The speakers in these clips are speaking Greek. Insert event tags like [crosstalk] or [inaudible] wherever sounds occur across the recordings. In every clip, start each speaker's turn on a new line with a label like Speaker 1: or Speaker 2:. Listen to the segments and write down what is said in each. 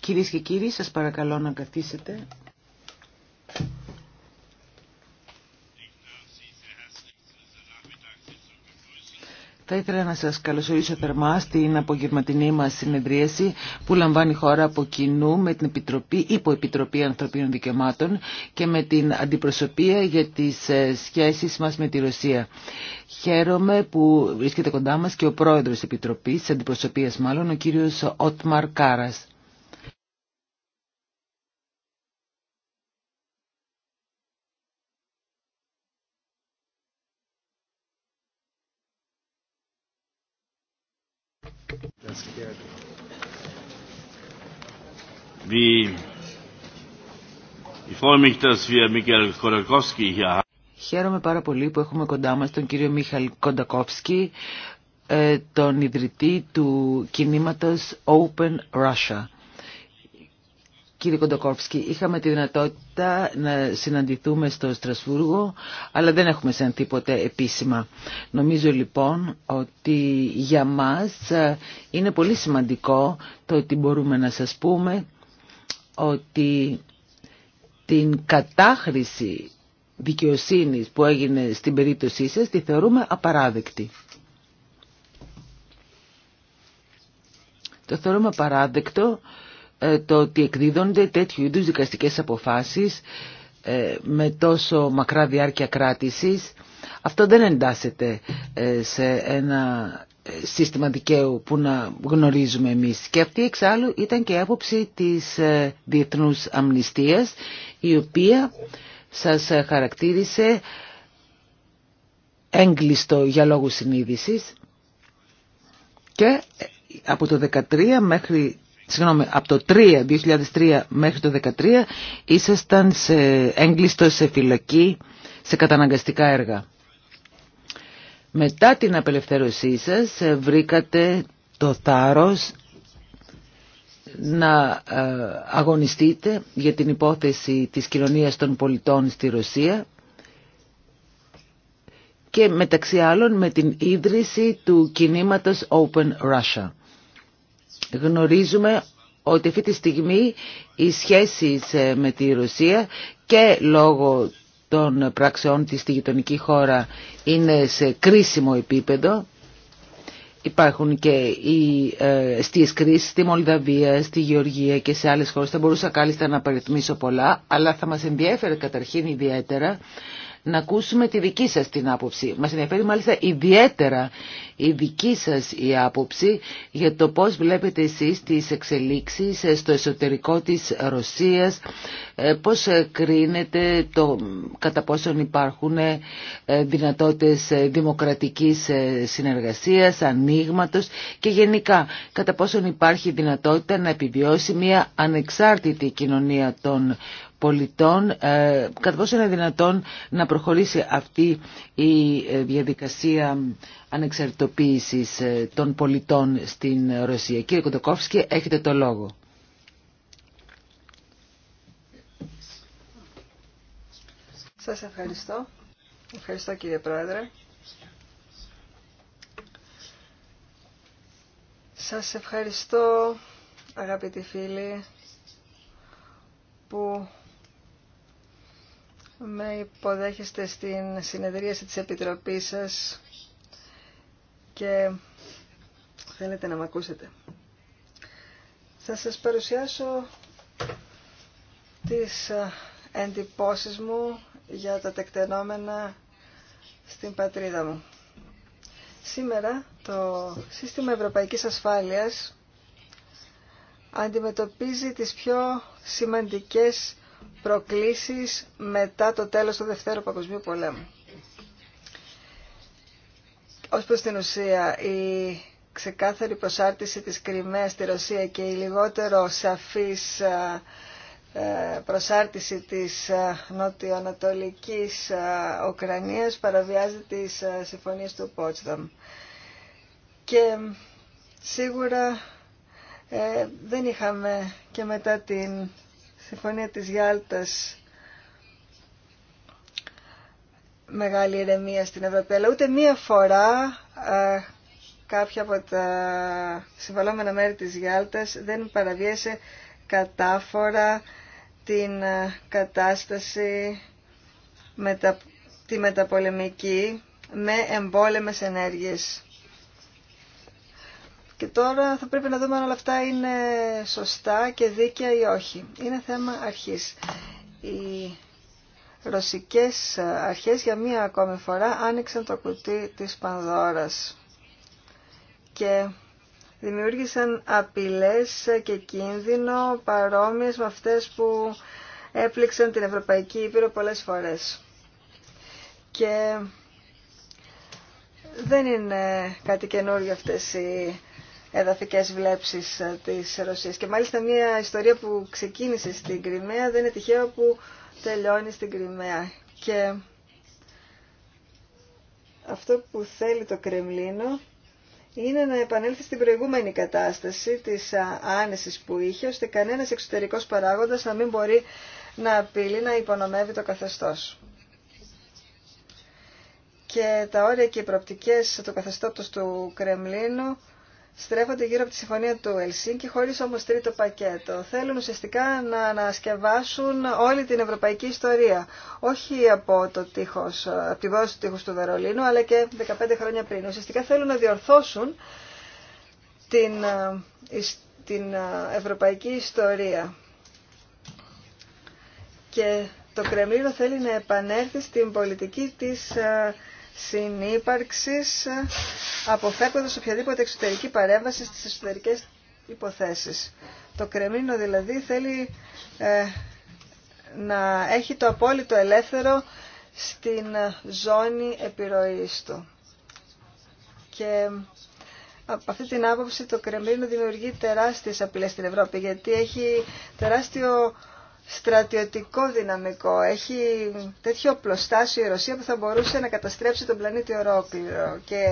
Speaker 1: Κυρίε και κύριοι, σα παρακαλώ να καθίσετε. Θα ήθελα να σας καλωσορίσω θερμά στην απογευματινή μας συνεδρίαση που λαμβάνει χώρα από κοινού με την Επιτροπή, Υποεπιτροπή Ανθρωπίνων Δικαιωμάτων και με την Αντιπροσωπεία για τις ε, σχέσεις μας με τη Ρωσία. Χαίρομαι που βρίσκεται κοντά μας και ο πρόεδρος της Επιτροπής, της Αντιπροσωπείας μάλλον, ο κύριος Ότμαρ Κάρας. Χαίρομαι πάρα πολύ που έχουμε κοντά μας τον κύριο Μίχαλ Κοντακόφσκι, ε, τον ιδρυτή του κινήματος Open Russia. Κύριε Κοντοκόφσκι, είχαμε τη δυνατότητα να συναντηθούμε στο Στρασβούργο, αλλά δεν έχουμε σαν τίποτε επίσημα. Νομίζω λοιπόν ότι για μας ε, είναι πολύ σημαντικό το ότι μπορούμε να σας πούμε ότι την κατάχρηση δικαιοσύνης που έγινε στην περίπτωσή σας τη θεωρούμε απαράδεκτη. Το θεωρούμε απαράδεκτο ε, το ότι εκδίδονται τέτοιου είδους δικαστικές αποφάσεις ε, με τόσο μακρά διάρκεια κράτησης. Αυτό δεν εντάσσεται ε, σε ένα σύστημα δικαίου που να γνωρίζουμε εμείς. Και αυτή εξάλλου ήταν και η άποψη της Διεθνούς Αμνηστίας, η οποία σας χαρακτήρισε έγκλειστο για λόγους συνείδησης και από το 2013 μέχρι συγγνώμη, από το 3, 2003 μέχρι το 2013 ήσασταν σε έγκλειστο, σε φυλακή, σε καταναγκαστικά έργα. Μετά την απελευθέρωσή σας ε, βρήκατε το θάρρος να ε, αγωνιστείτε για την υπόθεση της κοινωνίας των πολιτών στη Ρωσία και μεταξύ άλλων με την ίδρυση του κινήματος Open Russia γνωρίζουμε ότι αυτή τη στιγμή οι σχέσεις ε, με τη Ρωσία και λόγω των πράξεών της στη γειτονική χώρα είναι σε κρίσιμο επίπεδο. Υπάρχουν και οι ε, στις κρίσεις στη Μολδαβία, στη Γεωργία και σε άλλες χώρες. Θα μπορούσα κάλλιστα να παριθμίσω πολλά, αλλά θα μας ενδιέφερε καταρχήν ιδιαίτερα να ακούσουμε τη δική σας την άποψη. Μας ενδιαφέρει μάλιστα ιδιαίτερα η δική σας η άποψη για το πώς βλέπετε εσείς τις εξελίξεις ε, στο εσωτερικό της Ρωσίας, ε, πώς ε, κρίνετε το κατά πόσον υπάρχουν δυνατότητες δημοκρατικής συνεργασίας, ανοίγματο και γενικά κατά πόσον υπάρχει δυνατότητα να επιβιώσει μια ανεξάρτητη κοινωνία των πολιτών ε, κατά πόσο είναι δυνατόν να προχωρήσει αυτή η ε, διαδικασία ανεξαρτητοποίησης ε, των πολιτών στην Ρωσία. Κύριε Κοντοκόφσκι, έχετε το λόγο.
Speaker 2: Σας ευχαριστώ. Ευχαριστώ κύριε Πρόεδρε. Σας ευχαριστώ αγαπητοί φίλοι που με υποδέχεστε στην συνεδρίαση της Επιτροπής σας και θέλετε να με ακούσετε. Θα σας παρουσιάσω τις εντυπώσεις μου για τα τεκτενόμενα στην πατρίδα μου. Σήμερα το σύστημα ευρωπαϊκής ασφάλειας αντιμετωπίζει τις πιο σημαντικές προκλήσεις μετά το τέλος του Δευτέρου Παγκοσμίου Πολέμου. Ως προς την ουσία, η ξεκάθαρη προσάρτηση της Κρυμαίας στη Ρωσία και η λιγότερο σαφής ε, ε, προσάρτηση της ε, νοτιοανατολικής Ουκρανίας παραβιάζει τις συμφωνίες του Πότσδαμ. Και σίγουρα δεν είχαμε και μετά την Συμφωνία της Γιάλτας μεγάλη ηρεμία στην Ευρωπαϊκή. αλλά ούτε μία φορά α, κάποια από τα συμβαλόμενα μέρη της Γιάλτας δεν παραβίασε κατάφορα την κατάσταση τη μεταπολεμική με εμπόλεμες ενέργειες. Και τώρα θα πρέπει να δούμε αν όλα αυτά είναι σωστά και δίκαια ή όχι. Είναι θέμα αρχής. Οι ρωσικές αρχές για μία ακόμη φορά άνοιξαν το κουτί της Πανδώρας και δημιούργησαν απειλές και κίνδυνο παρόμοιες με αυτές που έπληξαν την Ευρωπαϊκή Ήπειρο πολλές φορές. Και δεν είναι κάτι καινούργιο αυτές οι εδαφικές βλέψεις ε, της Ρωσίας. Και μάλιστα μια ιστορία που ξεκίνησε στην Κρυμαία δεν είναι τυχαίο που τελειώνει στην Κρυμαία. Και αυτό που θέλει το Κρεμλίνο είναι να επανέλθει στην προηγούμενη κατάσταση της ε, άνεσης που είχε, ώστε κανένας εξωτερικός παράγοντας να μην μπορεί να απειλεί, να υπονομεύει το καθεστώς. Και τα όρια και οι προοπτικές του καθεστώτος του Κρεμλίνου στρέφονται γύρω από τη συμφωνία του Ελσίνκη χωρίς όμως τρίτο πακέτο. Θέλουν ουσιαστικά να ανασκευάσουν όλη την ευρωπαϊκή ιστορία. Όχι από το τείχος, από τη βάση του τείχους του Βερολίνου, αλλά και 15 χρόνια πριν. Ουσιαστικά θέλουν να διορθώσουν την, ε, την ε, ευρωπαϊκή ιστορία. Και το Κρεμλίνο θέλει να επανέλθει στην πολιτική της ε, συνύπαρξης αποφεύγοντας οποιαδήποτε εξωτερική παρέμβαση στις εσωτερικές υποθέσεις. Το κρεμίνο δηλαδή θέλει ε, να έχει το απόλυτο ελεύθερο στην ζώνη επιρροής του. Και από αυτή την άποψη το κρεμίνο δημιουργεί τεράστιες απειλές στην Ευρώπη γιατί έχει τεράστιο στρατιωτικό δυναμικό, έχει τέτοιο πλωστάσιο η Ρωσία που θα μπορούσε να καταστρέψει τον πλανήτη ορόκληρο. Και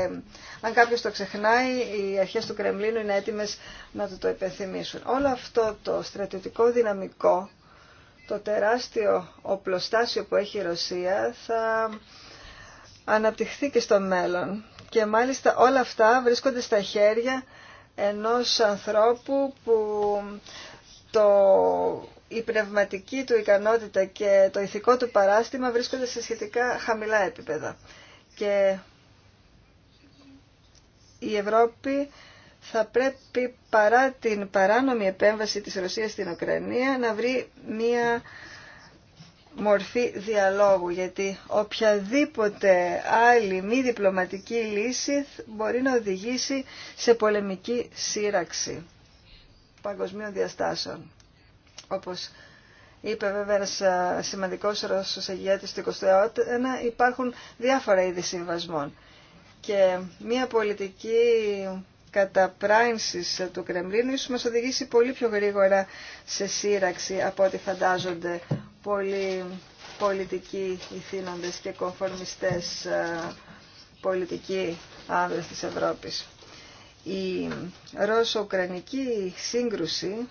Speaker 2: αν κάποιος το ξεχνάει, οι αρχές του Κρεμλίνου είναι έτοιμες να του το υπενθυμίσουν. Όλο αυτό το στρατιωτικό δυναμικό, το τεράστιο οπλοστάσιο που έχει η Ρωσία θα αναπτυχθεί και στο μέλλον. Και μάλιστα όλα αυτά βρίσκονται στα χέρια ενός ανθρώπου που το η πνευματική του ικανότητα και το ηθικό του παράστημα βρίσκονται σε σχετικά χαμηλά επίπεδα. Και η Ευρώπη θα πρέπει παρά την παράνομη επέμβαση της Ρωσίας στην Ουκρανία να βρει μία μορφή διαλόγου γιατί οποιαδήποτε άλλη μη διπλωματική λύση μπορεί να οδηγήσει σε πολεμική σύραξη παγκοσμίων διαστάσεων. Όπως είπε βέβαια ένας σημαντικός Ρώσος στο του 20ου αιώνα, υπάρχουν διάφορα είδη συμβασμών. Και μια πολιτική καταπράινσης του Κρεμλίνου ίσως μας οδηγήσει πολύ πιο γρήγορα σε σύραξη από ό,τι φαντάζονται πολύ πολιτικοί ηθήνοντες και κομφορμιστές πολιτικοί άνδρες της Ευρώπης. Η Ρώσο-Ουκρανική σύγκρουση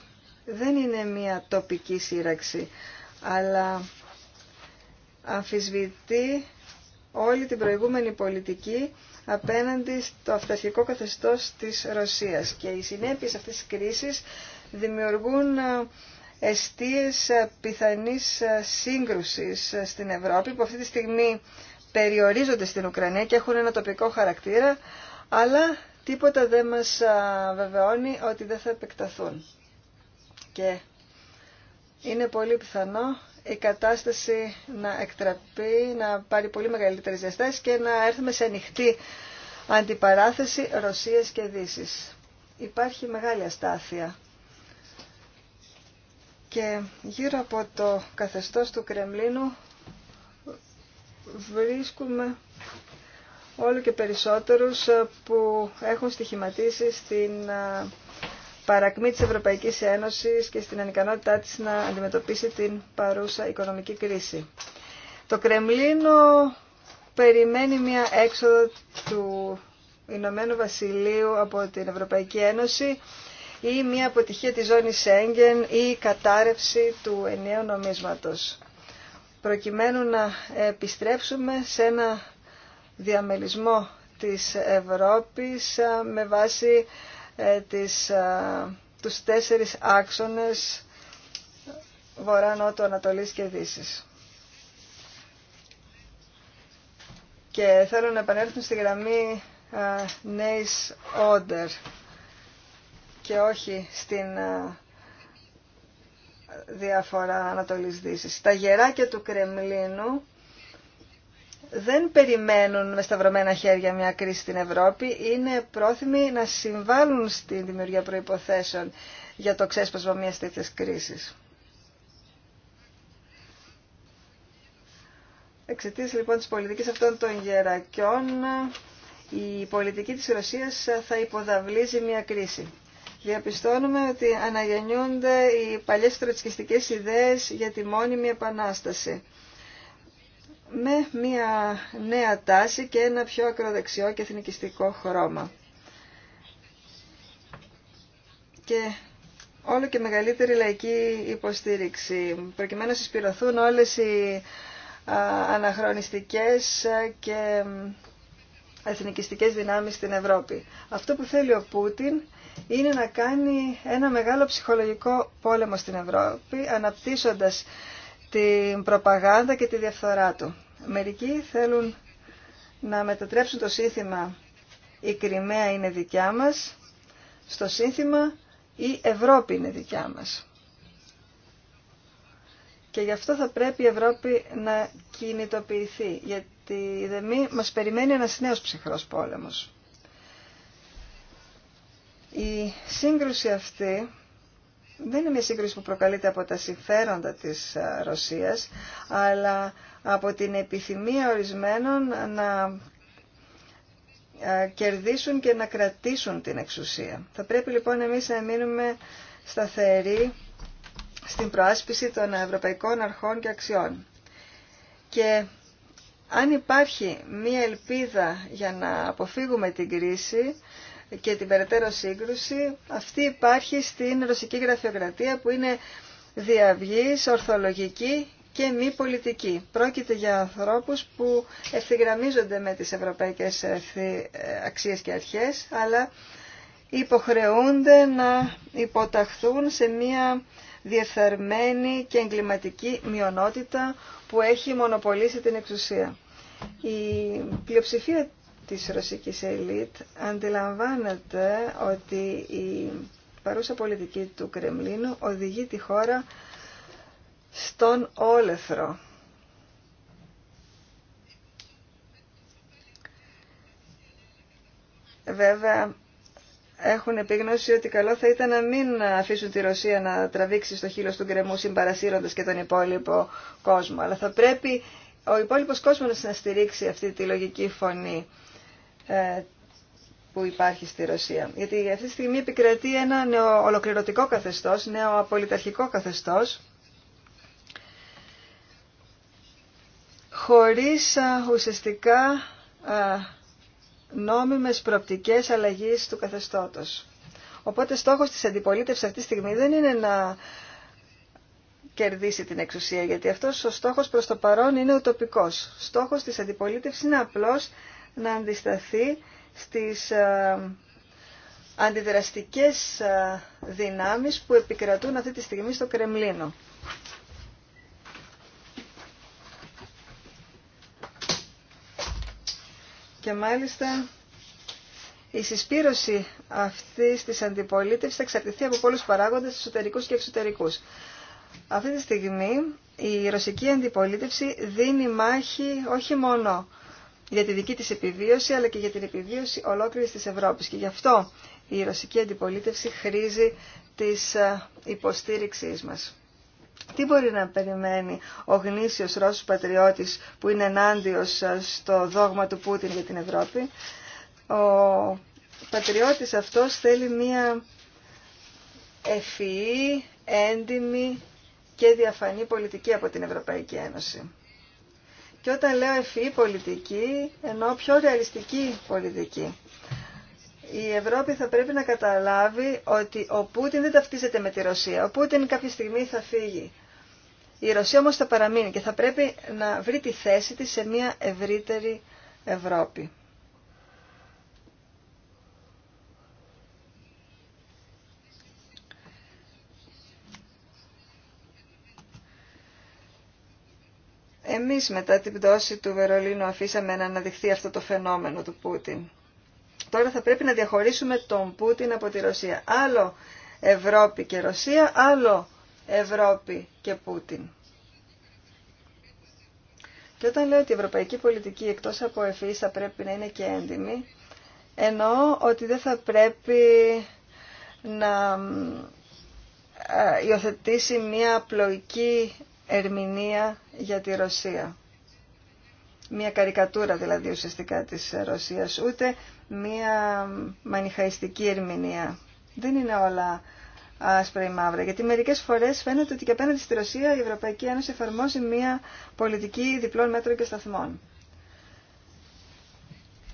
Speaker 2: δεν είναι μια τοπική σύραξη, αλλά αμφισβητεί όλη την προηγούμενη πολιτική απέναντι στο αυταρχικό καθεστώς της Ρωσίας. Και οι συνέπειες αυτής της κρίσης δημιουργούν εστίες ε, πιθανής ε, σύγκρουσης ε, στην Ευρώπη που αυτή τη στιγμή περιορίζονται στην Ουκρανία και έχουν ένα τοπικό χαρακτήρα αλλά τίποτα δεν μας βεβαιώνει ότι δεν θα επεκταθούν και είναι πολύ πιθανό η κατάσταση να εκτραπεί, να πάρει πολύ μεγαλύτερες ζεστές και να έρθουμε σε ανοιχτή αντιπαράθεση Ρωσίας και Δύσης. Υπάρχει μεγάλη αστάθεια. Και γύρω από το καθεστώς του Κρεμλίνου βρίσκουμε όλο και περισσότερους που έχουν στοιχηματίσει στην παρακμή της Ευρωπαϊκής Ένωσης και στην ανικανότητά της να αντιμετωπίσει την παρούσα οικονομική κρίση. Το Κρεμλίνο περιμένει μια έξοδο του Ηνωμένου Βασιλείου από την Ευρωπαϊκή Ένωση ή μια αποτυχία της ζώνης Σέγγεν ή η κατάρρευση του ενιαίου νομίσματος προκειμένου να επιστρέψουμε σε ένα διαμελισμό της ζωνης σεγγεν η καταρρευση του ενιαιου νομισματος προκειμενου να επιστρεψουμε σε ενα διαμελισμο της ευρωπης με βάση ε, τις, ε, τους τέσσερις άξονες Βορρά, Νότο, Ανατολής και Δύσης. Και θέλω να επανέλθουν στη γραμμή ε, νέης όντερ και όχι στην διαφορά Ανατολής Δύσης. Τα γεράκια του Κρεμλίνου δεν περιμένουν με σταυρωμένα χέρια μια κρίση στην Ευρώπη, είναι πρόθυμοι να συμβάλλουν στην δημιουργία προϋποθέσεων για το ξέσπασμα μιας τέτοιας κρίσης. Εξαιτίας λοιπόν της πολιτικής αυτών των γερακιών, η πολιτική της Ρωσίας θα υποδαβλίζει μια κρίση. Διαπιστώνουμε ότι αναγεννιούνται οι παλιές τροτσκιστικές ιδέες για τη μόνιμη επανάσταση με μια νέα τάση και ένα πιο ακροδεξιό και εθνικιστικό χρώμα. Και όλο και μεγαλύτερη λαϊκή υποστήριξη, προκειμένου να συσπηρωθούν όλες οι αναχρονιστικές και εθνικιστικές δυνάμεις στην Ευρώπη. Αυτό που θέλει ο Πούτιν είναι να κάνει ένα μεγάλο ψυχολογικό πόλεμο στην Ευρώπη, αναπτύσσοντας την προπαγάνδα και τη διαφθορά του. Μερικοί θέλουν να μετατρέψουν το σύνθημα «Η Κρυμαία είναι δικιά μας» στο σύνθημα «Η Ευρώπη είναι δικιά μας». Και γι' αυτό θα πρέπει η Ευρώπη να κινητοποιηθεί, γιατί η ΔΕΜΗ μας περιμένει ένας νέος ψυχρός πόλεμος. Η σύγκρουση αυτή δεν είναι μια σύγκριση που προκαλείται από τα συμφέροντα της ε, Ρωσίας, αλλά από την επιθυμία ορισμένων να ε, κερδίσουν και να κρατήσουν την εξουσία. Θα πρέπει λοιπόν εμείς να μείνουμε σταθεροί στην προάσπιση των ευρωπαϊκών αρχών και αξιών. Και αν υπάρχει μία ελπίδα για να αποφύγουμε την κρίση, και την περαιτέρω σύγκρουση, αυτή υπάρχει στην ρωσική γραφειοκρατία που είναι διαυγής, ορθολογική και μη πολιτική. Πρόκειται για ανθρώπους που ευθυγραμμίζονται με τις ευρωπαϊκές ε, ε, αξίες και αρχές, αλλά υποχρεούνται να υποταχθούν σε μια διεφθαρμένη και εγκληματική μειονότητα που έχει μονοπολίσει την εξουσία. Η πλειοψηφία της ρωσικής ελίτ αντιλαμβάνεται ότι η παρούσα πολιτική του Κρεμλίνου οδηγεί τη χώρα στον όλεθρο. Βέβαια, έχουν επίγνωση ότι καλό θα ήταν να μην αφήσουν τη Ρωσία να τραβήξει στο χείλος του γκρεμού συμπαρασύροντας και τον υπόλοιπο κόσμο. Αλλά θα πρέπει ο υπόλοιπος κόσμος να στηρίξει αυτή τη λογική φωνή ε, που υπάρχει στη Ρωσία. Γιατί αυτή τη στιγμή επικρατεί ένα ολοκληρωτικό καθεστώς, απολυταρχικό καθεστώς, χωρίς ουσιαστικά νόμιμες προπτικές αλλαγής του καθεστώτος. Οπότε στόχος της αντιπολίτευσης αυτή τη στιγμή δεν είναι να κερδίσει την εξουσία, γιατί αυτός ο στόχος προς το παρόν είναι ουτοπικός. Στόχος της αντιπολίτευσης είναι απλώς να αντισταθεί στις ε, αντιδραστικές ε, δυνάμεις που επικρατούν αυτή τη στιγμή στο Κρεμλίνο. Και μάλιστα η συσπήρωση αυτή της αντιπολίτευσης θα εξαρτηθεί από πολλούς παράγοντες εσωτερικούς και εξωτερικούς. Αυτή τη στιγμή η ρωσική αντιπολίτευση δίνει μάχη όχι μόνο για τη δική της επιβίωση αλλά και για την επιβίωση ολόκληρης της Ευρώπης. Και γι' αυτό η ρωσική αντιπολίτευση χρήζει της ε, υποστήριξής μας. Τι μπορεί να περιμένει ο γνήσιος Ρώσος πατριώτης που είναι ενάντιος ε, στο δόγμα του Πούτιν για την Ευρώπη. Ο πατριώτης αυτός θέλει μία ευφυή, έντιμη και διαφανή πολιτική από την Ευρωπαϊκή Ένωση. Και όταν λέω ευφυή πολιτική, εννοώ πιο ρεαλιστική πολιτική. Η Ευρώπη θα πρέπει να καταλάβει ότι ο Πούτιν δεν ταυτίζεται με τη Ρωσία. Ο Πούτιν κάποια στιγμή θα φύγει. Η Ρωσία όμως θα παραμείνει και θα πρέπει να βρει τη θέση της σε μια ευρύτερη Ευρώπη. Εμείς μετά την πτώση του Βερολίνου αφήσαμε να αναδειχθεί αυτό το φαινόμενο του Πούτιν. Τώρα θα πρέπει να διαχωρίσουμε τον Πούτιν από τη Ρωσία. Άλλο Ευρώπη και Ρωσία, άλλο Ευρώπη και Πούτιν. Και όταν λέω ότι η ευρωπαϊκή πολιτική εκτός από ευφυής θα πρέπει να είναι και έντιμη, εννοώ ότι δεν θα πρέπει να ε, υιοθετήσει μια απλοϊκή ερμηνεία για τη Ρωσία. Μια καρικατούρα δηλαδή ουσιαστικά της Ρωσίας, ούτε μια μανιχαϊστική ερμηνεία. Δεν είναι όλα άσπρα ή μαύρα, γιατί μερικές φορές φαίνεται ότι και απέναντι στη Ρωσία η Ευρωπαϊκή Ένωση εφαρμόζει μια πολιτική διπλών μέτρων και σταθμών.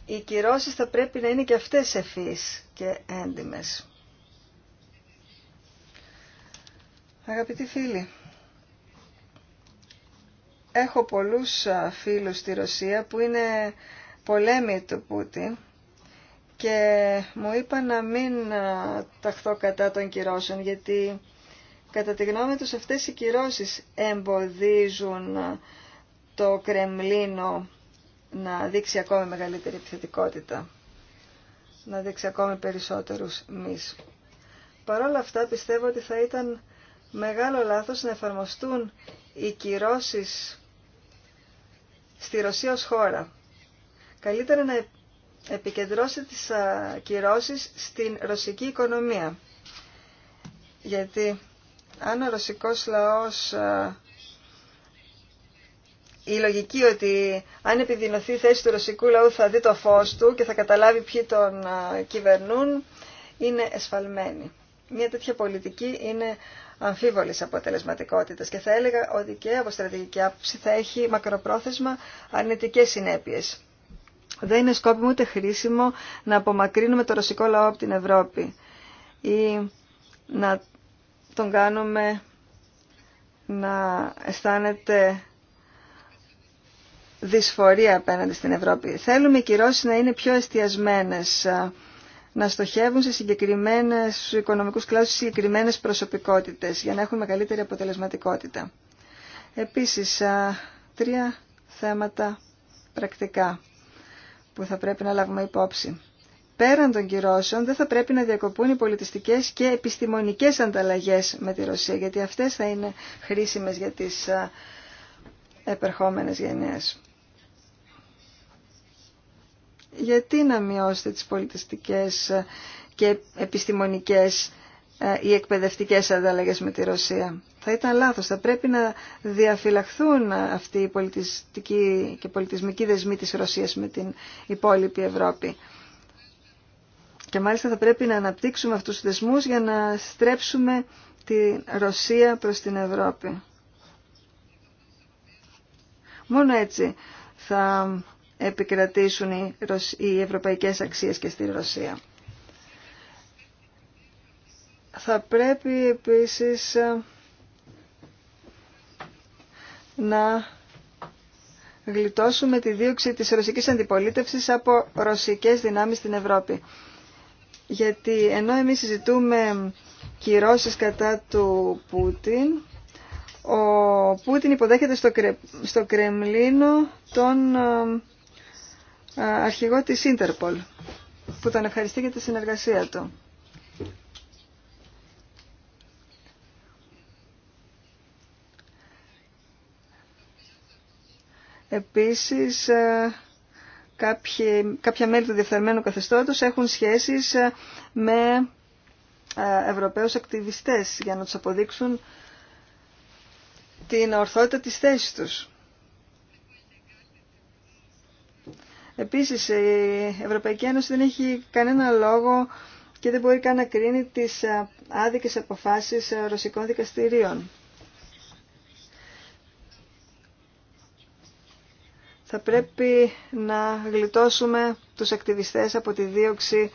Speaker 2: Οι κυρώσεις θα πρέπει να είναι και αυτές ευφύς και έντιμες. Αγαπητοί φίλοι, Έχω πολλούς φίλους στη Ρωσία που είναι πολέμοι του Πούτι και μου είπα να μην ταχθώ κατά των κυρώσεων γιατί κατά τη γνώμη τους αυτές οι κυρώσεις εμποδίζουν το Κρεμλίνο να δείξει ακόμη μεγαλύτερη επιθετικότητα, να δείξει ακόμη περισσότερους μυς. Παρ' όλα αυτά πιστεύω ότι θα ήταν μεγάλο λάθος να εφαρμοστούν οι κυρώσεις στη Ρωσία ως χώρα. Καλύτερα να επικεντρώσει τις κυρώσεις στην ρωσική οικονομία. Γιατί αν ο ρωσικός λαός η λογική ότι αν επιδεινωθεί η θέση του ρωσικού λαού θα δει το φως του και θα καταλάβει ποιοι τον κυβερνούν είναι εσφαλμένη. Μια τέτοια πολιτική είναι αμφίβολη αποτελεσματικότητας και θα έλεγα ότι και από στρατηγική άποψη θα έχει μακροπρόθεσμα αρνητικέ συνέπειες. Δεν είναι σκόπιμο ούτε χρήσιμο να απομακρύνουμε το ρωσικό λαό από την Ευρώπη ή να τον κάνουμε να αισθάνεται δυσφορία απέναντι στην Ευρώπη. Θέλουμε οι κυρώσεις να είναι πιο εστιασμένες να στοχεύουν σε συγκεκριμένες οικονομικού οικονομικούς κλάδους, σε συγκεκριμένες προσωπικότητες για να έχουν μεγαλύτερη αποτελεσματικότητα. Επίσης, τρία θέματα πρακτικά που θα πρέπει να λάβουμε υπόψη. Πέραν των κυρώσεων δεν θα πρέπει να διακοπούν οι πολιτιστικές και επιστημονικές ανταλλαγές με τη Ρωσία, γιατί αυτές θα είναι χρήσιμες για τις επερχόμενες γενναίες γιατί να μειώσετε τις πολιτιστικές και επιστημονικές ε, ή εκπαιδευτικές ανταλλαγές με τη Ρωσία. Θα ήταν λάθος. Θα πρέπει να διαφυλαχθούν αυτοί οι πολιτιστικοί και πολιτισμικοί δεσμοί της Ρωσίας με την υπόλοιπη Ευρώπη. Και μάλιστα θα πρέπει να αναπτύξουμε αυτούς τους δεσμούς για να στρέψουμε τη Ρωσία προς την Ευρώπη. Μόνο έτσι θα επικρατήσουν οι, οι ευρωπαϊκές αξίες και στη Ρωσία. Θα πρέπει επίσης ε, να γλιτώσουμε τη δίωξη της ρωσικής αντιπολίτευσης από ρωσικές δυνάμεις στην Ευρώπη. Γιατί ενώ εμείς συζητούμε κυρώσεις κατά του Πούτιν, ο Πούτιν υποδέχεται στο, Κρεμλίνο τον ε, αρχηγό της Ίντερπολ που τον ευχαριστεί για τη συνεργασία του. Επίσης, ε, κάποιοι, κάποια μέλη του διεφθαρμένου καθεστώτος έχουν σχέσεις ε, με ε, Ευρωπαίους ακτιβιστές για να τους αποδείξουν την ορθότητα της θέσης τους. Επίσης, η Ευρωπαϊκή Ένωση δεν έχει κανένα λόγο και δεν μπορεί καν να κρίνει τις ε, άδικες αποφάσεις ε, ρωσικών δικαστηρίων. Θα πρέπει να γλιτώσουμε τους ακτιβιστές από τη δίωξη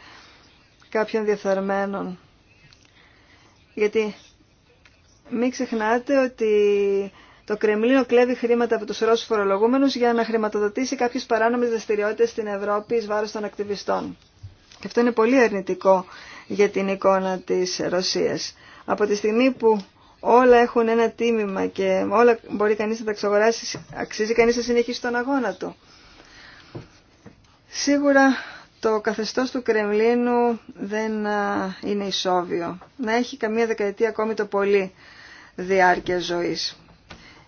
Speaker 2: κάποιων διαφθαρμένων. Γιατί μην ξεχνάτε ότι το Κρεμλίνο κλέβει χρήματα από του Ρώσου φορολογούμενου για να χρηματοδοτήσει κάποιε παράνομε δραστηριότητε στην Ευρώπη ει βάρο των ακτιβιστών. Και αυτό είναι πολύ αρνητικό για την εικόνα τη Ρωσία. Από τη στιγμή που όλα έχουν ένα τίμημα και όλα μπορεί κανεί να τα ξεγοράσει, αξίζει κανεί να συνεχίσει τον αγώνα του. Σίγουρα το καθεστώς του Κρεμλίνου δεν είναι ισόβιο. Να έχει καμία δεκαετία ακόμη το πολύ διάρκεια ζωής.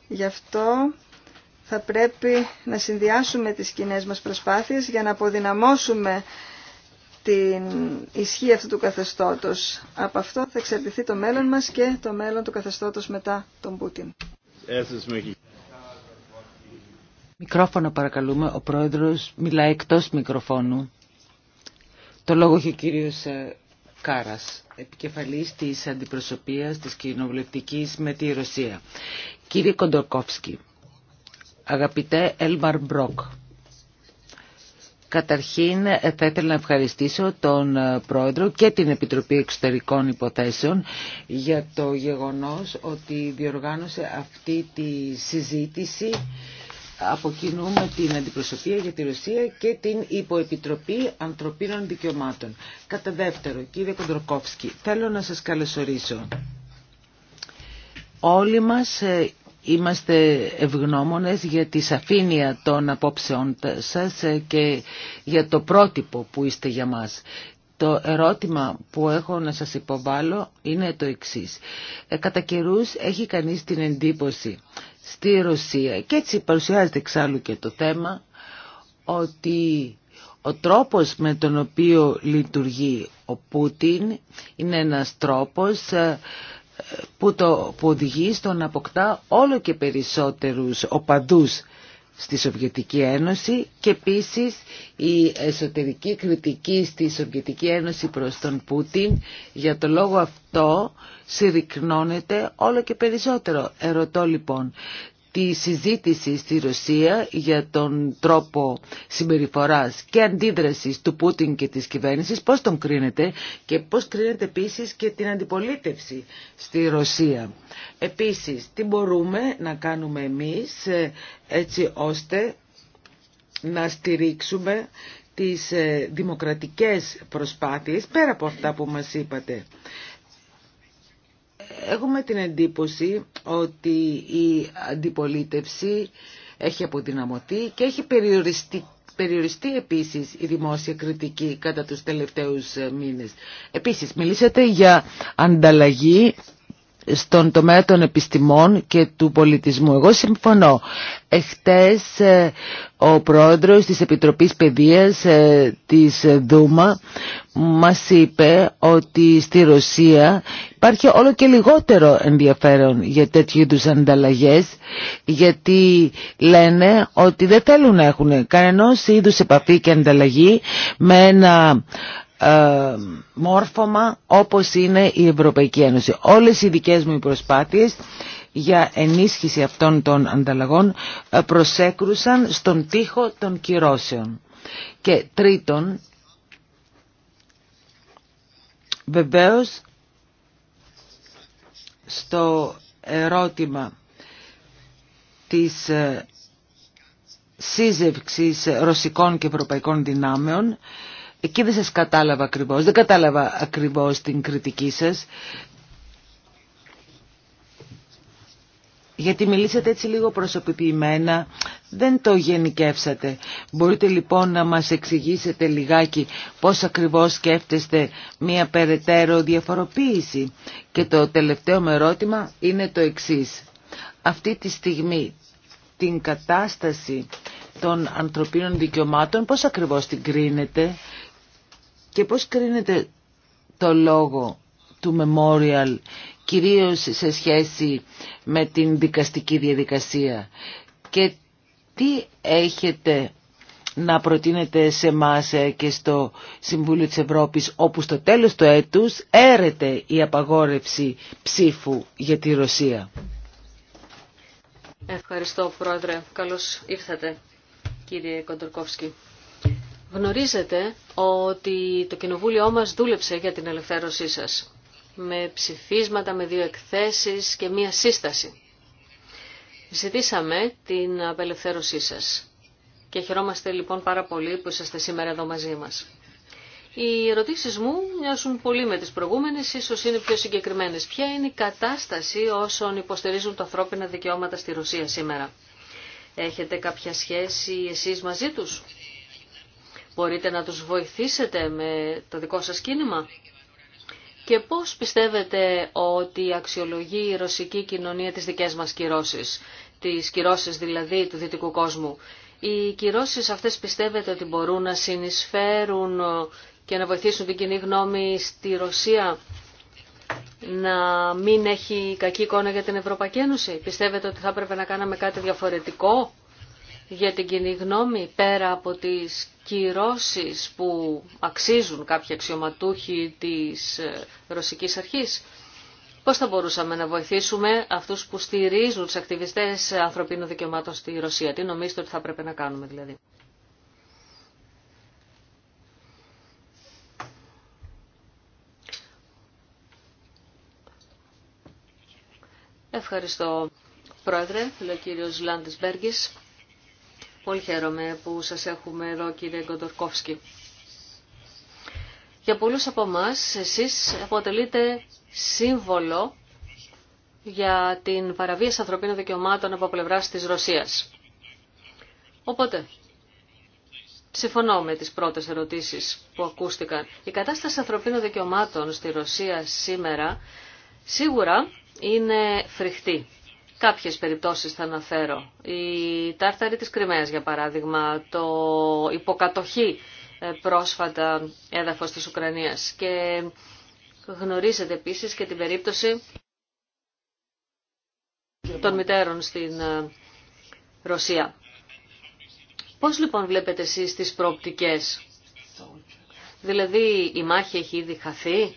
Speaker 2: Γι' αυτό θα πρέπει να συνδυάσουμε τις κοινέ μας προσπάθειες για να αποδυναμώσουμε την ισχύ αυτού του καθεστώτος. Από αυτό θα εξαρτηθεί το μέλλον μας και το μέλλον του καθεστώτος μετά τον Πούτιν.
Speaker 1: Μικρόφωνο παρακαλούμε. Ο πρόεδρος μιλάει εκτός μικροφώνου. Το λόγο έχει κύριος ε, Κάρας, επικεφαλής της αντιπροσωπείας της κοινοβουλευτικής με τη Ρωσία. Κύριε Κοντορκόφσκι, αγαπητέ Έλμαρ Μπρόκ, Καταρχήν ε, θα ήθελα να ευχαριστήσω τον ε, Πρόεδρο και την Επιτροπή Εξωτερικών Υποθέσεων για το γεγονός ότι διοργάνωσε αυτή τη συζήτηση αποκινούμε την αντιπροσωπεία για τη Ρωσία και την Υποεπιτροπή Ανθρωπίνων Δικαιωμάτων. Κατά δεύτερο, κύριε Κοντροκόφσκι, θέλω να σας καλωσορίσω. Όλοι μας ε, είμαστε ευγνώμονες για τη σαφήνεια των απόψεών σας ε, και για το πρότυπο που είστε για μας. Το ερώτημα που έχω να σας υποβάλω είναι το εξής. Ε, κατά καιρού έχει κανείς την εντύπωση στη Ρωσία. Και έτσι παρουσιάζεται εξάλλου και το θέμα ότι ο τρόπος με τον οποίο λειτουργεί ο Πούτιν είναι ένας τρόπος ε, που, το, που οδηγεί στο να αποκτά όλο και περισσότερους οπαδούς στη Σοβιετική Ένωση και επίσης η εσωτερική κριτική στη Σοβιετική Ένωση προς τον Πούτιν για το λόγο αυτό συρρυκνώνεται όλο και περισσότερο. Ερωτώ λοιπόν, τη συζήτηση στη Ρωσία για τον τρόπο συμπεριφοράς και αντίδρασης του Πούτιν και της κυβέρνησης, πώς τον κρίνεται και πώς κρίνεται επίσης και την αντιπολίτευση στη Ρωσία. Επίσης, τι μπορούμε να κάνουμε εμείς ε, έτσι ώστε να στηρίξουμε τις ε, δημοκρατικές προσπάθειες πέρα από αυτά που μας είπατε. Έχουμε την εντύπωση ότι η αντιπολίτευση έχει αποδυναμωθεί και έχει περιοριστεί περιοριστεί επίσης η δημόσια κριτική κατά τους τελευταίους μήνες. Επίσης, μιλήσατε για ανταλλαγή στον τομέα των επιστημών και του πολιτισμού. Εγώ συμφωνώ. Εχθές ε, ο πρόεδρος της Επιτροπής Παιδείας ε, της Δούμα μας είπε ότι στη Ρωσία υπάρχει όλο και λιγότερο ενδιαφέρον για τέτοιου είδους ανταλλαγές γιατί λένε ότι δεν θέλουν να έχουν κανένας είδους επαφή και ανταλλαγή με ένα ε, μόρφωμα όπως είναι η Ευρωπαϊκή Ένωση. Όλες οι δικές μου προσπάθειες για ενίσχυση αυτών των ανταλλαγών ε, προσέκρουσαν στον τοίχο των κυρώσεων. Και τρίτον, βεβαίως στο ερώτημα της ε, σύζευξης ρωσικών και ευρωπαϊκών δυνάμεων Εκεί δεν σας κατάλαβα ακριβώς, δεν κατάλαβα ακριβώς την κριτική σας. Γιατί μιλήσατε έτσι λίγο προσωποποιημένα, δεν το γενικεύσατε. Μπορείτε λοιπόν να μας εξηγήσετε λιγάκι πώς ακριβώς σκέφτεστε μία περαιτέρω διαφοροποίηση. Και το τελευταίο με ερώτημα είναι το εξής. Αυτή τη στιγμή την κατάσταση των ανθρωπίνων δικαιωμάτων πώς ακριβώς την κρίνετε και πώς κρίνεται το λόγο του Memorial κυρίως σε σχέση με την δικαστική διαδικασία και τι έχετε να προτείνετε σε εμά ε, και στο Συμβούλιο της Ευρώπης όπου στο τέλος του έτους έρεται η απαγόρευση ψήφου για τη Ρωσία.
Speaker 3: Ευχαριστώ Πρόεδρε. Καλώς ήρθατε κύριε Κοντορκόφσκι. Γνωρίζετε ότι το Κοινοβούλιο μας δούλεψε για την ελευθέρωσή σας με ψηφίσματα, με δύο εκθέσεις και μία σύσταση. Ζητήσαμε την απελευθέρωσή σας και χαιρόμαστε λοιπόν πάρα πολύ που είσαστε σήμερα εδώ μαζί μας. Οι ερωτήσεις μου μοιάζουν πολύ με τις προηγούμενες, ίσως είναι πιο συγκεκριμένες. Ποια είναι η κατάσταση όσων υποστηρίζουν τα ανθρώπινα δικαιώματα στη Ρωσία σήμερα. Έχετε κάποια σχέση εσείς μαζί τους. Μπορείτε να τους βοηθήσετε με το δικό σας κίνημα. Και πώς πιστεύετε ότι αξιολογεί η ρωσική κοινωνία τις δικές μας κυρώσεις, τις κυρώσεις δηλαδή του δυτικού κόσμου. Οι κυρώσεις αυτές πιστεύετε ότι μπορούν να συνεισφέρουν και να βοηθήσουν την κοινή γνώμη στη Ρωσία να μην έχει κακή εικόνα για την Ευρωπαϊκή Ένωση. Πιστεύετε ότι θα έπρεπε να κάναμε κάτι διαφορετικό για την κοινή γνώμη πέρα από τις κυρώσεις που αξίζουν κάποιοι αξιωματούχοι της ε, ρωσικής αρχής. Πώς θα μπορούσαμε να βοηθήσουμε αυτούς που στηρίζουν τους ακτιβιστές ανθρωπίνων δικαιωμάτων στη Ρωσία. Τι νομίζετε ότι θα πρέπει να κάνουμε δηλαδή. Ευχαριστώ Πρόεδρε, λέει ο Πολύ χαίρομαι που σας έχουμε εδώ κύριε Γκοντορκόφσκι. Για πολλούς από εμά εσείς αποτελείτε σύμβολο για την παραβίαση ανθρωπίνων δικαιωμάτων από πλευρά της Ρωσίας. Οπότε, συμφωνώ με τις πρώτες ερωτήσεις που ακούστηκαν. Η κατάσταση ανθρωπίνων δικαιωμάτων στη Ρωσία σήμερα σίγουρα είναι φρικτή. Κάποιες περιπτώσεις θα αναφέρω. Η τάρταρη της Κρυμαίας, για παράδειγμα, το υποκατοχή ε, πρόσφατα έδαφος της Ουκρανίας. Και γνωρίζετε επίσης και την περίπτωση των μητέρων στην ε, Ρωσία. Πώς λοιπόν βλέπετε εσείς τις προοπτικές. Δηλαδή η μάχη έχει ήδη χαθεί,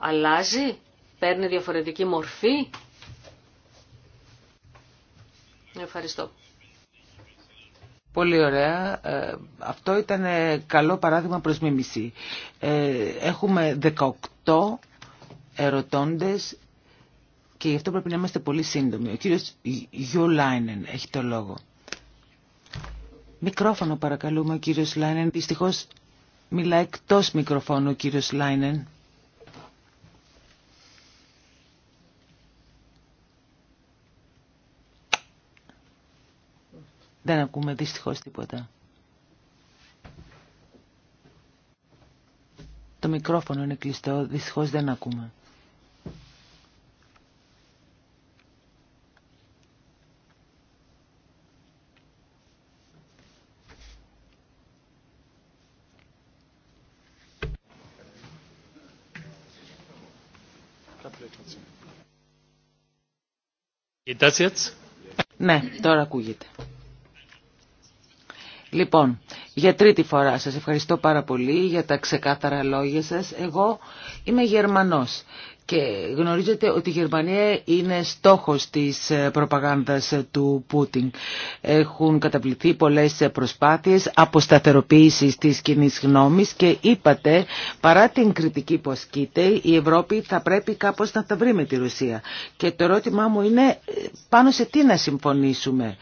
Speaker 3: αλλάζει, παίρνει διαφορετική μορφή Ευχαριστώ.
Speaker 1: Πολύ ωραία. Ε, αυτό ήταν ε, καλό παράδειγμα προς μίμηση. Ε, έχουμε 18 ερωτώντες και γι' αυτό πρέπει να είμαστε πολύ σύντομοι. Ο κύριος Λάινεν έχει το λόγο. Μικρόφωνο παρακαλούμε ο κύριος Λάινεν. Δυστυχώς μιλάει εκτός μικροφώνου ο κύριος Λάινεν. Δεν ακούμε δυστυχώς τίποτα. Το μικρόφωνο είναι κλειστό, δυστυχώς δεν ακούμε. Ναι, τώρα ακούγεται. Λοιπόν, για τρίτη φορά σας ευχαριστώ πάρα πολύ για τα ξεκάθαρα λόγια σας. Εγώ είμαι Γερμανός και γνωρίζετε ότι η Γερμανία είναι στόχος της ε, προπαγάνδας ε, του Πούτιν. Έχουν καταπληθεί πολλές ε, προσπάθειες αποσταθεροποίησης της κοινή γνώμης και είπατε παρά την κριτική που ασκείται η Ευρώπη θα πρέπει κάπως να τα βρει με τη Ρωσία. Και το ερώτημά μου είναι πάνω σε τι να συμφωνήσουμε.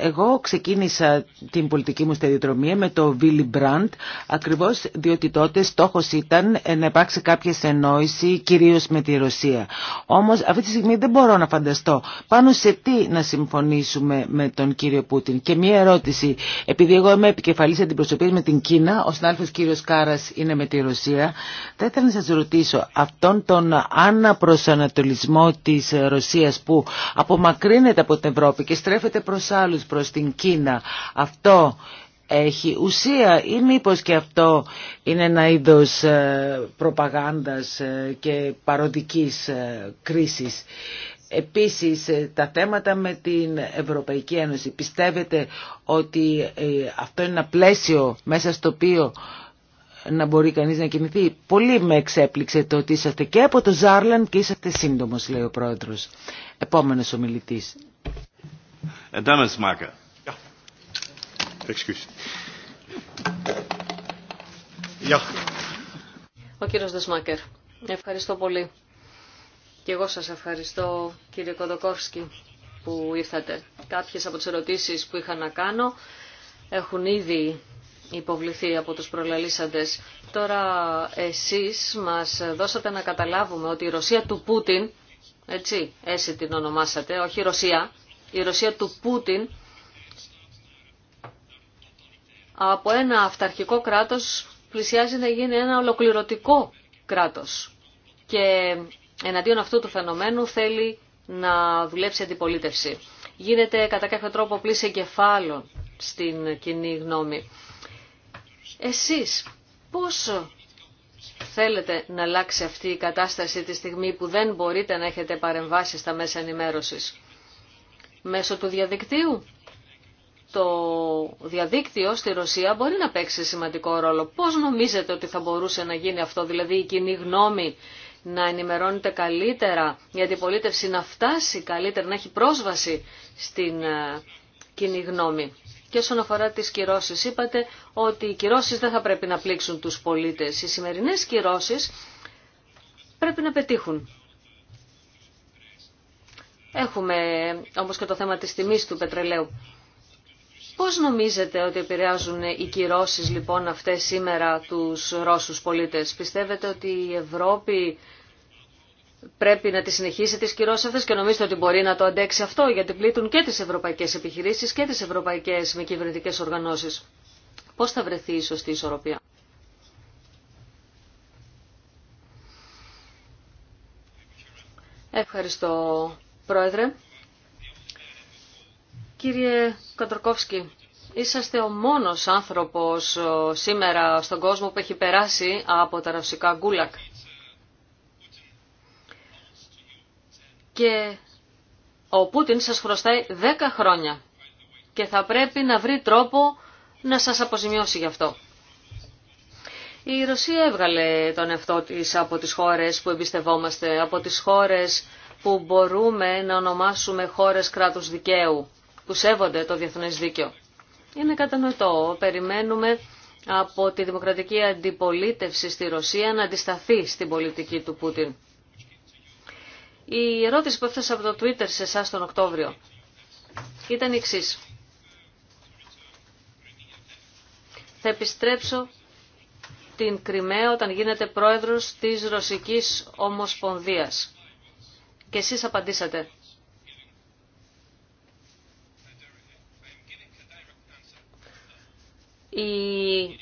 Speaker 1: Εγώ ξεκίνησα την πολιτική μου σταδιοδρομία με το Willy Brandt, ακριβώς διότι τότε στόχος ήταν να υπάρξει κάποια συνεννόηση, κυρίως με τη Ρωσία. Όμως αυτή τη στιγμή δεν μπορώ να φανταστώ πάνω σε τι να συμφωνήσουμε με τον κύριο Πούτιν. Και μία ερώτηση, επειδή εγώ είμαι επικεφαλής αντιπροσωπής με την Κίνα, ο συνάδελφος κύριος Κάρας είναι με τη Ρωσία, θα ήθελα να σας ρωτήσω αυτόν τον αναπροσανατολισμό της Ρωσίας που απομακρύνεται από την Ευρώπη και στρέφεται προς άλλου προς την Κίνα. Αυτό έχει ουσία ή μήπως και αυτό είναι ένα είδος ε, προπαγάνδας ε, και παροδικής ε, κρίσης. Επίσης τα θέματα με την Ευρωπαϊκή Ένωση. Πιστεύετε ότι αυτό είναι ένα πλαίσιο μέσα στο οποίο να μπορεί κανείς να κινηθεί. Πολύ με εξέπληξε το ότι είσαστε και από το Ζάρλαντ και είσαστε σύντομος λέει ο πρόεδρος. Επόμενος ομιλητής
Speaker 4: maken. Ja, excuus.
Speaker 3: Ο κύριος Δεσμάκερ. Ευχαριστώ πολύ. Και εγώ σας ευχαριστώ κύριε Κοδοκόφσκι που ήρθατε. Κάποιες από τις ερωτήσεις που είχα να κάνω έχουν ήδη υποβληθεί από τους προλαλήσαντες. Τώρα εσείς μας δώσατε να καταλάβουμε ότι η Ρωσία του Πούτιν, έτσι, έτσι την ονομάσατε, όχι η Ρωσία, η Ρωσία του Πούτιν από ένα αυταρχικό κράτος πλησιάζει να γίνει ένα ολοκληρωτικό κράτος. Και εναντίον αυτού του φαινομένου θέλει να δουλέψει αντιπολίτευση. Γίνεται κατά κάποιο τρόπο πλήση εγκεφάλων στην κοινή γνώμη. Εσείς πώς θέλετε να αλλάξει αυτή η κατάσταση τη στιγμή που δεν μπορείτε να έχετε παρεμβάσει στα μέσα ενημέρωσης μέσω του διαδικτύου. Το διαδίκτυο στη Ρωσία μπορεί να παίξει σημαντικό ρόλο. Πώς νομίζετε ότι θα μπορούσε να γίνει αυτό, δηλαδή η κοινή γνώμη να ενημερώνεται καλύτερα, η αντιπολίτευση να φτάσει καλύτερα, να έχει πρόσβαση στην ε, κοινή γνώμη. Και όσον αφορά τις κυρώσεις, είπατε ότι οι κυρώσεις δεν θα πρέπει να πλήξουν τους πολίτες. Οι σημερινές κυρώσεις πρέπει να πετύχουν. Έχουμε όμως και το θέμα της τιμής του πετρελαίου. Πώς νομίζετε ότι επηρεάζουν οι κυρώσεις λοιπόν αυτές σήμερα τους Ρώσους πολίτες. Πιστεύετε ότι η Ευρώπη πρέπει να τη συνεχίσει τις κυρώσεις αυτές και νομίζετε ότι μπορεί να το αντέξει αυτό γιατί πλήττουν και τις ευρωπαϊκές επιχειρήσεις και τις ευρωπαϊκές με κυβερνητικέ οργανώσεις. Πώς θα βρεθεί η σωστή ισορροπία. Ευχαριστώ Πρόεδρε. Κύριε Κοντροκόφσκι, είσαστε ο μόνος άνθρωπος σήμερα στον κόσμο που έχει περάσει από τα ρωσικά γκούλακ. Και ο Πούτιν σας χρωστάει 10 χρόνια και θα πρέπει να βρει τρόπο να σας αποζημιώσει γι' αυτό. Η Ρωσία έβγαλε τον εαυτό της από τις χώρες που εμπιστευόμαστε, από τις χώρες που μπορούμε να ονομάσουμε χώρες κράτους δικαίου που σέβονται το διεθνές δίκαιο. Είναι κατανοητό. Περιμένουμε από τη δημοκρατική αντιπολίτευση στη Ρωσία να αντισταθεί στην πολιτική του Πούτιν. Η ερώτηση που έφτασε από το Twitter σε εσά τον Οκτώβριο ήταν η εξή. Θα επιστρέψω την Κρυμαία όταν γίνεται πρόεδρος της Ρωσικής Ομοσπονδίας και εσείς απαντήσατε. Η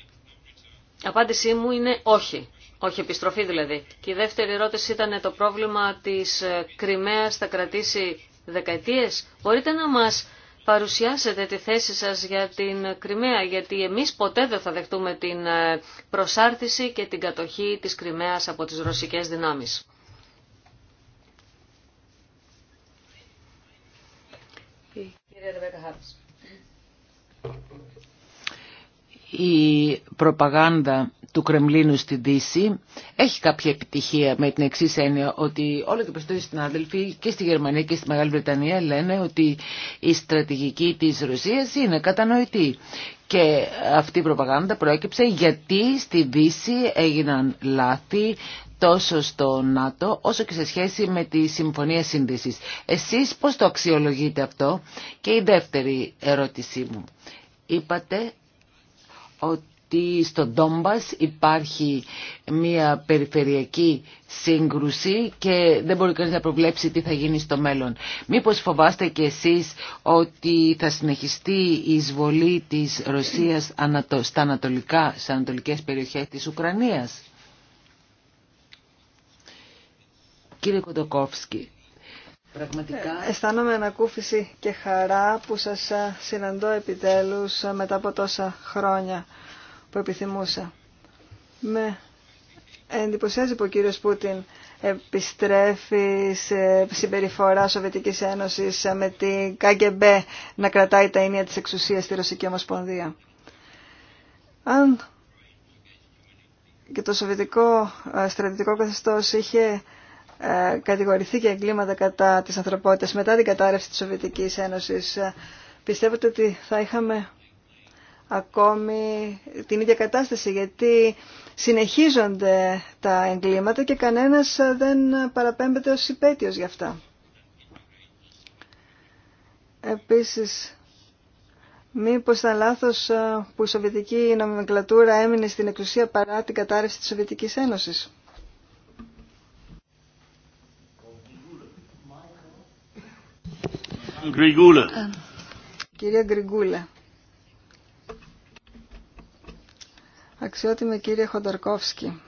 Speaker 3: απάντησή μου είναι όχι. Όχι επιστροφή δηλαδή. Και η δεύτερη ερώτηση ήταν το πρόβλημα της ε, Κρυμαίας θα κρατήσει δεκαετίες. Μπορείτε να μας παρουσιάσετε τη θέση σας για την Κρυμαία, γιατί εμείς ποτέ δεν θα δεχτούμε την ε, προσάρτηση και την κατοχή της Κρυμαίας από τις ρωσικές δυνάμεις.
Speaker 1: Η προπαγάνδα του Κρεμλίνου στην Δύση έχει κάποια επιτυχία με την εξή έννοια ότι όλο και περισσότεροι συνάδελφοι και στη Γερμανία και στη Μεγάλη Βρετανία λένε ότι η στρατηγική της Ρωσίας είναι κατανοητή και αυτή η προπαγάνδα προέκυψε γιατί στη Δύση έγιναν λάθη, τόσο στο ΝΑΤΟ όσο και σε σχέση με τη Συμφωνία Σύνδεσης. Εσείς πώς το αξιολογείτε αυτό και η δεύτερη ερώτησή μου. Είπατε ότι στο Ντόμπας υπάρχει μια περιφερειακή σύγκρουση και δεν μπορεί κανείς να προβλέψει τι θα γίνει στο μέλλον. Μήπως φοβάστε και εσείς ότι θα συνεχιστεί η εισβολή της Ρωσίας στα ανατολικά, στις ανατολικές περιοχές της Ουκρανίας. Κύριε Κοντοκόφσκι, πραγματικά... Ε, αισθάνομαι
Speaker 2: ανακούφιση και χαρά που σας ε, συναντώ επιτέλους ε, μετά από τόσα χρόνια που επιθυμούσα. Με εντυπωσιάζει που ο κύριος Πούτιν επιστρέφει σε συμπεριφορά Σοβιετικής Ένωσης με την ΚΑΚΕΜΠΕ να κρατάει τα ίνια της εξουσίας στη Ρωσική Ομοσπονδία. Αν και το σοβιετικό στρατιωτικό καθεστώς είχε ε, κατηγορηθεί για εγκλήματα κατά της ανθρωπότητας μετά την κατάρρευση της Σοβιετικής Ένωσης. Ε, πιστεύετε ότι θα είχαμε ακόμη την ίδια κατάσταση γιατί συνεχίζονται τα εγκλήματα και κανένας δεν παραπέμπεται ως υπέτειος γι' αυτά. Επίσης, μήπως ήταν λάθος ε, που η Σοβιετική νομιμεκλατούρα έμεινε στην εξουσία παρά την κατάρρευση της Σοβιετικής Ένωσης.
Speaker 4: Ε,
Speaker 2: κυρία Γκριγκούλε. Αξιότιμη κύριε Χονταρκόφσκι,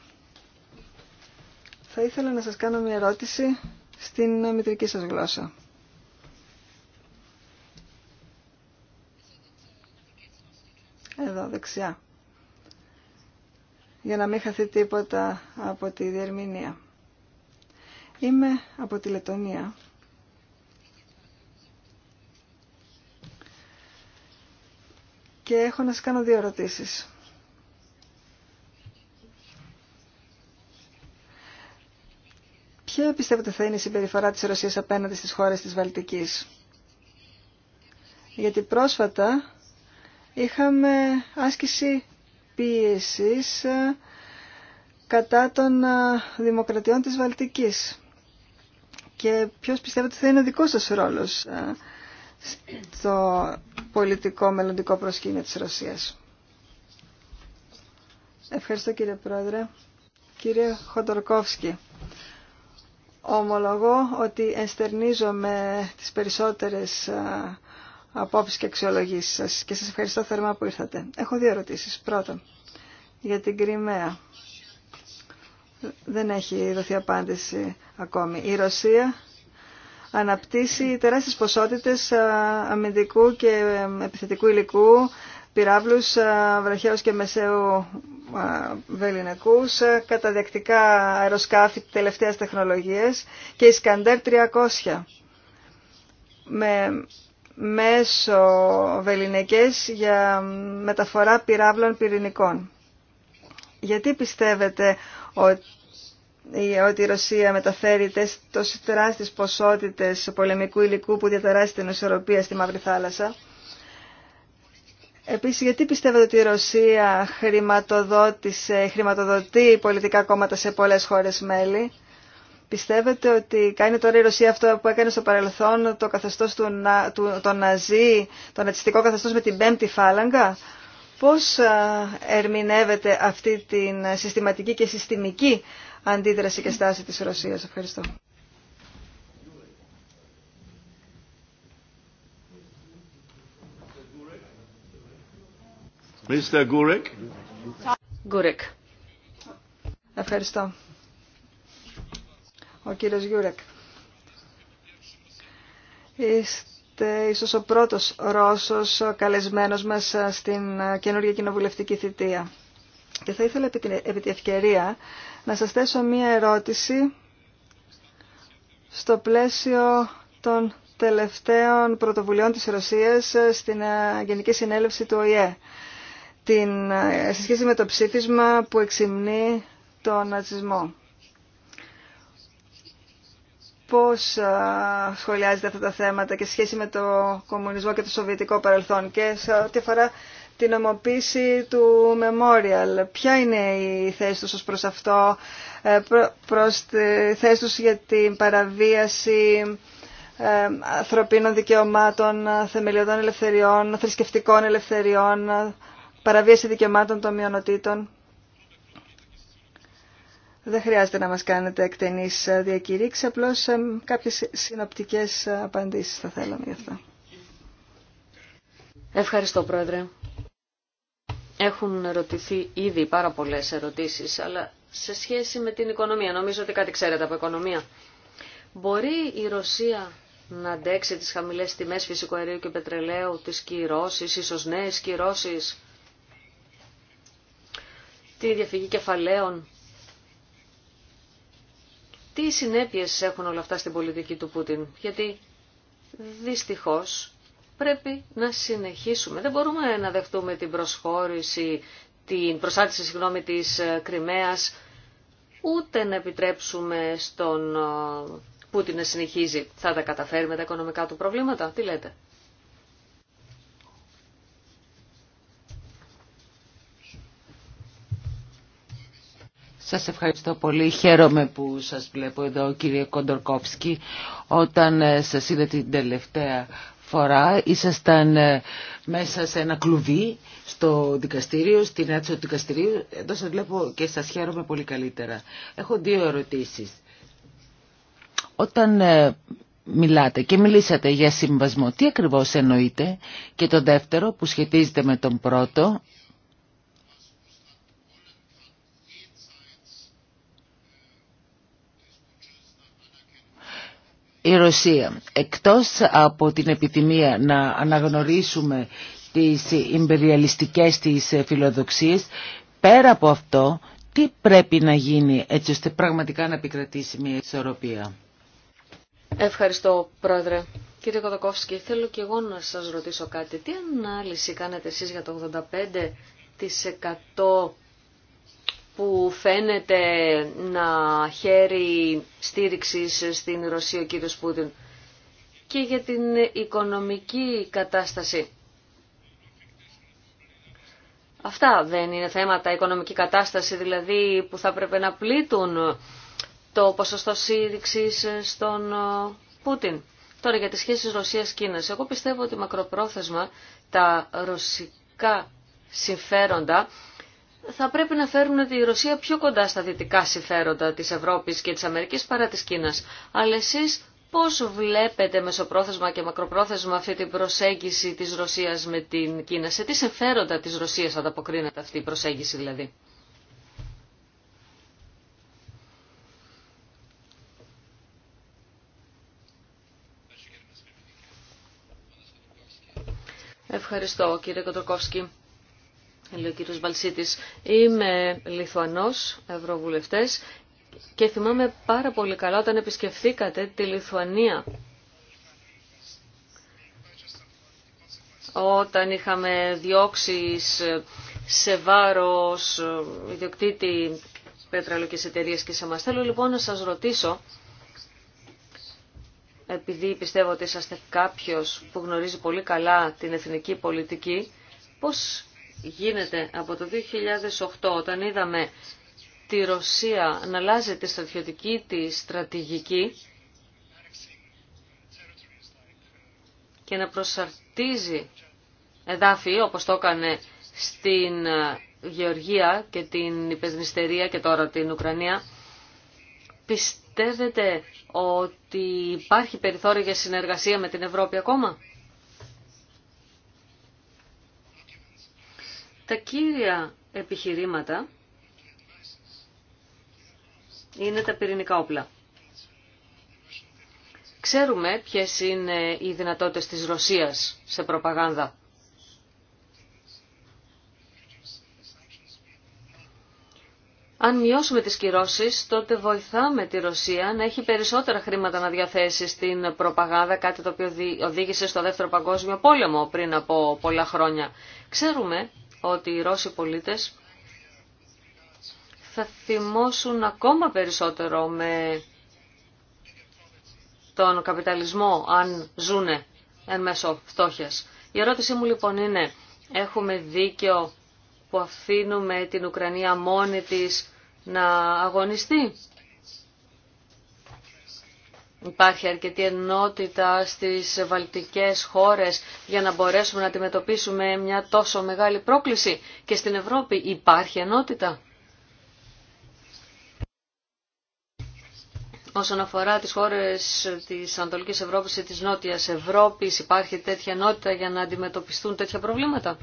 Speaker 2: Θα ήθελα να σας κάνω μια ερώτηση στην μητρική σας γλώσσα. Εδώ, δεξιά. Για να μην χαθεί τίποτα από τη διερμηνία. Είμαι από τη Λετωνία και έχω να σας κάνω δύο ερωτήσεις. Ποια πιστεύετε θα είναι η συμπεριφορά της Ρωσίας απέναντι στις χώρες της Βαλτικής. Γιατί πρόσφατα είχαμε άσκηση πίεσης ε, κατά των ε, δημοκρατιών της Βαλτικής. Και ποιος πιστεύετε θα είναι ο δικός σας ρόλος ε, στο πολιτικό μελλοντικό προσκήνιο της Ρωσίας. Ευχαριστώ κύριε Πρόεδρε. Κύριε Χοντορκόφσκι, ομολογώ ότι ενστερνίζομαι τις περισσότερες απόψεις και αξιολογήσεις σας και σας ευχαριστώ θερμά που ήρθατε. Έχω δύο ερωτήσεις. Πρώτον, για την Κρυμαία. Δεν έχει δοθεί απάντηση ακόμη. Η Ρωσία αναπτύσσει τεράστιες ποσότητες ε, αμυντικού και ε, επιθετικού υλικού, πυράβλους ε, βραχαίους και μεσαίου βεληνικούς, καταδεκτικά αεροσκάφη τελευταίας τεχνολογίας και Ισκαντέρ 300 με μέσο βεληνικές για μεταφορά πυράβλων πυρηνικών. Γιατί πιστεύετε ότι ε, ότι η Ρωσία μεταφέρει τόσε τεράστιε ποσότητες πολεμικού υλικού που διαταράσσει την ισορροπία στη Μαύρη Θάλασσα. Επίση, γιατί πιστεύετε ότι η Ρωσία χρηματοδότησε, χρηματοδοτεί πολιτικά κόμματα σε πολλέ χώρε μέλη. Πιστεύετε ότι κάνει τώρα η Ρωσία αυτό που έκανε στο παρελθόν, το καθεστώ του, του, το ναζί, το νατσιστικό καθεστώ με την πέμπτη φάλαγγα. Πώς ερμηνεύεται αυτή την συστηματική και συστημική αντίδραση και στάση της Ρωσίας. Ευχαριστώ.
Speaker 4: Mr. Gurek.
Speaker 3: Gurek. Ευχαριστώ.
Speaker 2: Ο κύριος Γιούρεκ. Είστε ίσως ο πρώτος Ρώσος καλεσμένος μας στην καινούργια κοινοβουλευτική θητεία. Και θα ήθελα επί, τη ευκαιρία να σας θέσω μία ερώτηση στο πλαίσιο των τελευταίων πρωτοβουλειών της Ρωσίας στην ε, Γενική Συνέλευση του ΟΗΕ. Την, ε, σε σχέση με το ψήφισμα που εξυμνεί τον νατσισμό. Πώς ε, σχολιάζετε αυτά τα θέματα και σχέση με το κομμουνισμό και το σοβιετικό παρελθόν και σε ό,τι αφορά την ομοποίηση του Memorial. Ποια είναι η θέση τους ως προς αυτό, ε, προς τη θέση τους για την παραβίαση ε, ανθρωπίνων δικαιωμάτων, θεμελιωδών ελευθεριών, θρησκευτικών ελευθεριών, παραβίαση δικαιωμάτων των μειονοτήτων. Δεν χρειάζεται να μας κάνετε εκτενείς διακηρύξεις, απλώς ε, κάποιες συνοπτικές απαντήσεις θα θέλαμε
Speaker 3: γι' αυτό. Ευχαριστώ, Πρόεδρε. Έχουν ερωτηθεί ήδη πάρα πολλές ερωτήσεις, αλλά σε σχέση με την οικονομία, νομίζω ότι κάτι ξέρετε από οικονομία. Μπορεί η Ρωσία να αντέξει τις χαμηλές τιμές φυσικού αερίου και πετρελαίου, τις κυρώσεις, ίσως νέες κυρώσεις, τη διαφυγή κεφαλαίων. Τι συνέπειες έχουν όλα αυτά στην πολιτική του Πούτιν, γιατί δυστυχώς πρέπει να συνεχίσουμε. Δεν μπορούμε να δεχτούμε την προσχώρηση, την προσάρτηση συγγνώμη, της ε, Κρυμαίας, ούτε να επιτρέψουμε στον ε, Πούτιν να συνεχίζει. Θα τα καταφέρει με τα οικονομικά του προβλήματα, τι λέτε.
Speaker 1: Σας ευχαριστώ πολύ. Χαίρομαι που σας βλέπω εδώ κύριε Κοντορκόφσκι. Όταν ε, σας είδα την τελευταία φορά ήσασταν ε, μέσα σε ένα κλουβί στο δικαστήριο, στην αίθουσα του δικαστηρίου. Εδώ σας βλέπω και σας χαίρομαι πολύ καλύτερα. Έχω δύο ερωτήσεις. Όταν ε, μιλάτε και μιλήσατε για συμβασμό, τι ακριβώς εννοείτε. Και το δεύτερο που σχετίζεται με τον πρώτο η Ρωσία εκτός από την επιθυμία να αναγνωρίσουμε τις ιμπεριαλιστικές της φιλοδοξίες πέρα από αυτό τι πρέπει να γίνει έτσι ώστε πραγματικά να επικρατήσει μια ισορροπία.
Speaker 3: Ευχαριστώ Πρόεδρε. Κύριε Κοδοκόφσκι, θέλω και εγώ να σας ρωτήσω κάτι. Τι ανάλυση κάνετε εσείς για το 85% που φαίνεται να χαίρει στήριξης στην Ρωσία ο κύριος Πούτιν και για την οικονομική κατάσταση. Αυτά δεν είναι θέματα, οικονομική κατάσταση δηλαδή που θα πρέπει να πλήττουν το ποσοστό στήριξης στον ε, Πούτιν. Τώρα για τις σχέσεις Ρωσίας-Κίνας. Εγώ πιστεύω ότι μακροπρόθεσμα τα ρωσικά συμφέροντα θα πρέπει να φέρουν τη Ρωσία πιο κοντά στα δυτικά συμφέροντα της Ευρώπης και της Αμερικής παρά της Κίνας. Αλλά εσείς πώς βλέπετε μεσοπρόθεσμα και μακροπρόθεσμα αυτή την προσέγγιση της Ρωσίας με την Κίνα. Σε τι συμφέροντα της Ρωσίας ανταποκρίνεται αυτή η προσέγγιση δηλαδή. Ευχαριστώ κύριε Κοτροκόφσκι. Είμαι Λιθουανός, Ευρωβουλευτές και θυμάμαι πάρα πολύ καλά όταν επισκεφθήκατε τη Λιθουανία. Όταν είχαμε διώξει σε βάρος ε, ιδιοκτήτη πετραλοκές εταιρείας και σε μας. Θέλω λοιπόν να σας ρωτήσω, επειδή πιστεύω ότι είσαστε κάποιος που γνωρίζει πολύ καλά την εθνική πολιτική, πώς γίνεται από το 2008 όταν είδαμε τη Ρωσία να αλλάζει τη στρατιωτική τη στρατηγική και να προσαρτίζει εδάφη όπως το έκανε στην Γεωργία και την Υπεδνηστερία και τώρα την Ουκρανία. Πιστεύετε ότι υπάρχει περιθώριο για συνεργασία με την Ευρώπη ακόμα? Τα κύρια επιχειρήματα είναι τα πυρηνικά όπλα. Ξέρουμε ποιες είναι οι δυνατότητες της Ρωσίας σε προπαγάνδα. Αν μειώσουμε τις κυρώσεις, τότε βοηθάμε τη Ρωσία να έχει περισσότερα χρήματα να διαθέσει στην προπαγάνδα, κάτι το οποίο οδήγησε στο Δεύτερο Παγκόσμιο Πόλεμο πριν από πολλά χρόνια. Ξέρουμε ότι οι Ρώσοι πολίτες θα θυμώσουν ακόμα περισσότερο με τον καπιταλισμό αν ζούνε εν μέσω φτώχειας. Η ερώτησή μου λοιπόν είναι, έχουμε δίκιο που αφήνουμε την Ουκρανία μόνη της να αγωνιστεί Υπάρχει αρκετή ενότητα στις βαλτικές χώρες για να μπορέσουμε να αντιμετωπίσουμε μια τόσο μεγάλη πρόκληση. Και στην Ευρώπη υπάρχει ενότητα. Όσον αφορά τις χώρες της Ανατολικής Ευρώπης ή της Νότιας Ευρώπης, υπάρχει τέτοια ενότητα για να αντιμετωπιστούν τέτοια προβλήματα.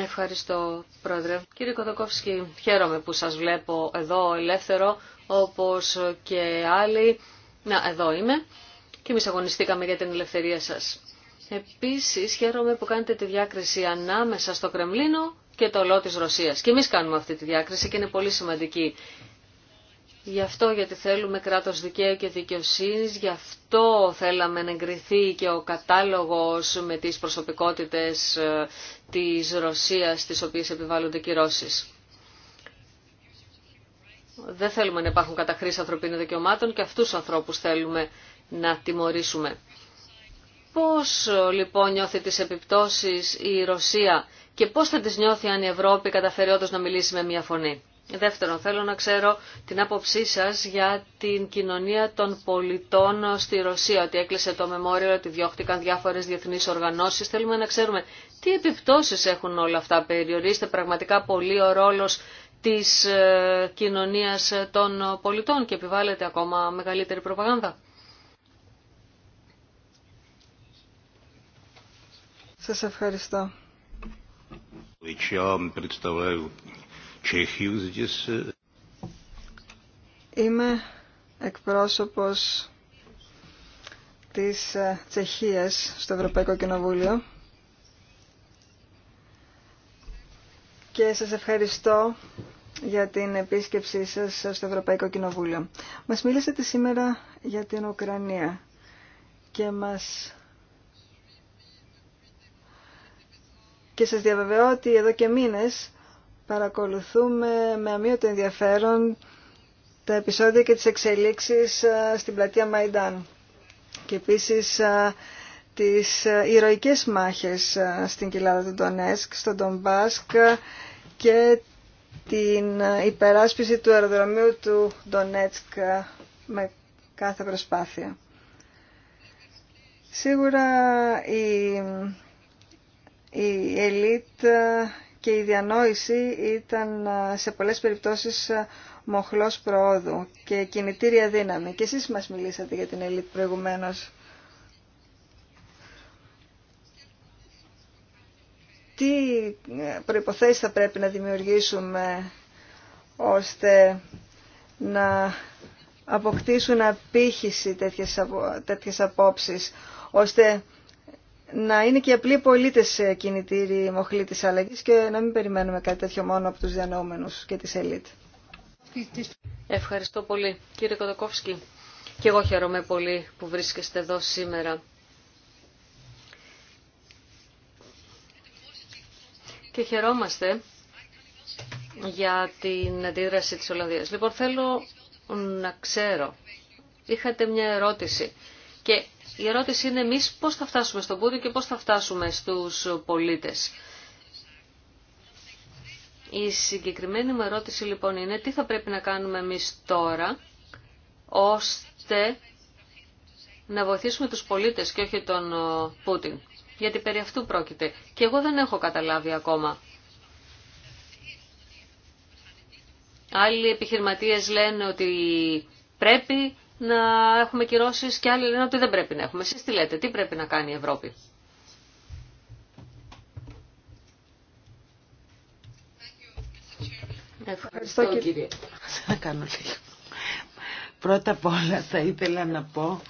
Speaker 3: Ευχαριστώ, Πρόεδρε. Κύριε Κοδοκόφσκι, χαίρομαι που σας βλέπω εδώ ελεύθερο, όπως και άλλοι. Να, εδώ είμαι και εμείς αγωνιστήκαμε για την ελευθερία σας. Επίσης, χαίρομαι που κάνετε τη διάκριση ανάμεσα στο Κρεμλίνο και το Λό της Ρωσίας. Και εμείς κάνουμε αυτή τη διάκριση και είναι πολύ σημαντική. Γι' αυτό γιατί θέλουμε κράτος δικαίου και δικαιοσύνης, γι' αυτό θέλαμε να εγκριθεί και ο κατάλογος με τις προσωπικότητες ε, της Ρωσίας, τις οποίες επιβάλλονται κυρώσεις. Δεν θέλουμε να υπάρχουν καταχρήσεις ανθρωπίνων δικαιωμάτων και αυτούς τους ανθρώπους θέλουμε να τιμωρήσουμε. Πώς ε, λοιπόν νιώθει τις επιπτώσεις η Ρωσία και πώς θα τις νιώθει αν η Ευρώπη καταφέρει όντως να μιλήσει με μια φωνή. Δεύτερον, θέλω να ξέρω την άποψή σας για την κοινωνία των πολιτών στη Ρωσία, ότι έκλεισε το μεμόριο, ότι διώχτηκαν διάφορες διεθνείς οργανώσεις. Θέλουμε να ξέρουμε τι επιπτώσεις έχουν όλα αυτά. Περιορίστε πραγματικά πολύ ο ρόλος της ε, κοινωνίας των πολιτών και επιβάλλεται ακόμα μεγαλύτερη προπαγάνδα.
Speaker 2: Σας ευχαριστώ.
Speaker 4: Eh,
Speaker 2: Είμαι εκπρόσωπος της ε, Τσεχίας στο Ευρωπαϊκό Κοινοβούλιο και σας ευχαριστώ για την επίσκεψή σας στο Ευρωπαϊκό Κοινοβούλιο. Μας μίλησατε σήμερα για την Ουκρανία και μας και σας διαβεβαιώ ότι εδώ και μήνες παρακολουθούμε με αμύωτο ενδιαφέρον τα επεισόδια και τις εξελίξεις στην πλατεία Μαϊντάν και επίσης τις ηρωικές μάχες στην κοιλάδα του Ντονέσκ, στον Ντομπάσκ και την υπεράσπιση του αεροδρομίου του Ντονέτσκ με κάθε προσπάθεια. Σίγουρα η, η ελίτ και η διανόηση ήταν ε, σε πολλές περιπτώσεις ε, μοχλός προόδου και κινητήρια δύναμη. Και εσείς μας μιλήσατε για την ελίτ προηγουμένως. Τι ε, προϋποθέσεις θα πρέπει να δημιουργήσουμε ώστε να αποκτήσουν απήχηση τέτοιες, απόψεις, ώστε να είναι και οι απλοί πολίτες ε, κινητήριοι μοχλή τη αλλαγή και να μην περιμένουμε κάτι τέτοιο μόνο από του διανοούμενους και τις ελίτ.
Speaker 3: Ευχαριστώ πολύ. Κύριε Κοντοκόφσκι, και εγώ χαίρομαι πολύ που βρίσκεστε εδώ σήμερα. Και χαιρόμαστε για την αντίδραση της Ολλανδίας. Λοιπόν, θέλω να ξέρω. Είχατε μια ερώτηση και η ερώτηση είναι εμεί πώ θα φτάσουμε στον Πούτιν και πώς θα φτάσουμε στους πολίτες. Η συγκεκριμένη μου ερώτηση λοιπόν είναι τι θα πρέπει να κάνουμε εμείς τώρα ώστε να βοηθήσουμε τους πολίτες και όχι τον ε, Πούτιν. Γιατί περί αυτού πρόκειται. Και εγώ δεν έχω καταλάβει ακόμα. Άλλοι επιχειρηματίες λένε ότι πρέπει να έχουμε κυρώσει και άλλοι λένε ότι δεν πρέπει να έχουμε. Εσεί τι λέτε, τι πρέπει να κάνει η Ευρώπη. Ευχαριστώ
Speaker 1: Θα κάνω Πρώτα απ' όλα θα ήθελα να πω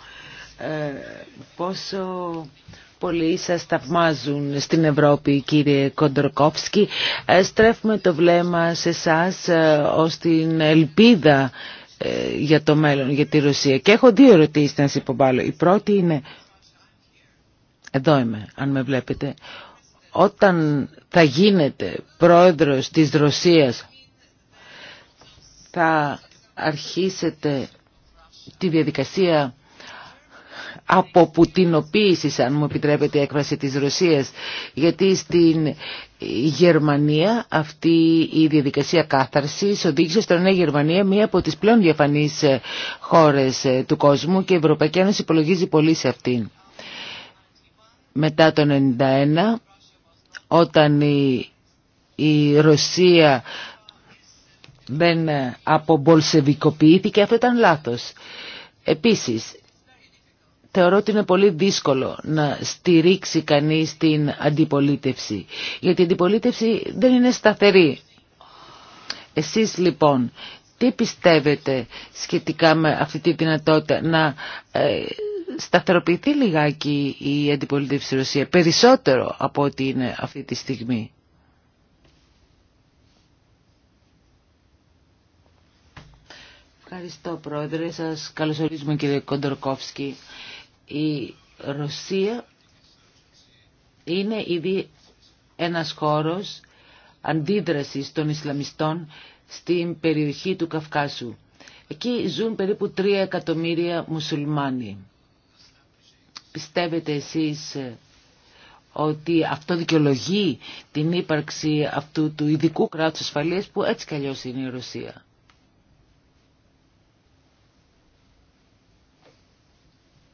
Speaker 1: ε, πόσο πολύ σας θαυμάζουν στην Ευρώπη κύριε Κοντροκόφσκι. Ε, στρέφουμε το βλέμμα σε εσά ε, ως την ελπίδα ε, για το μέλλον, για τη Ρωσία. Και έχω δύο ερωτήσεις να σας υποβάλω. Η πρώτη είναι, εδώ είμαι αν με βλέπετε, όταν θα γίνετε πρόεδρος της Ρωσίας θα αρχίσετε τη διαδικασία από πουτινοποίησης, αν μου επιτρέπετε η έκφραση της Ρωσίας, γιατί στην Γερμανία αυτή η διαδικασία κάθαρσης οδήγησε στον Νέο Γερμανία μία από τις πλέον διαφανείς ε, χώρες ε, του κόσμου και η Ευρωπαϊκή Ένωση υπολογίζει πολύ σε αυτήν. Μετά το 1991, όταν η, Ρωσία δεν ε, απομπολσεβικοποιήθηκε, αυτό ήταν λάθος. Επίσης, θεωρώ ότι είναι πολύ δύσκολο να στηρίξει κανείς την αντιπολίτευση, γιατί η αντιπολίτευση δεν είναι σταθερή. Εσείς λοιπόν, τι πιστεύετε σχετικά με αυτή τη δυνατότητα να ε, σταθεροποιηθεί λιγάκι η αντιπολίτευση στη Ρωσία, περισσότερο από ό,τι είναι αυτή τη στιγμή. Ευχαριστώ Πρόεδρε, σας καλωσορίζουμε κύριε Κοντορκόφσκι η Ρωσία είναι ήδη ένας χώρος αντίδρασης των Ισλαμιστών στην περιοχή του Καυκάσου. Εκεί ζουν περίπου 3 εκατομμύρια μουσουλμάνοι. Πιστεύετε εσείς ότι αυτό δικαιολογεί την ύπαρξη αυτού του ειδικού κράτους ασφαλείας που έτσι κι είναι η Ρωσία.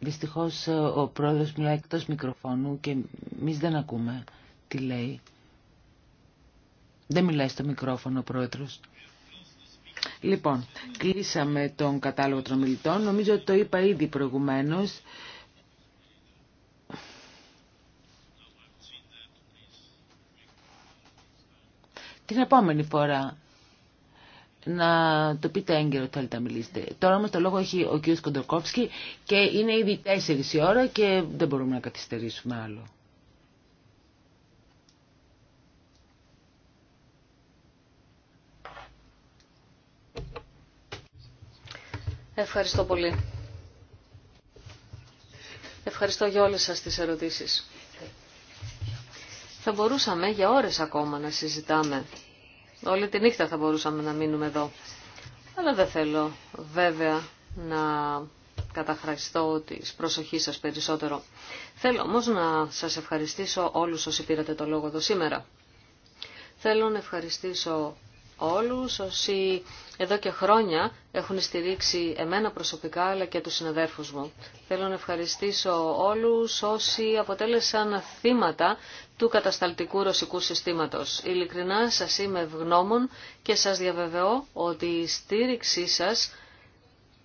Speaker 1: Δυστυχώς ε, ο πρόεδρος μιλάει εκτός μικροφώνου και εμεί δεν ακούμε τι λέει. Δεν μιλάει στο μικρόφωνο ο πρόεδρος. Λοιπόν, κλείσαμε τον κατάλογο των μιλητών. Νομίζω ότι το είπα ήδη προηγουμένως. Την επόμενη φορά να το πείτε έγκαιρο ότι θέλετε να μιλήσετε. Τώρα όμως το λόγο έχει ο κ. Κοντοκόφσκι και είναι ήδη 4 η ώρα και δεν μπορούμε να καθυστερήσουμε άλλο.
Speaker 3: Ευχαριστώ πολύ. Ευχαριστώ για όλες σας τις ερωτήσεις. Θα μπορούσαμε για ώρες ακόμα να συζητάμε Όλη τη νύχτα θα μπορούσαμε να μείνουμε εδώ. Αλλά δεν θέλω βέβαια να καταχραστώ της προσοχή σας περισσότερο. Θέλω όμως να σας ευχαριστήσω όλους όσοι πήρατε το λόγο εδώ σήμερα. Θέλω να ευχαριστήσω όλους όσοι εδώ και χρόνια έχουν στηρίξει εμένα προσωπικά αλλά και τους συναδέρφους μου. Θέλω να ευχαριστήσω όλους όσοι αποτέλεσαν θύματα του κατασταλτικού ρωσικού συστήματος. Ειλικρινά σας είμαι ευγνώμων και σας διαβεβαιώ ότι η στήριξή σας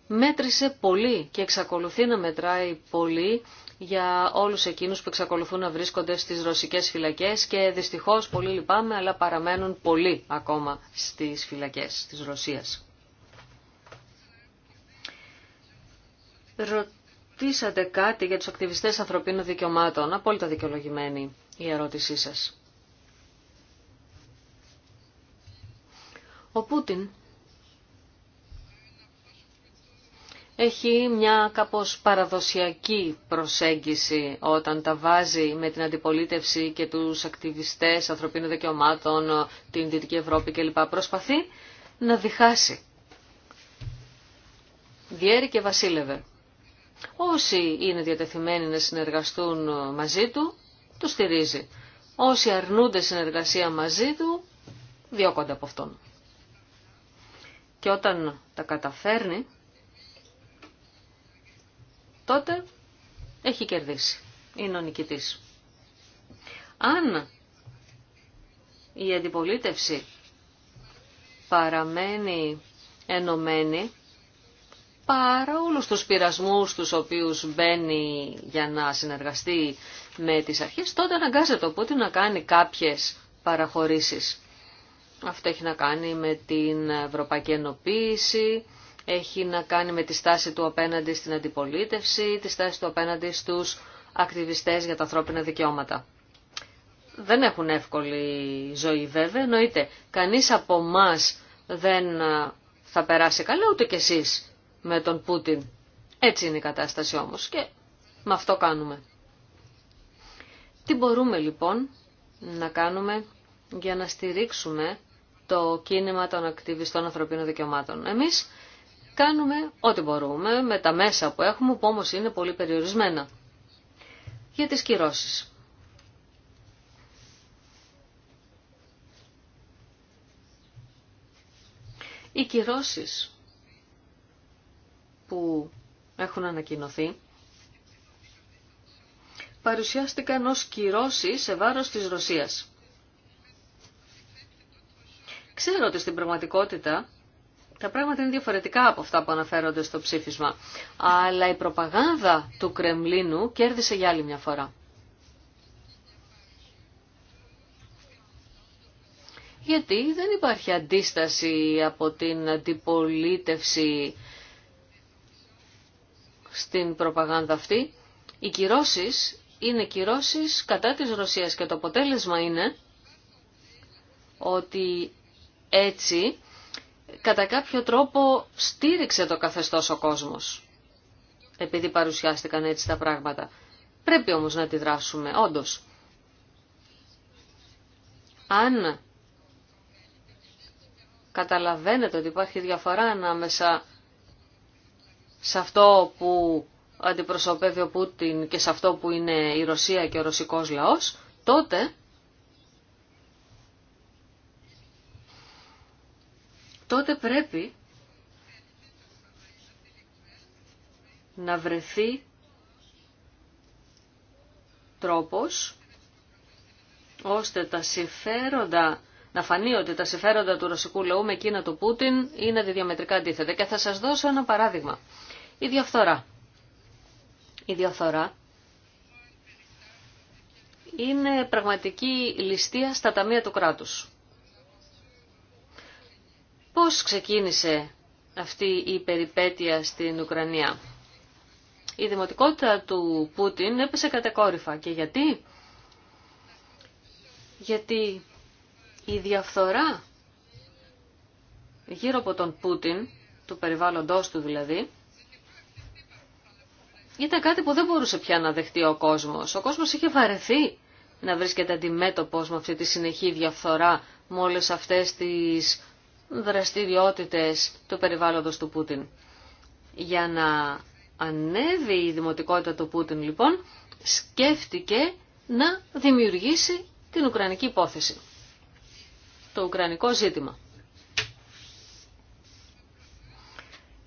Speaker 3: μέτρησε πολύ και εξακολουθεί να μετράει πολύ για όλους εκείνους που εξακολουθούν να βρίσκονται στις ρωσικές φυλακές και δυστυχώς πολύ λυπάμαι αλλά παραμένουν πολλοί ακόμα στις φυλακές της Ρωσίας. Ρωτήσατε κάτι για τους ακτιβιστές ανθρωπίνων δικαιωμάτων. Απόλυτα δικαιολογημένη η ερώτησή σας. Ο Πούτιν έχει μια κάπως παραδοσιακή προσέγγιση όταν τα βάζει με την αντιπολίτευση και τους ακτιβιστές ανθρωπίνων δικαιωμάτων, την Δυτική Ευρώπη κλπ. Προσπαθεί να διχάσει. Διέρη και βασίλευε. Όσοι είναι διατεθειμένοι να συνεργαστούν μαζί του, του στηρίζει. Όσοι αρνούνται συνεργασία μαζί του, διώκονται από αυτόν. Και όταν τα καταφέρνει, τότε έχει κερδίσει. Είναι ο νικητής. Αν η αντιπολίτευση παραμένει ενωμένη, παρά όλους τους πειρασμούς τους οποίους μπαίνει για να συνεργαστεί με τις αρχές, τότε αναγκάζεται οπότε να κάνει κάποιες παραχωρήσεις. Αυτό έχει να κάνει με την ευρωπαϊκή ενοποίηση, έχει να κάνει με τη στάση του απέναντι στην αντιπολίτευση, τη στάση του απέναντι στους ακτιβιστές για τα ανθρώπινα δικαιώματα. Δεν έχουν εύκολη ζωή βέβαια, εννοείται. Κανείς από εμά δεν θα περάσει καλά ούτε κι εσείς με τον Πούτιν. Έτσι είναι η κατάσταση όμως και με αυτό κάνουμε. Τι μπορούμε λοιπόν να κάνουμε για να στηρίξουμε το κίνημα των ακτιβιστών ανθρωπίνων δικαιωμάτων. Εμείς Κάνουμε ό,τι μπορούμε με τα μέσα που έχουμε, που όμως είναι πολύ περιορισμένα. Για τις κυρώσεις. Οι κυρώσεις που έχουν ανακοινωθεί παρουσιάστηκαν ως κυρώσεις σε βάρος της Ρωσίας. Ξέρω ότι στην πραγματικότητα τα πράγματα είναι διαφορετικά από αυτά που αναφέρονται στο ψήφισμα. Αλλά η προπαγάνδα του Κρεμλίνου κέρδισε για άλλη μια φορά. Γιατί δεν υπάρχει αντίσταση από την αντιπολίτευση στην προπαγάνδα αυτή. Οι κυρώσεις είναι κυρώσεις κατά της Ρωσίας και το αποτέλεσμα είναι ότι έτσι κατά κάποιο τρόπο στήριξε το καθεστώς ο κόσμος, επειδή παρουσιάστηκαν έτσι τα πράγματα. Πρέπει όμως να τη δράσουμε, όντως. Αν καταλαβαίνετε ότι υπάρχει διαφορά ανάμεσα σε αυτό που αντιπροσωπεύει ο Πούτιν και σε αυτό που είναι η Ρωσία και ο ρωσικός λαός, τότε τότε πρέπει να βρεθεί τρόπος ώστε τα συμφέροντα, να φανεί ότι τα συμφέροντα του ρωσικού λαού με εκείνα του Πούτιν είναι αντιδιαμετρικά αντίθετα. Και θα σας δώσω ένα παράδειγμα. Η διαφθορά. Η διαφθορά είναι πραγματική ληστεία στα ταμεία του κράτους. Πώς ξεκίνησε αυτή η περιπέτεια στην Ουκρανία. Η δημοτικότητα του Πούτιν έπεσε κατεκόρυφα. Και γιατί? Γιατί η διαφθορά γύρω από τον Πούτιν, του περιβάλλοντός του δηλαδή, ήταν κάτι που δεν μπορούσε πια να δεχτεί ο κόσμος. Ο κόσμος είχε βαρεθεί να βρίσκεται αντιμέτωπος με αυτή τη συνεχή διαφθορά με όλες αυτές τις δραστηριότητες του περιβάλλοντος του Πούτιν. Για να ανέβει η δημοτικότητα του Πούτιν λοιπόν, σκέφτηκε να δημιουργήσει την Ουκρανική υπόθεση. Το Ουκρανικό ζήτημα.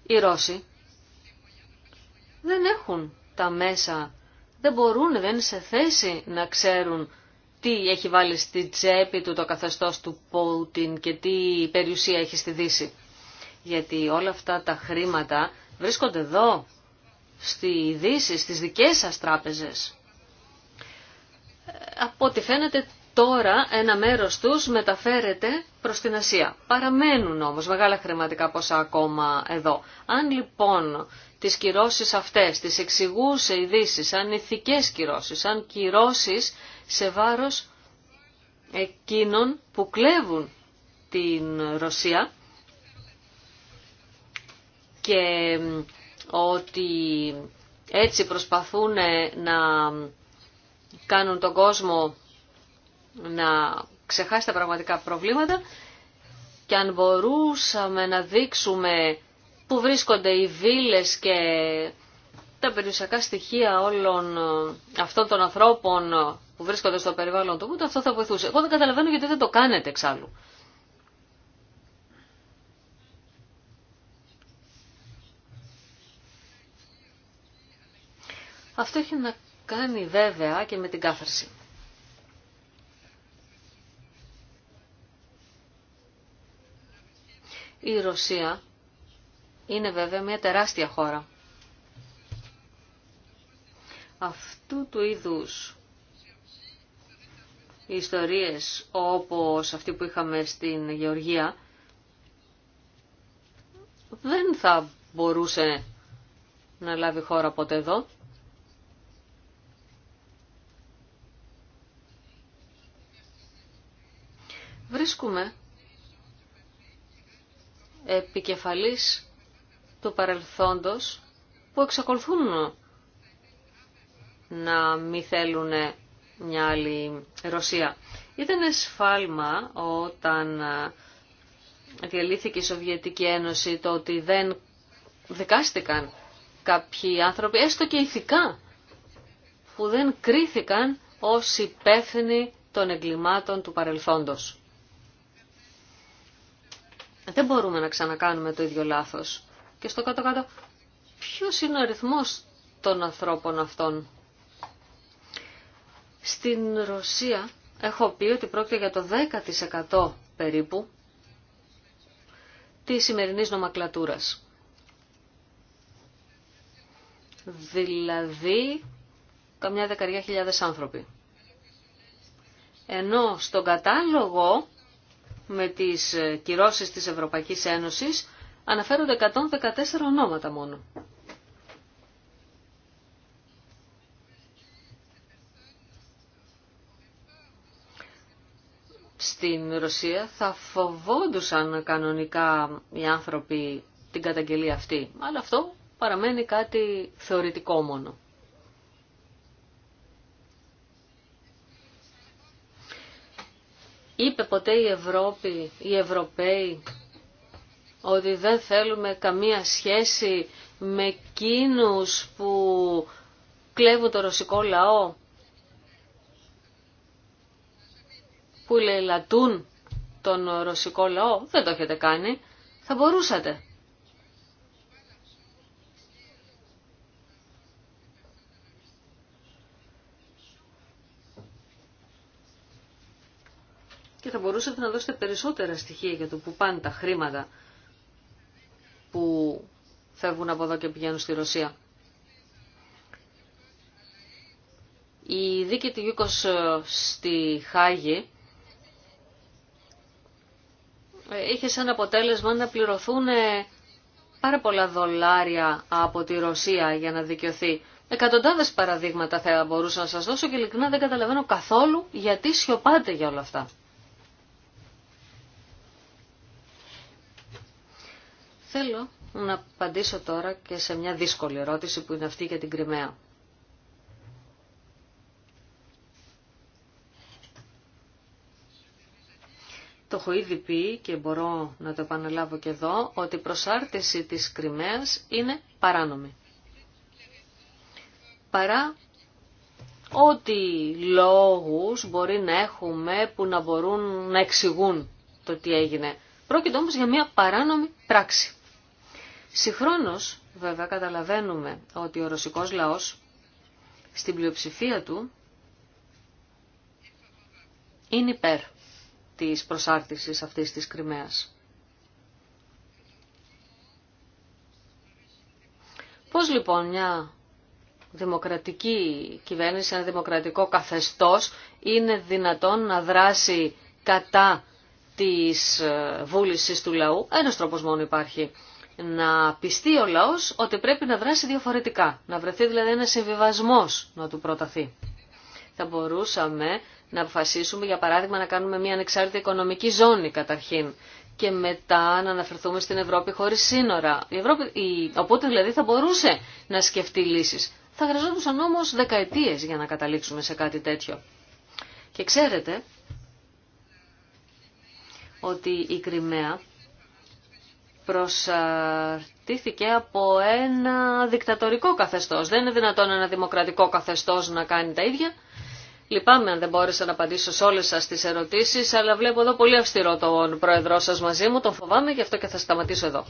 Speaker 3: Οι Ρώσοι δεν έχουν τα μέσα, δεν μπορούν, δεν είναι σε θέση να ξέρουν τι έχει βάλει στη τσέπη του το καθεστώς του Πούτιν και τι περιουσία έχει στη Δύση. Γιατί όλα αυτά τα χρήματα βρίσκονται εδώ, στη Δύση, στις δικές σας τράπεζες. Από ό,τι φαίνεται τώρα ένα μέρος τους μεταφέρεται προς την Ασία. Παραμένουν όμως μεγάλα χρηματικά ποσά ακόμα εδώ. Αν λοιπόν τις κυρώσεις αυτές, τις εξηγούσε ειδήσει σαν ηθικές κυρώσεις, σαν κυρώσεις σε βάρος εκείνων που κλέβουν την Ρωσία και ότι έτσι προσπαθούν ε, να κάνουν τον κόσμο να ξεχάσει τα πραγματικά προβλήματα και αν μπορούσαμε να δείξουμε που βρίσκονται οι βίλες και τα περιουσιακά στοιχεία όλων ε, αυτών των ανθρώπων ε, που βρίσκονται στο περιβάλλον του ούτε αυτό θα βοηθούσε. Εγώ δεν καταλαβαίνω γιατί δεν το κάνετε εξάλλου. Αυτό έχει να κάνει βέβαια και με την κάθαρση. Η Ρωσία είναι βέβαια μια τεράστια χώρα. Αυτού του είδους ιστορίες όπως αυτή που είχαμε στην Γεωργία δεν θα μπορούσε να λάβει χώρα ποτέ εδώ. Βρίσκουμε επικεφαλής του παρελθόντος που εξακολουθούν να μην θέλουν μια άλλη Ρωσία. Ήταν σφάλμα όταν ε, διαλύθηκε η Σοβιετική Ένωση το ότι δεν δικάστηκαν κάποιοι άνθρωποι, έστω και ηθικά, που δεν κρίθηκαν ως υπεύθυνοι των εγκλημάτων του παρελθόντος. Δεν μπορούμε να ξανακάνουμε το ίδιο λάθος και στο κάτω-κάτω ποιος είναι ο αριθμός των ανθρώπων αυτών. Στην Ρωσία έχω πει ότι πρόκειται για το 10% περίπου της σημερινής νομακλατούρας. Δηλαδή, καμιά δεκαριά χιλιάδες άνθρωποι. Ενώ στον κατάλογο με τις κυρώσεις της Ευρωπαϊκής Ένωσης αναφέρονται 114 ονόματα μόνο. Στην Ρωσία θα φοβόντουσαν κανονικά οι άνθρωποι την καταγγελία αυτή, αλλά αυτό παραμένει κάτι θεωρητικό μόνο. Είπε ποτέ η Ευρώπη, οι Ευρωπαίοι ότι δεν θέλουμε καμία σχέση με κίνους που κλέβουν το ρωσικό λαό, που λελατούν τον ρωσικό λαό, δεν το έχετε κάνει, θα μπορούσατε. Και θα μπορούσατε να δώσετε περισσότερα στοιχεία για το που πάνε τα χρήματα που φεύγουν από εδώ και πηγαίνουν στη Ρωσία. Η δίκη του Γιούκος ε, στη Χάγη ε, είχε σαν αποτέλεσμα να πληρωθούν ε, πάρα πολλά δολάρια από τη Ρωσία για να δικαιωθεί. Εκατοντάδες παραδείγματα θα μπορούσα να σας δώσω και ειλικρινά δεν καταλαβαίνω καθόλου γιατί σιωπάτε για όλα αυτά. Θέλω να απαντήσω τώρα και σε μια δύσκολη ερώτηση που είναι αυτή για την Κρυμαία. Το έχω ήδη πει και μπορώ να το επαναλάβω και εδώ ότι η προσάρτηση της Κρυμαίας είναι παράνομη. Παρά ό,τι λόγους μπορεί να έχουμε που να μπορούν να εξηγούν το τι έγινε. Πρόκειται όμως για μια παράνομη πράξη. Συγχρόνως, βέβαια, καταλαβαίνουμε ότι ο ρωσικός λαός στην πλειοψηφία του είναι υπέρ της προσάρτησης αυτής της Κρυμαίας. Πώς λοιπόν μια δημοκρατική κυβέρνηση, ένα δημοκρατικό καθεστώς είναι δυνατόν να δράσει κατά της ε, βούλησης του λαού. Ένας τρόπος μόνο υπάρχει να πιστεί ο λαός ότι πρέπει να δράσει διαφορετικά, να βρεθεί δηλαδή ένα συμβιβασμό να του προταθεί. Θα μπορούσαμε να αποφασίσουμε για παράδειγμα να κάνουμε μια ανεξάρτητη οικονομική ζώνη καταρχήν και μετά να αναφερθούμε στην Ευρώπη χωρίς σύνορα. Η Ευρώπη, Οπότε δηλαδή θα μπορούσε να σκεφτεί λύσεις. Θα χρειαζόντουσαν όμως δεκαετίες για να καταλήξουμε σε κάτι τέτοιο. Και ξέρετε ότι η Κρυμαία προσαρτήθηκε από ένα δικτατορικό καθεστώς. Δεν είναι δυνατόν ένα δημοκρατικό καθεστώς να κάνει τα ίδια. Λυπάμαι αν δεν μπόρεσα να απαντήσω σε όλες σας τις ερωτήσεις, αλλά βλέπω εδώ πολύ αυστηρό τον πρόεδρό σας μαζί μου, τον φοβάμαι, γι' αυτό και θα σταματήσω εδώ.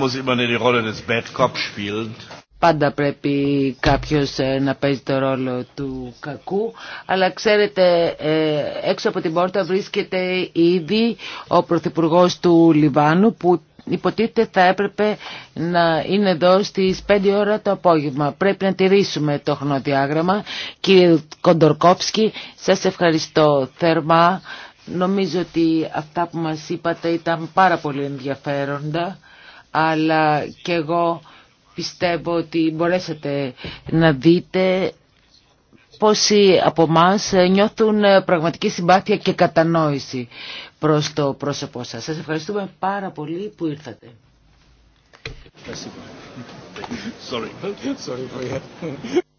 Speaker 4: muss immer Rolle des Bad Cop spielen.
Speaker 1: Πάντα πρέπει κάποιος ε, να παίζει το ρόλο του κακού, αλλά ξέρετε ε, έξω από την πόρτα βρίσκεται ήδη ο Πρωθυπουργό του Λιβάνου που υποτίθεται θα έπρεπε να είναι εδώ στις 5 ώρα το απόγευμα. Πρέπει να τηρήσουμε το χρονοδιάγραμμα. Κύριε Κοντορκόψκη, σας ευχαριστώ θερμά. Νομίζω ότι αυτά που μας είπατε ήταν πάρα πολύ ενδιαφέροντα, αλλά και εγώ Πιστεύω ότι μπορέσατε να δείτε πόσοι από εμά νιώθουν πραγματική συμπάθεια και κατανόηση προς το πρόσωπό σας. Σας ευχαριστούμε πάρα πολύ που ήρθατε. [laughs]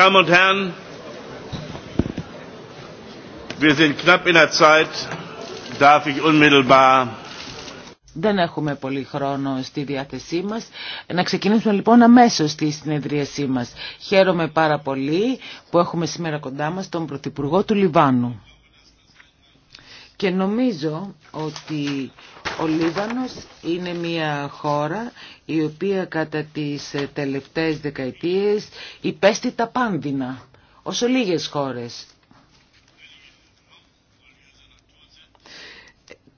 Speaker 4: Damen und Herren, wir sind knapp in der Zeit. Darf ich unmittelbar
Speaker 1: δεν έχουμε πολύ χρόνο στη διάθεσή μας. Να ξεκινήσουμε λοιπόν αμέσως τη συνεδρίασή μας. Χαίρομαι πάρα πολύ που έχουμε σήμερα κοντά μας τον Πρωθυπουργό του Λιβάνου. Και νομίζω ότι ο Λίβανος είναι μια χώρα η οποία κατά τις ε, τελευταίες δεκαετίες υπέστη τα πάνδυνα, όσο λίγες χώρες.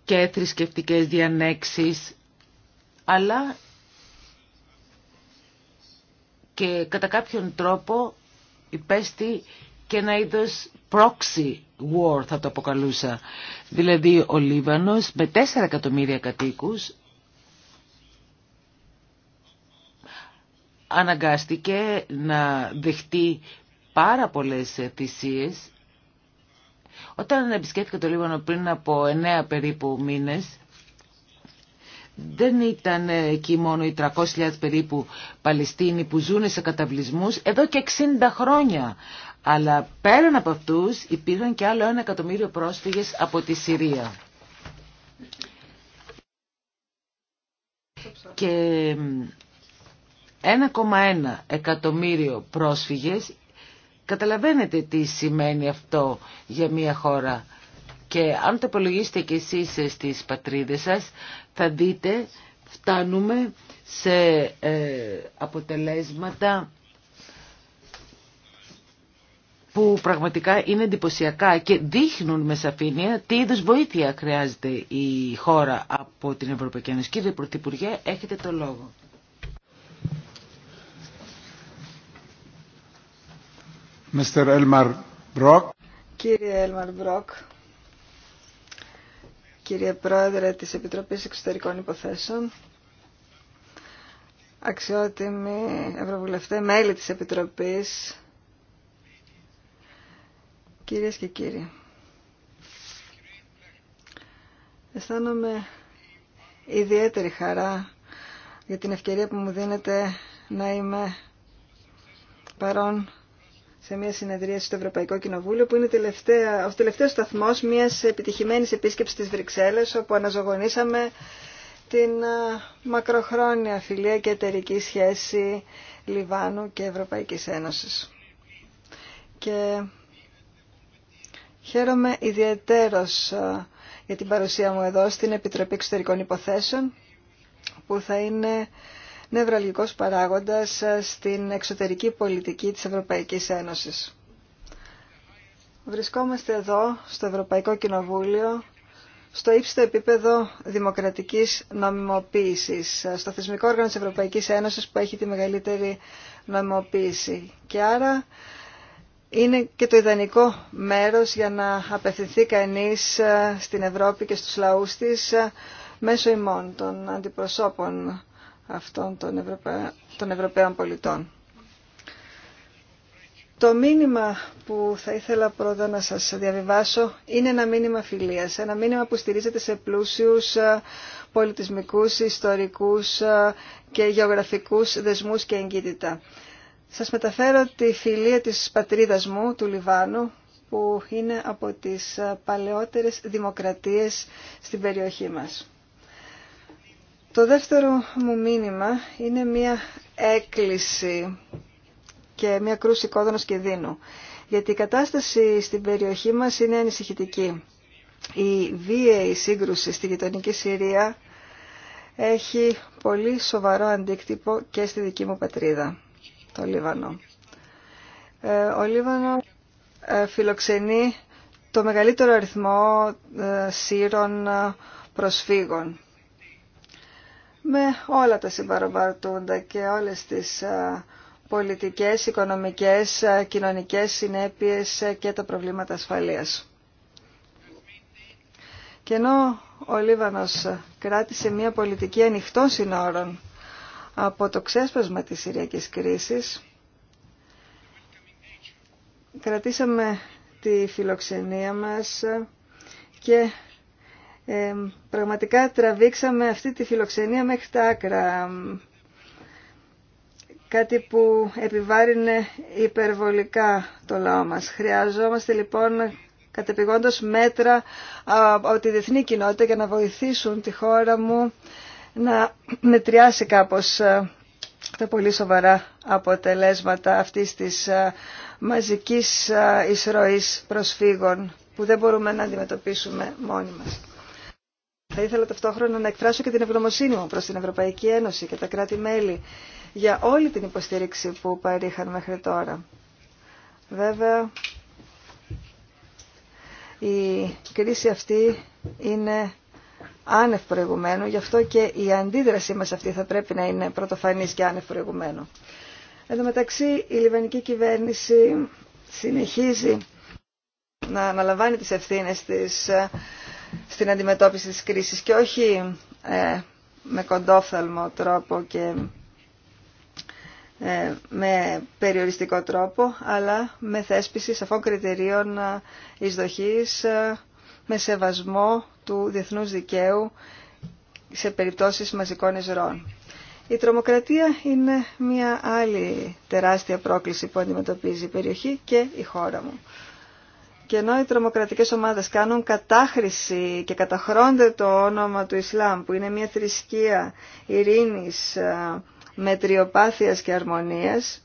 Speaker 1: Και θρησκευτικέ διανέξεις, αλλά και κατά κάποιον τρόπο υπέστη και ένα είδος proxy war θα το αποκαλούσα. Δηλαδή ο Λίβανος με 4 εκατομμύρια κατοίκους αναγκάστηκε να δεχτεί πάρα πολλές θυσίες. Όταν επισκέφθηκα το Λίβανο πριν από 9 περίπου μήνες, δεν ήταν εκεί μόνο οι 300.000 περίπου Παλαιστίνοι που ζουν σε καταβλισμούς εδώ και 60 χρόνια αλλά πέραν από αυτούς υπήρχαν και άλλο ένα εκατομμύριο πρόσφυγες από τη Συρία. Και 1,1 εκατομμύριο πρόσφυγες, καταλαβαίνετε τι σημαίνει αυτό για μια χώρα. Και αν το απολογίσετε και εσείς στις πατρίδες σας, θα δείτε φτάνουμε σε ε, αποτελέσματα που πραγματικά είναι εντυπωσιακά και δείχνουν με σαφήνεια τι είδους βοήθεια χρειάζεται η χώρα από την Ευρωπαϊκή Ένωση. Κύριε Πρωθυπουργέ, έχετε το λόγο. Mr. Elmar
Speaker 2: Brock. Κύριε Έλμαρ Μπρόκ, κύριε Πρόεδρε της Επιτροπής Εξωτερικών Υποθέσεων, αξιότιμοι Ευρωβουλευτέ, μέλη της Επιτροπής, Κυρίες και κύριοι, αισθάνομαι ιδιαίτερη χαρά για την ευκαιρία που μου δίνεται να είμαι παρόν σε μια συνεδρία στο Ευρωπαϊκό Κοινοβούλιο που είναι ο τελευταίο σταθμός μιας επιτυχημένης επίσκεψης της Βρυξέλλες όπου αναζωογονήσαμε την μακροχρόνια φιλία και εταιρική σχέση Λιβάνου και Ευρωπαϊκής Ένωσης. Και Χαίρομαι ιδιαίτερος ε, για την παρουσία μου εδώ στην Επιτροπή Εξωτερικών Υποθέσεων που θα είναι νευραλγικός παράγοντας ε, στην εξωτερική πολιτική της Ευρωπαϊκής Ένωσης. Βρισκόμαστε εδώ στο Ευρωπαϊκό Κοινοβούλιο στο ύψιστο επίπεδο δημοκρατικής νομιμοποίησης, ε, στο θεσμικό όργανο της Ευρωπαϊκής Ένωσης που έχει τη μεγαλύτερη νομιμοποίηση. Και άρα είναι και το ιδανικό μέρος για να απευθυνθεί κανείς ε, στην Ευρώπη και στους λαούς της ε, μέσω ημών των αντιπροσώπων αυτών των, Ευρωπαίων πολιτών. Το μήνυμα που θα ήθελα πρώτα να σας διαβιβάσω είναι ένα μήνυμα φιλίας, ένα μήνυμα που στηρίζεται σε πλούσιους ε, πολιτισμικούς, ιστορικούς και γεωγραφικούς δεσμούς και εγκύτητα. Σας μεταφέρω τη φιλία της πατρίδας μου, του Λιβάνου, που είναι από τις παλαιότερες δημοκρατίες στην περιοχή μας. Το δεύτερο μου μήνυμα είναι μια έκκληση και μια κρούση κόδωνος δίνου. γιατί η κατάσταση στην περιοχή μας είναι ανησυχητική. Η βίαιη σύγκρουση στη γειτονική Συρία έχει πολύ σοβαρό αντίκτυπο και στη δική μου πατρίδα το Λίβανο. Ε, ο Λίβανο ε, φιλοξενεί το μεγαλύτερο αριθμό ε, σύρων προσφύγων με όλα τα συμπαραβαρτούντα και όλες τις πολιτικές, οικονομικές, κοινωνικές συνέπειες και τα προβλήματα ασφαλείας. Και ενώ ο Λίβανος κράτησε μια πολιτική ανοιχτών συνόρων από το ξέσπασμα της Συριακής κρίσης κρατήσαμε τη φιλοξενία μας και ε, πραγματικά τραβήξαμε αυτή τη φιλοξενία μέχρι τα άκρα. Κάτι που επιβάρυνε υπερβολικά το λαό μας. Χρειαζόμαστε λοιπόν κατεπηγόντως μέτρα από τη διεθνή κοινότητα για να βοηθήσουν τη χώρα μου να μετριάσει κάπως ε, τα πολύ σοβαρά αποτελέσματα αυτής της ε, μαζικής ε, εισρωής προσφύγων που δεν μπορούμε να αντιμετωπίσουμε μόνοι μας. Θα ήθελα ταυτόχρονα να εκφράσω και την ευγνωμοσύνη μου προς την Ευρωπαϊκή Ένωση και τα κράτη-μέλη για όλη την υποστήριξη που παρήχαν μέχρι τώρα. Βέβαια, η κρίση αυτή είναι άνευ προηγουμένου, γι' αυτό και η αντίδρασή μας αυτή θα πρέπει να είναι πρωτοφανής και άνευ προηγουμένου. Εν τω μεταξύ η Λιβανική κυβέρνηση συνεχίζει να αναλαμβάνει τις ευθύνες της ε, στην αντιμετώπιση της κρίσης και όχι ε, με κοντόφθαλμο τρόπο και ε, με περιοριστικό τρόπο, αλλά με θέσπιση σαφών κριτηρίων εισδοχής, με σεβασμό του διεθνούς δικαίου σε περιπτώσεις μαζικών εισρών. Η τρομοκρατία είναι μια άλλη τεράστια πρόκληση που αντιμετωπίζει η περιοχή και η χώρα μου. Και ενώ οι τρομοκρατικές ομάδες κάνουν κατάχρηση και καταχρώνται το όνομα του Ισλάμ, που είναι μια θρησκεία ειρήνης, ε, μετριοπάθειας και αρμονίας,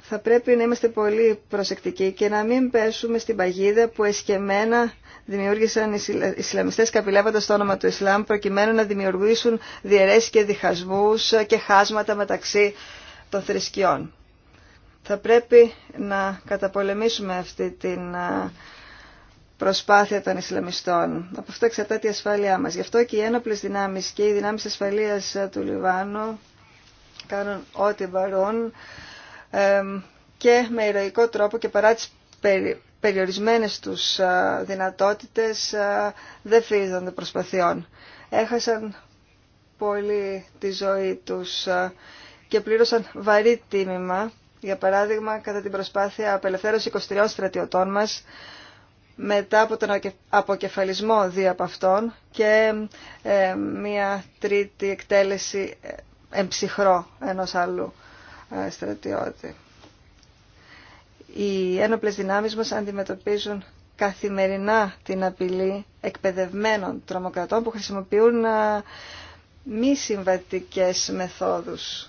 Speaker 2: θα πρέπει να είμαστε πολύ προσεκτικοί και να μην πέσουμε στην παγίδα που εσκεμένα δημιούργησαν οι Ισλαμιστές καπηλεύοντα το όνομα του Ισλάμ προκειμένου να δημιουργήσουν διαιρέσει και διχασμούς και χάσματα μεταξύ των θρησκειών. Θα πρέπει να καταπολεμήσουμε αυτή την προσπάθεια των Ισλαμιστών. Από αυτό εξαρτάται η ασφάλειά μας. Γι' αυτό και οι ένοπλες δυνάμεις και οι δυνάμεις ασφαλείας του Λιβάνου κάνουν ό,τι βαρούν και με ηρωικό τρόπο και παρά τις περι περιορισμένες τους δυνατότητες δεν φύζονται προσπαθειών. Έχασαν πολύ τη ζωή τους και πλήρωσαν βαρύ τίμημα, για παράδειγμα κατά την προσπάθεια απελευθέρωση 23 στρατιωτών μας μετά από τον αποκεφαλισμό δύο από αυτών και ε, μία τρίτη εκτέλεση ε, εμψυχρό ενός άλλου ε, στρατιώτη. Οι ένοπλες δυνάμεις μας αντιμετωπίζουν καθημερινά την απειλή εκπαιδευμένων τρομοκρατών που χρησιμοποιούν μη συμβατικές μεθόδους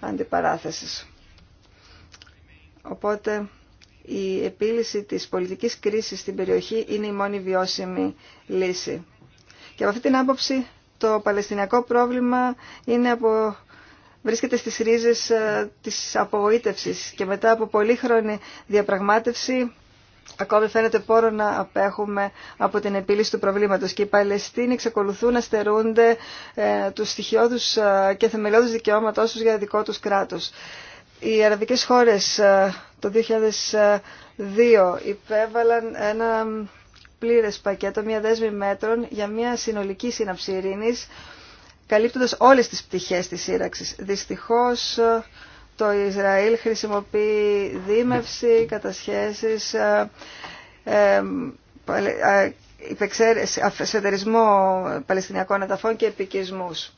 Speaker 2: αντιπαράθεσης. Οπότε η επίλυση της πολιτικής κρίσης στην περιοχή είναι η μόνη βιώσιμη λύση. Και από αυτή την άποψη το παλαιστινιακό πρόβλημα είναι από βρίσκεται στις ρίζες ε, της απογοήτευσης και μετά από πολύχρονη διαπραγμάτευση ακόμη φαίνεται πόρο να απέχουμε από την επίλυση του προβλήματος και οι Παλαιστίνοι εξακολουθούν να στερούνται ε, τους στοιχειώδους ε, και θεμελιώδους δικαιώματός τους για δικό τους κράτος. Οι αραβικές χώρες ε, το 2002 υπέβαλαν ένα πλήρες πακέτο, μια δέσμη μέτρων για μια συνολική σύναψη ειρήνης καλύπτοντας όλες τις πτυχές της σύραξης. Δυστυχώς ε, το Ισραήλ χρησιμοποιεί δίμευση, κατασχέσεις, ε, ε, αφεστερισμό παλαιστινιακών εδαφών και επικισμούς.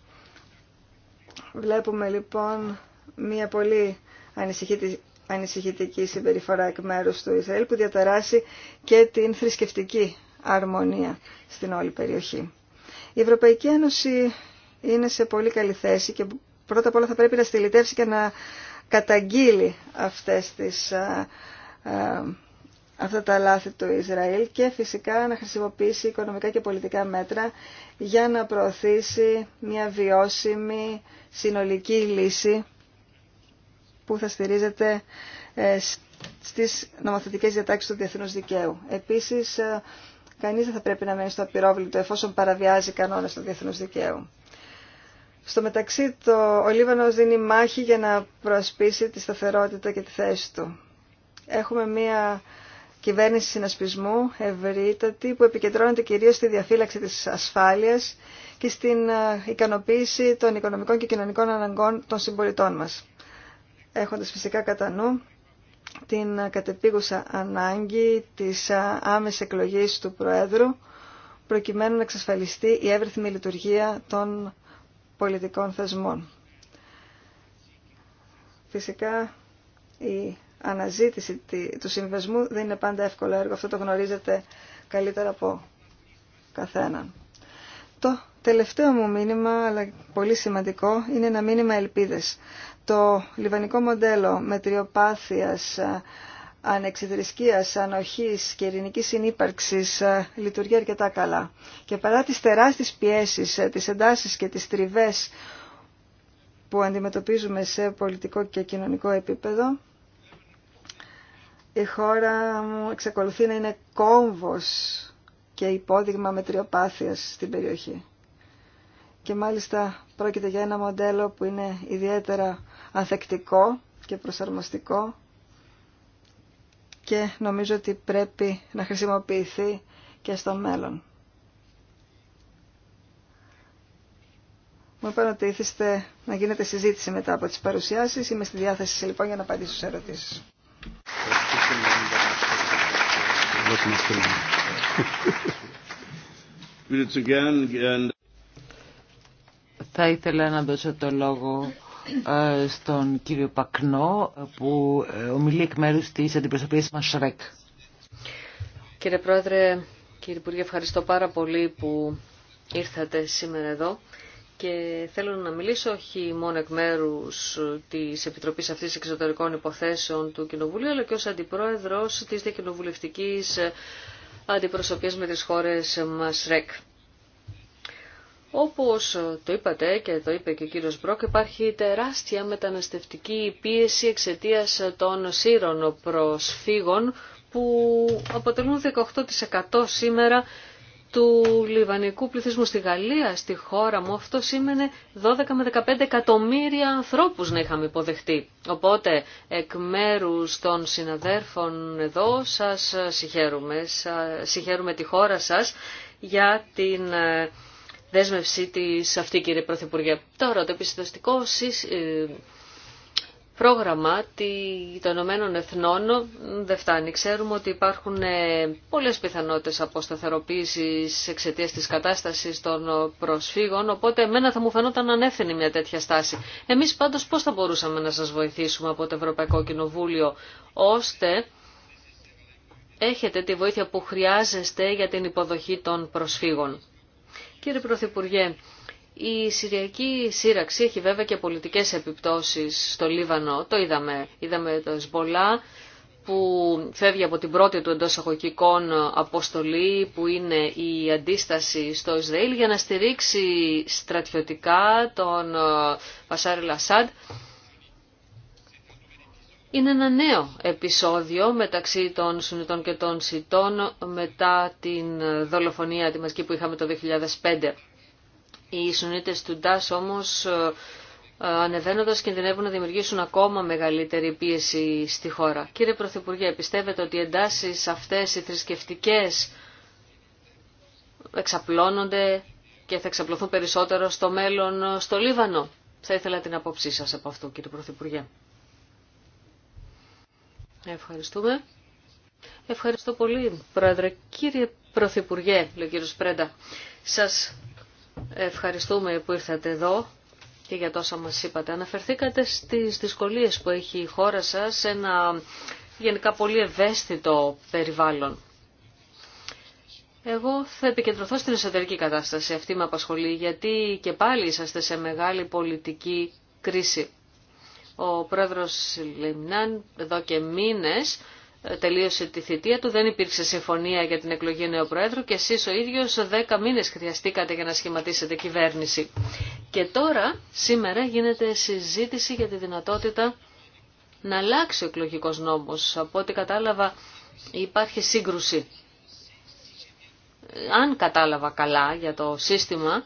Speaker 2: Βλέπουμε λοιπόν μια πολύ ανησυχητική συμπεριφορά εκ μέρους του Ισραήλ που διαταράσει και την θρησκευτική αρμονία στην όλη περιοχή. Η Ευρωπαϊκή Ένωση είναι σε πολύ καλή θέση και πρώτα απ' όλα θα πρέπει να στυλιτεύσει και να καταγγείλει αυτές τις, αυτά τα λάθη του Ισραήλ και φυσικά να χρησιμοποιήσει οικονομικά και πολιτικά μέτρα για να προωθήσει μια βιώσιμη συνολική λύση που θα στηρίζεται ε, στις νομοθετικές διατάξεις του διεθνούς δικαίου. Επίσης, ε, κανείς δεν θα πρέπει να μένει στο απειρόβλητο εφόσον παραβιάζει κανόνες του διεθνούς δικαίου. Στο μεταξύ, το, ο Λίβανος δίνει μάχη για να προασπίσει τη σταθερότητα και τη θέση του. Έχουμε μία κυβέρνηση συνασπισμού ευρύτατη που επικεντρώνεται κυρίως στη διαφύλαξη της ασφάλειας και στην ε, ικανοποίηση των οικονομικών και κοινωνικών αναγκών των συμπολιτών μας. Έχοντας φυσικά κατά νου την κατεπίγουσα ανάγκη της ε, άμεσης εκλογής του Προέδρου προκειμένου να εξασφαλιστεί η εύρυθμη λειτουργία των πολιτικών θεσμών. Φυσικά η αναζήτηση του συμβεσμού δεν είναι πάντα εύκολο έργο. Αυτό το γνωρίζετε καλύτερα από καθέναν. Το τελευταίο μου μήνυμα, αλλά πολύ σημαντικό, είναι ένα μήνυμα ελπίδες. Το λιβανικό μοντέλο μετριοπάθειας, ανεξιδρυσκείας, ανοχής και ειρηνικής συνύπαρξης ε, λειτουργεί αρκετά καλά. Και παρά τις τεράστιες πιέσεις, ε, τις εντάσεις και τις τριβές που αντιμετωπίζουμε σε πολιτικό και κοινωνικό επίπεδο, η χώρα μου εξακολουθεί να είναι κόμβος και υπόδειγμα μετριοπάθειας στην περιοχή. Και μάλιστα πρόκειται για ένα μοντέλο που είναι ιδιαίτερα ανθεκτικό και προσαρμοστικό και νομίζω ότι πρέπει να χρησιμοποιηθεί και στο μέλλον. Μου είπαν ότι ήθεστε να γίνεται συζήτηση μετά από τις παρουσιάσεις. Είμαι στη διάθεση λοιπόν για να απαντήσω σε ερωτήσεις.
Speaker 1: Θα ήθελα να δώσω το λόγο ε, στον κύριο Πακνό που ε, ομιλεί εκ μέρους της αντιπροσωπείας μας ΣΡΕΚ.
Speaker 3: Κύριε Πρόεδρε, κύριε Υπουργέ, ευχαριστώ πάρα πολύ που ήρθατε σήμερα εδώ και θέλω να μιλήσω όχι μόνο εκ μέρους της Επιτροπής αυτή Εξωτερικών Υποθέσεων του Κοινοβουλίου, αλλά και ως αντιπρόεδρος της διακοινοβουλευτική Αντιπροσωπείας με τι χώρε ΣΡΕΚ. Όπως το είπατε και το είπε και ο κύριος Μπρόκ, υπάρχει τεράστια μεταναστευτική πίεση εξαιτίας των σύρων προσφύγων που αποτελούν 18% σήμερα του λιβανικού πληθυσμού στη Γαλλία, στη χώρα μου, αυτό σήμαινε 12 με 15 εκατομμύρια ανθρώπους να είχαμε υποδεχτεί. Οπότε, εκ μέρου των συναδέρφων εδώ, σας συγχαίρουμε. Συγχαίρουμε τη χώρα σας για την ε, δέσμευσή της αυτή κύριε Πρωθυπουργέ. Τώρα το επιστημιστικό ε, πρόγραμμα των Ηνωμένων Εθνών δεν φτάνει. Ξέρουμε ότι υπάρχουν ε, πολλές πιθανότητες αποσταθεροποίησης εξαιτία της κατάστασης των προσφύγων, οπότε εμένα θα μου φαινόταν ανεύθυνη μια τέτοια στάση. Εμείς πάντως πώς θα μπορούσαμε να σας βοηθήσουμε από το Ευρωπαϊκό Κοινοβούλιο, ώστε έχετε τη βοήθεια που χρειάζεστε για την υποδοχή των προσφύγων. Κύριε Πρωθυπουργέ, η Συριακή σύραξη έχει βέβαια και πολιτικές επιπτώσεις στο Λίβανο. Το είδαμε. Είδαμε το Εσμπολά που φεύγει από την πρώτη του εντός αγωγικών αποστολή που είναι η αντίσταση στο Ισραήλ για να στηρίξει στρατιωτικά τον ε, Βασάρι Λασάντ είναι ένα νέο επεισόδιο μεταξύ των Σουνιτών και των Σιτών μετά την δολοφονία τη μασκή που είχαμε το 2005. Οι Σουνίτες του Ντάς όμως ε, ε, ανεβαίνοντας κινδυνεύουν να δημιουργήσουν ακόμα μεγαλύτερη πίεση στη χώρα. Κύριε Πρωθυπουργέ, πιστεύετε ότι οι εντάσεις αυτές οι θρησκευτικέ εξαπλώνονται και θα εξαπλωθούν περισσότερο στο μέλλον ε, στο Λίβανο. Θα ήθελα την απόψή σας από αυτό κύριε Πρωθυπουργέ. Ευχαριστούμε. Ευχαριστώ πολύ, Πρόεδρε. Κύριε Πρωθυπουργέ, λέει ο Πρέντα, σας ευχαριστούμε που ήρθατε εδώ και για τόσα μας είπατε. Αναφερθήκατε στις δυσκολίες που έχει η χώρα σας σε ένα γενικά πολύ ευαίσθητο περιβάλλον. Εγώ θα επικεντρωθώ στην εσωτερική κατάσταση, αυτή με απασχολεί, γιατί και πάλι είσαστε σε μεγάλη πολιτική κρίση. Ο πρόεδρος Λιμνάν εδώ και μήνες ε, τελείωσε τη θητεία του, δεν υπήρξε συμφωνία για την εκλογή νέου Προέδρου και εσείς ο ίδιος δέκα μήνες χρειαστήκατε για να σχηματίσετε κυβέρνηση. Και τώρα, σήμερα, γίνεται συζήτηση για τη δυνατότητα να αλλάξει ο εκλογικό νόμος. Από ό,τι κατάλαβα υπάρχει σύγκρουση. Ε, αν κατάλαβα καλά για το σύστημα,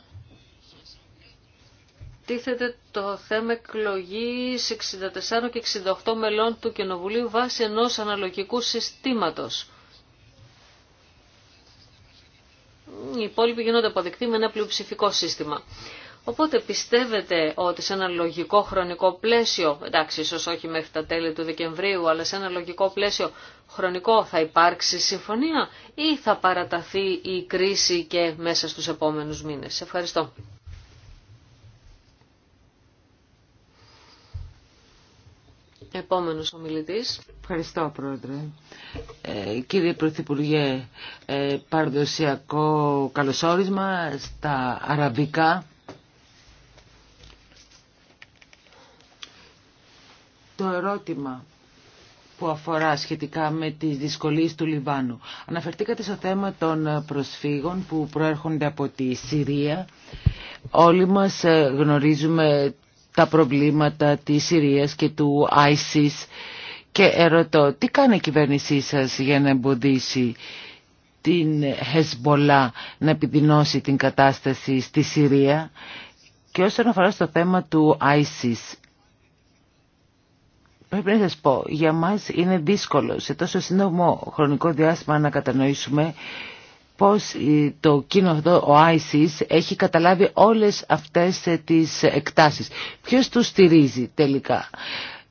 Speaker 3: τίθεται το θέμα εκλογή 64 και 68 μελών του Κοινοβουλίου βάσει ενός αναλογικού συστήματος. Οι υπόλοιποι γίνονται αποδεκτοί με ένα πλειοψηφικό σύστημα. Οπότε πιστεύετε ότι σε ένα λογικό χρονικό πλαίσιο, εντάξει ίσως όχι μέχρι τα τέλη του Δεκεμβρίου, αλλά σε ένα λογικό πλαίσιο χρονικό θα υπάρξει συμφωνία ή θα παραταθεί η κρίση και μέσα στους επόμενους μήνες. Ευχαριστώ. Επόμενος ομιλητής.
Speaker 1: Ευχαριστώ, Πρόεδρε. Ε, κύριε Πρωθυπουργέ, ε, παραδοσιακό καλωσόρισμα στα αραβικά. Το ερώτημα που αφορά σχετικά με τις δυσκολίες του Λιβάνου. Αναφερθήκατε στο θέμα των προσφύγων που προέρχονται από τη Συρία. Όλοι μας ε, γνωρίζουμε τα προβλήματα της Συρίας και του ISIS και ερωτώ τι κάνει η κυβέρνησή σας για να εμποδίσει την Χεσμπολά να επιδεινώσει την κατάσταση στη Συρία και όσον αφορά στο θέμα του ISIS. Πρέπει να σας πω, για μας είναι δύσκολο σε τόσο σύντομο χρονικό διάστημα να κατανοήσουμε πώς το κοινό αυτό, ο ISIS, έχει καταλάβει όλες αυτές ε, τις εκτάσεις. Ποιος τους στηρίζει τελικά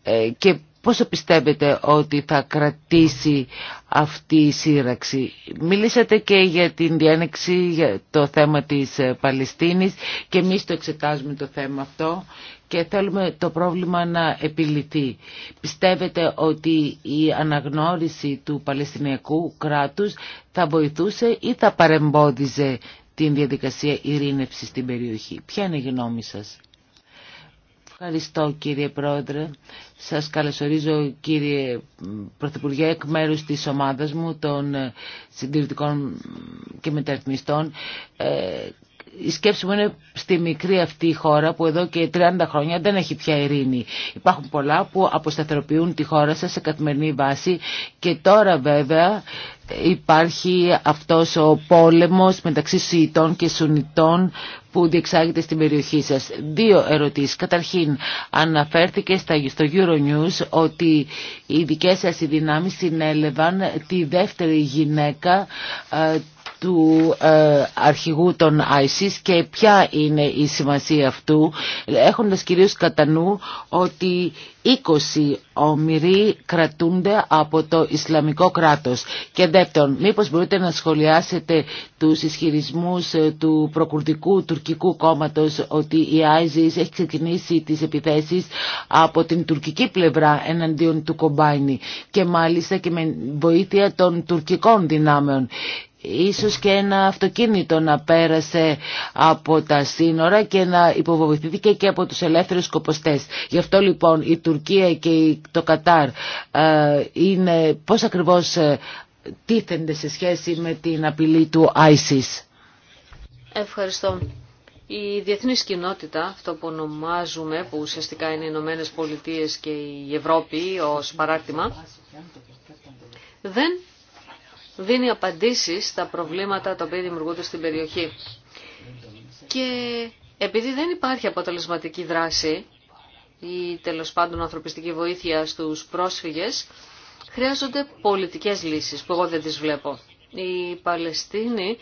Speaker 1: ε, και πόσο πιστεύετε ότι θα κρατήσει αυτή η σύραξη. Μιλήσατε και για την διένεξη, για το θέμα της ε, Παλαιστίνης και εμείς το εξετάζουμε το θέμα αυτό και θέλουμε το πρόβλημα να επιλυθεί. Πιστεύετε ότι η αναγνώριση του Παλαιστινιακού κράτους θα βοηθούσε ή θα παρεμπόδιζε την διαδικασία ειρήνευσης στην περιοχή. Ποια είναι η γνώμη σας. Ευχαριστώ κύριε Πρόεδρε. Σας καλωσορίζω κύριε Πρωθυπουργέ εκ μέρους της ομάδας μου των συντηρητικών και μεταρρυθμιστών. Ε, η σκέψη μου είναι στη μικρή αυτή χώρα που εδώ και 30 χρόνια δεν έχει πια ειρήνη. Υπάρχουν πολλά που αποσταθεροποιούν τη χώρα σας σε καθημερινή βάση και τώρα βέβαια υπάρχει αυτός ο πόλεμος μεταξύ Σιητών και Σουνιτών που διεξάγεται στην περιοχή σας. Δύο ερωτήσεις. Καταρχήν, αναφέρθηκε στο Euronews ότι οι δικές σας οι δυνάμεις συνέλευαν τη δεύτερη γυναίκα ε, του ε, αρχηγού των ISIS και ποια είναι η σημασία αυτού έχοντας κυρίως κατά νου ότι 20 ομοιροί κρατούνται από το Ισλαμικό κράτος. Και δεύτερον, μήπως μπορείτε να σχολιάσετε τους ισχυρισμούς ε, του προκουρδικού τουρκικού κόμματος ότι η ISIS έχει ξεκινήσει τις επιθέσεις από την τουρκική πλευρά εναντίον του Κομπάινη και μάλιστα και με βοήθεια των τουρκικών δυνάμεων ίσως και ένα αυτοκίνητο να πέρασε από τα σύνορα και να υποβοηθήθηκε και από τους ελεύθερους σκοποστές. Γι' αυτό λοιπόν η Τουρκία και το Κατάρ ε, είναι πώς ακριβώς ε, τίθενται σε σχέση με την απειλή του ISIS.
Speaker 3: Ευχαριστώ. Η διεθνής κοινότητα, αυτό που ονομάζουμε, που ουσιαστικά είναι οι Ηνωμένε Πολιτείε και η Ευρώπη ως παράρτημα, δεν δίνει απαντήσεις στα προβλήματα τα οποία δημιουργούνται στην περιοχή. Και επειδή δεν υπάρχει αποτελεσματική δράση ή τέλο πάντων ανθρωπιστική βοήθεια στους πρόσφυγες, χρειάζονται πολιτικές λύσεις που εγώ δεν τις βλέπω. η Παλαιστίνη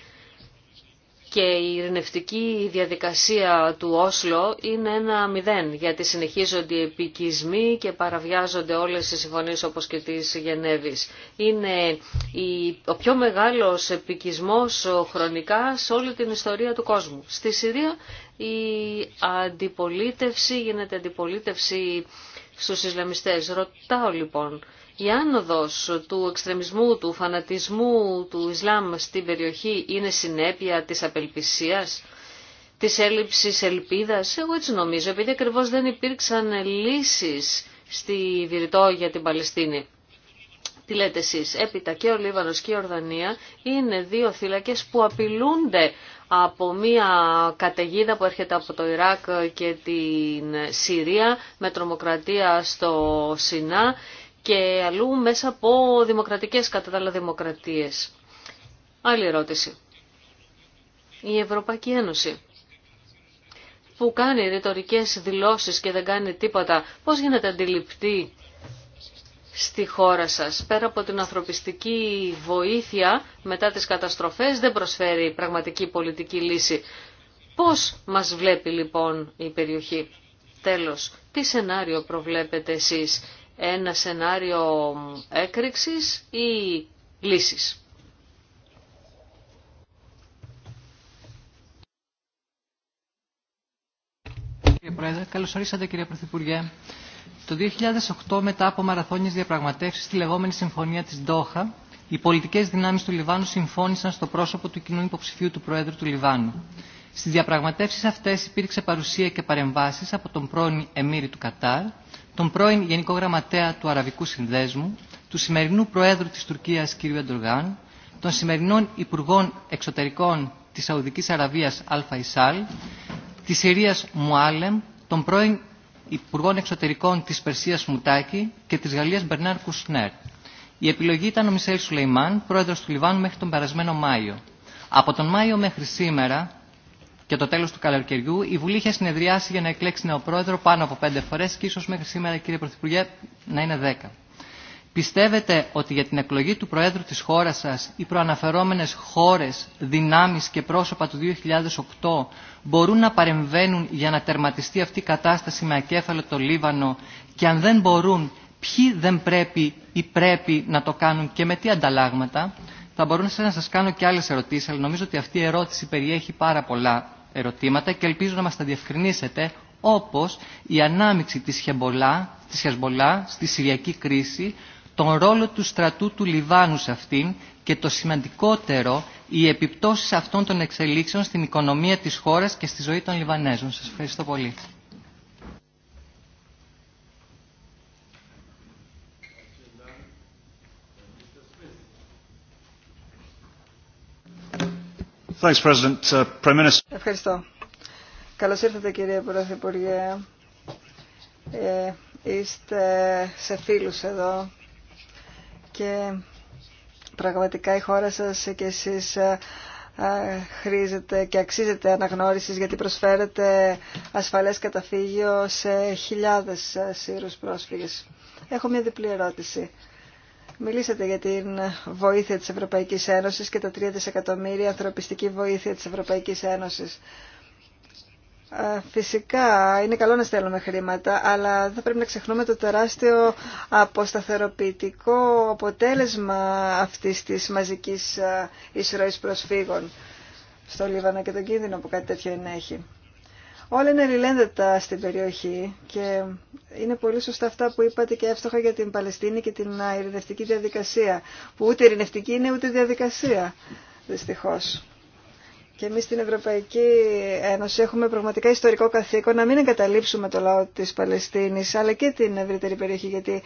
Speaker 3: και η ειρηνευτική διαδικασία του Όσλο είναι ένα μηδέν, γιατί συνεχίζονται οι επικισμοί και παραβιάζονται όλες οι συμφωνίες όπως και της Γενέβης. Είναι η, ο πιο μεγάλος επικισμός χρονικά σε όλη την ιστορία του κόσμου. Στη Συρία η αντιπολίτευση γίνεται αντιπολίτευση στους Ισλαμιστές. Ρωτάω λοιπόν, η άνοδος του εξτρεμισμού, του φανατισμού του Ισλάμ στην περιοχή είναι συνέπεια της απελπισίας, της έλλειψης ελπίδας. Εγώ έτσι νομίζω, επειδή ακριβώ δεν υπήρξαν λύσεις στη Βηρητό για την Παλαιστίνη. Τι λέτε εσείς, έπειτα και ο Λίβανος και η Ορδανία είναι δύο θύλακες που απειλούνται από μια καταιγίδα που έρχεται από το Ιράκ και την Συρία με τρομοκρατία στο Σινά και αλλού μέσα από δημοκρατικές κατά τα άλλα δημοκρατίες. Άλλη ερώτηση. Η Ευρωπαϊκή Ένωση που κάνει ρητορικές δηλώσεις και δεν κάνει τίποτα, πώς γίνεται αντιληπτή στη χώρα σας. Πέρα από την ανθρωπιστική βοήθεια μετά τις καταστροφές δεν προσφέρει πραγματική πολιτική λύση. Πώς μας βλέπει λοιπόν η περιοχή. Τέλος, τι σενάριο προβλέπετε εσείς ένα σενάριο έκρηξης ή λύσης.
Speaker 5: Κύριε Πρόεδρε, καλώς ορίσατε κύριε Πρωθυπουργέ. Το 2008 μετά από μαραθώνιες διαπραγματεύσεις στη λεγόμενη συμφωνία της Ντόχα, οι πολιτικές δυνάμεις του Λιβάνου συμφώνησαν στο πρόσωπο του κοινού υποψηφίου του Προέδρου του Λιβάνου. Στις διαπραγματεύσεις αυτές υπήρξε παρουσία και παρεμβάσεις από τον πρώην Εμμύρη του Κατάρ, τον πρώην Γενικό Γραμματέα του Αραβικού Συνδέσμου, του σημερινού Προέδρου της Τουρκίας κ. Εντοργάν, των σημερινών Υπουργών Εξωτερικών της Σαουδικής Αραβίας Αλφα Ισάλ, της Συρίας Μουάλεμ, των πρώην Υπουργών Εξωτερικών της Περσίας Μουτάκη και της Γαλλίας Μπερνάρ Κουσνέρ. Η επιλογή ήταν ο Μισελ Σουλεϊμάν, πρόεδρος του Λιβάνου μέχρι τον περασμένο Μάιο. Από τον Μάιο μέχρι σήμερα, και το τέλο του καλοκαιριού, η Βουλή είχε συνεδριάσει για να εκλέξει νέο πρόεδρο πάνω από πέντε φορέ και ίσω μέχρι σήμερα, κύριε Πρωθυπουργέ, να είναι δέκα. Πιστεύετε ότι για την εκλογή του Προέδρου της χώρας σας οι προαναφερόμενες χώρες, δυνάμεις και πρόσωπα του 2008 μπορούν να παρεμβαίνουν για να τερματιστεί αυτή η κατάσταση με ακέφαλο το Λίβανο και αν δεν μπορούν ποιοι δεν πρέπει ή πρέπει να το κάνουν και με τι ανταλλάγματα. Θα μπορούσα να σας κάνω και άλλες ερωτήσεις, αλλά νομίζω ότι αυτή η ερώτηση περιέχει πάρα πολλά ερωτήματα και ελπίζω να μας τα διευκρινίσετε, όπως η ανάμειξη της Χεμπολά, της Χεσμολά στη Συριακή κρίση, τον ρόλο του στρατού του Λιβάνου σε αυτήν και το σημαντικότερο οι επιπτώσεις αυτών των εξελίξεων στην οικονομία της χώρας και στη ζωή των Λιβανέζων. Σας ευχαριστώ πολύ.
Speaker 4: Uh,
Speaker 2: Ευχαριστώ. Καλώς ήρθατε κύριε Πρωθυπουργέ. Ε, είστε σε φίλους εδώ και πραγματικά η χώρα σας και εσείς ε, ε, χρήζεται και αξίζεται αναγνώρισης γιατί προσφέρετε ασφαλές καταφύγιο σε χιλιάδες Σύρους πρόσφυγες. Έχω μια διπλή ερώτηση. Μιλήσατε για την βοήθεια της Ευρωπαϊκής Ένωσης και τα 3 δισεκατομμύρια ανθρωπιστική βοήθεια της Ευρωπαϊκής Ένωσης. Ε, φυσικά είναι καλό να στέλνουμε χρήματα, αλλά δεν πρέπει να ξεχνούμε το τεράστιο αποσταθεροποιητικό αποτέλεσμα αυτής της μαζικής ε, εισρωής προσφύγων στο Λίβανο και τον κίνδυνο που κάτι τέτοιο ενέχει. Όλα είναι ρηλένδετα στην περιοχή και είναι πολύ σωστά αυτά που είπατε και εύστοχα για την Παλαιστίνη και την ειρηνευτική διαδικασία, που ούτε ειρηνευτική είναι ούτε διαδικασία, δυστυχώς. Και εμείς στην Ευρωπαϊκή Ένωση έχουμε πραγματικά ιστορικό καθήκον να μην εγκαταλείψουμε το λαό της Παλαιστίνης, αλλά και την ευρύτερη περιοχή, γιατί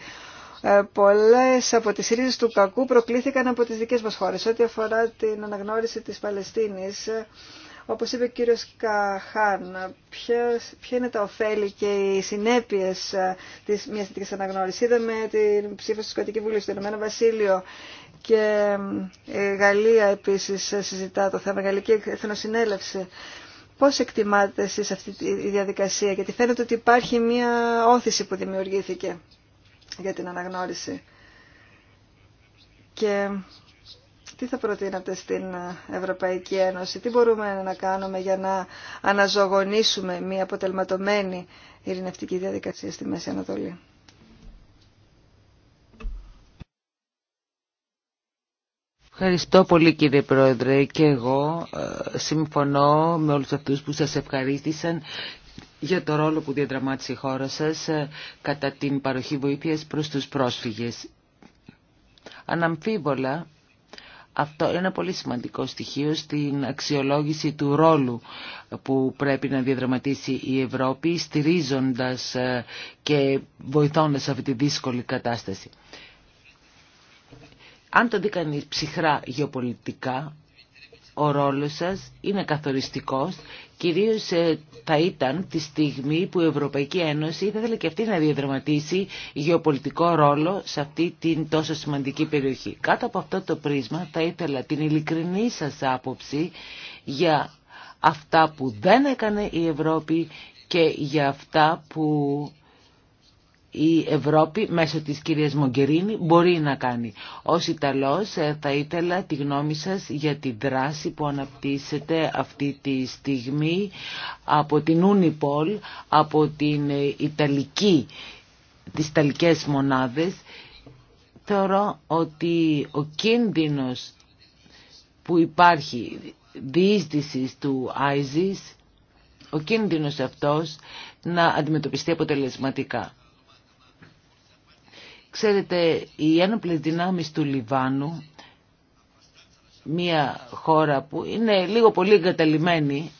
Speaker 2: ε, πολλές από τις ρίζες του κακού προκλήθηκαν από τις δικές μας χώρες. Ό,τι αφορά την αναγνώριση της Παλαιστίνης, όπως είπε ο κύριος Καχάν, ποια είναι τα ωφέλη και οι συνέπειες ε, της μιας θετικής αναγνώρισης. Είδαμε την ψήφα στη Σκοτική Βουλή, στο Ηνωμένο Βασίλειο και η ε, Γαλλία επίσης συζητά το θέμα, η Γαλλική Εθνοσυνέλευση. Πώς εκτιμάτε εσείς αυτή τη διαδικασία, γιατί φαίνεται ότι υπάρχει μια όθηση που δημιουργήθηκε για την αναγνώριση. Και τι θα προτείνατε στην Ευρωπαϊκή Ένωση, τι μπορούμε να κάνουμε για να αναζωογονήσουμε μια αποτελματωμένη ειρηνευτική διαδικασία στη Μέση Ανατολή.
Speaker 1: Ευχαριστώ πολύ κύριε Πρόεδρε και εγώ ε, συμφωνώ με όλους αυτούς που σας ευχαρίστησαν για το ρόλο που διαδραμάτισε η χώρα σας ε, κατά την παροχή βοήθειας προς τους πρόσφυγες. Αναμφίβολα αυτό είναι ένα πολύ σημαντικό στοιχείο στην αξιολόγηση του ρόλου που πρέπει να διαδραματίσει η Ευρώπη στηρίζοντας ε, και βοηθώντας αυτή τη δύσκολη κατάσταση. Αν το δει κανείς ψυχρά γεωπολιτικά, ο ρόλος σας είναι καθοριστικός, κυρίως ε, θα ήταν τη στιγμή που η Ευρωπαϊκή Ένωση θα ήθελε και αυτή να διαδραματίσει γεωπολιτικό ρόλο σε αυτή την τόσο σημαντική περιοχή. Κάτω από αυτό το πρίσμα θα ήθελα την ειλικρινή σας άποψη για αυτά που δεν έκανε η Ευρώπη και για αυτά που η Ευρώπη μέσω της κυρίας Μογκερίνη μπορεί να κάνει. Ως Ιταλός ε, θα ήθελα τη γνώμη σας για τη δράση που αναπτύσσεται αυτή τη στιγμή από την UNIPOL, από την ε, Ιταλική, τις Ιταλικές μονάδες. Θεωρώ ότι ο κίνδυνος που υπάρχει διείσδυσης του ISIS, ο κίνδυνος αυτός να αντιμετωπιστεί αποτελεσματικά. Ξέρετε, οι ένοπλες δυνάμεις του Λιβάνου, μια χώρα που είναι λίγο πολύ εγκαταλειμμένη,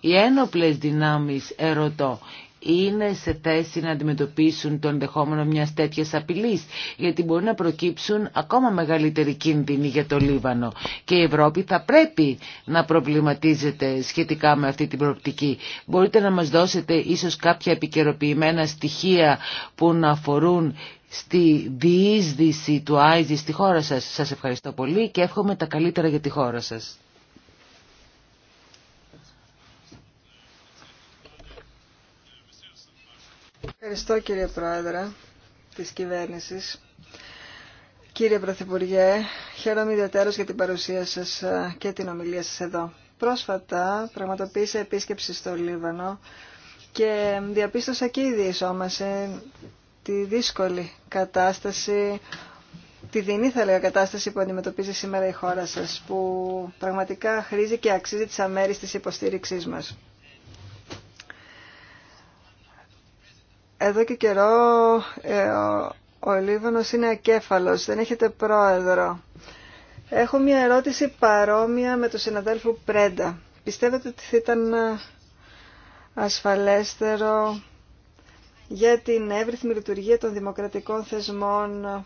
Speaker 1: οι ένοπλες δυνάμεις, ερωτώ, είναι σε θέση να αντιμετωπίσουν τον ενδεχόμενο μιας τέτοιας απειλής, γιατί μπορεί να προκύψουν ακόμα μεγαλύτεροι κίνδυνοι για το Λίβανο. Και η Ευρώπη θα πρέπει να προβληματίζεται σχετικά με αυτή την προοπτική. Μπορείτε να μας δώσετε ίσως κάποια επικαιροποιημένα στοιχεία που να αφορούν στη διείσδυση του Άιζη στη χώρα σας. Σας ευχαριστώ πολύ και εύχομαι τα καλύτερα για τη χώρα σας.
Speaker 2: Ευχαριστώ κύριε Πρόεδρε της κυβέρνησης. Κύριε Πρωθυπουργέ, χαίρομαι ιδιαίτερα για την παρουσία σας ε, και την ομιλία σας εδώ. Πρόσφατα πραγματοποίησα επίσκεψη στο Λίβανο και διαπίστωσα και ήδη τη δύσκολη κατάσταση, τη δινή θα λέγα κατάσταση που αντιμετωπίζει σήμερα η χώρα σας, που πραγματικά χρήζει και αξίζει τις αμέριστης υποστήριξής μας. Εδώ και καιρό ε, ο Λίβανος είναι ακέφαλος, δεν έχετε πρόεδρο. Έχω μια ερώτηση παρόμοια με τον συναδέλφου Πρέντα. Πιστεύετε ότι θα ήταν ε, ασφαλέστερο για την εύρυθμη λειτουργία των δημοκρατικών θεσμών ε,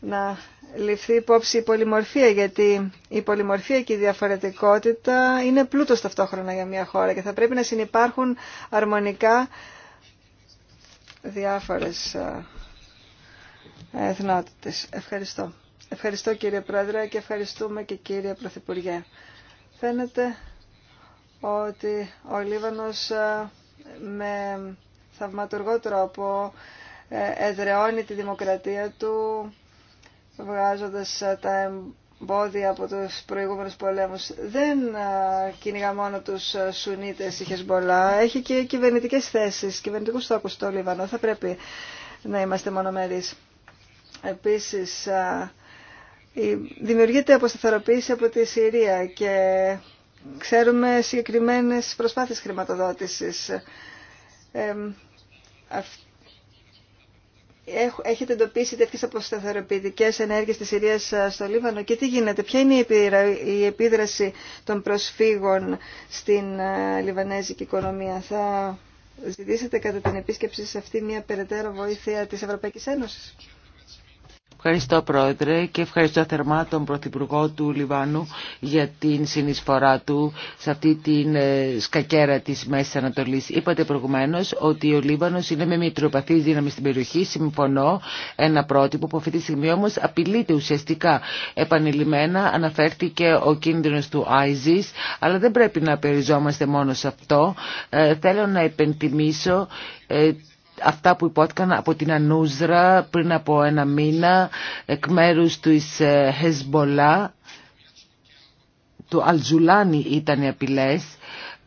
Speaker 2: να ληφθεί υπόψη η πολυμορφία, γιατί η πολυμορφία και η διαφορετικότητα είναι πλούτος ταυτόχρονα για μια χώρα και θα πρέπει να συνεπάρχουν αρμονικά διάφορες ε, εθνότητες. Ευχαριστώ. Ευχαριστώ κύριε Πρόεδρε και ευχαριστούμε και κύριε Πρωθυπουργέ. Φαίνεται ότι ο Λίβανος ε, με θαυματουργό τρόπο ε, εδραιώνει τη δημοκρατία του βγάζοντας τα εμπόδια από τους προηγούμενους πολέμους. Δεν κυνηγά μόνο τους Σουνίτες η Χεσμολά, έχει και κυβερνητικέ θέσεις, κυβερνητικού στόχους στο Λίβανο. Θα πρέπει να είμαστε μονομερείς. Επίσης, δημιουργείται αποσταθεροποίηση από τη Συρία και ξέρουμε συγκεκριμένες προσπάθειες χρηματοδότησης. Ε, έχετε εντοπίσει τέτοιες αποσταθεροποιητικές ενέργειες της Συρίας στο Λίβανο και τι γίνεται, ποια είναι η επίδραση των προσφύγων στην ε, Λιβανέζικη οικονομία. Θα ζητήσετε κατά την επίσκεψη σε αυτή μια περαιτέρω βοήθεια της Ευρωπαϊκής Ένωσης.
Speaker 1: Ευχαριστώ Πρόεδρε και ευχαριστώ θερμά τον Πρωθυπουργό του Λιβάνου για την συνεισφορά του σε αυτή την ε, σκακέρα της Μέσης Ανατολής. Είπατε προηγουμένως ότι ο Λίβανος είναι με μητροπαθή δύναμη στην περιοχή. Συμφωνώ ένα πρότυπο που αυτή τη στιγμή όμως απειλείται ουσιαστικά. Επανειλημμένα αναφέρθηκε ο κίνδυνος του ISIS αλλά δεν πρέπει να περιζόμαστε μόνο σε αυτό. Ε, θέλω να υπενθυμίσω ε, αυτά που υπόθηκαν από την Ανούζρα πριν από ένα μήνα εκ μέρους του Χεσμπολά, του Αλζουλάνη ήταν οι απειλές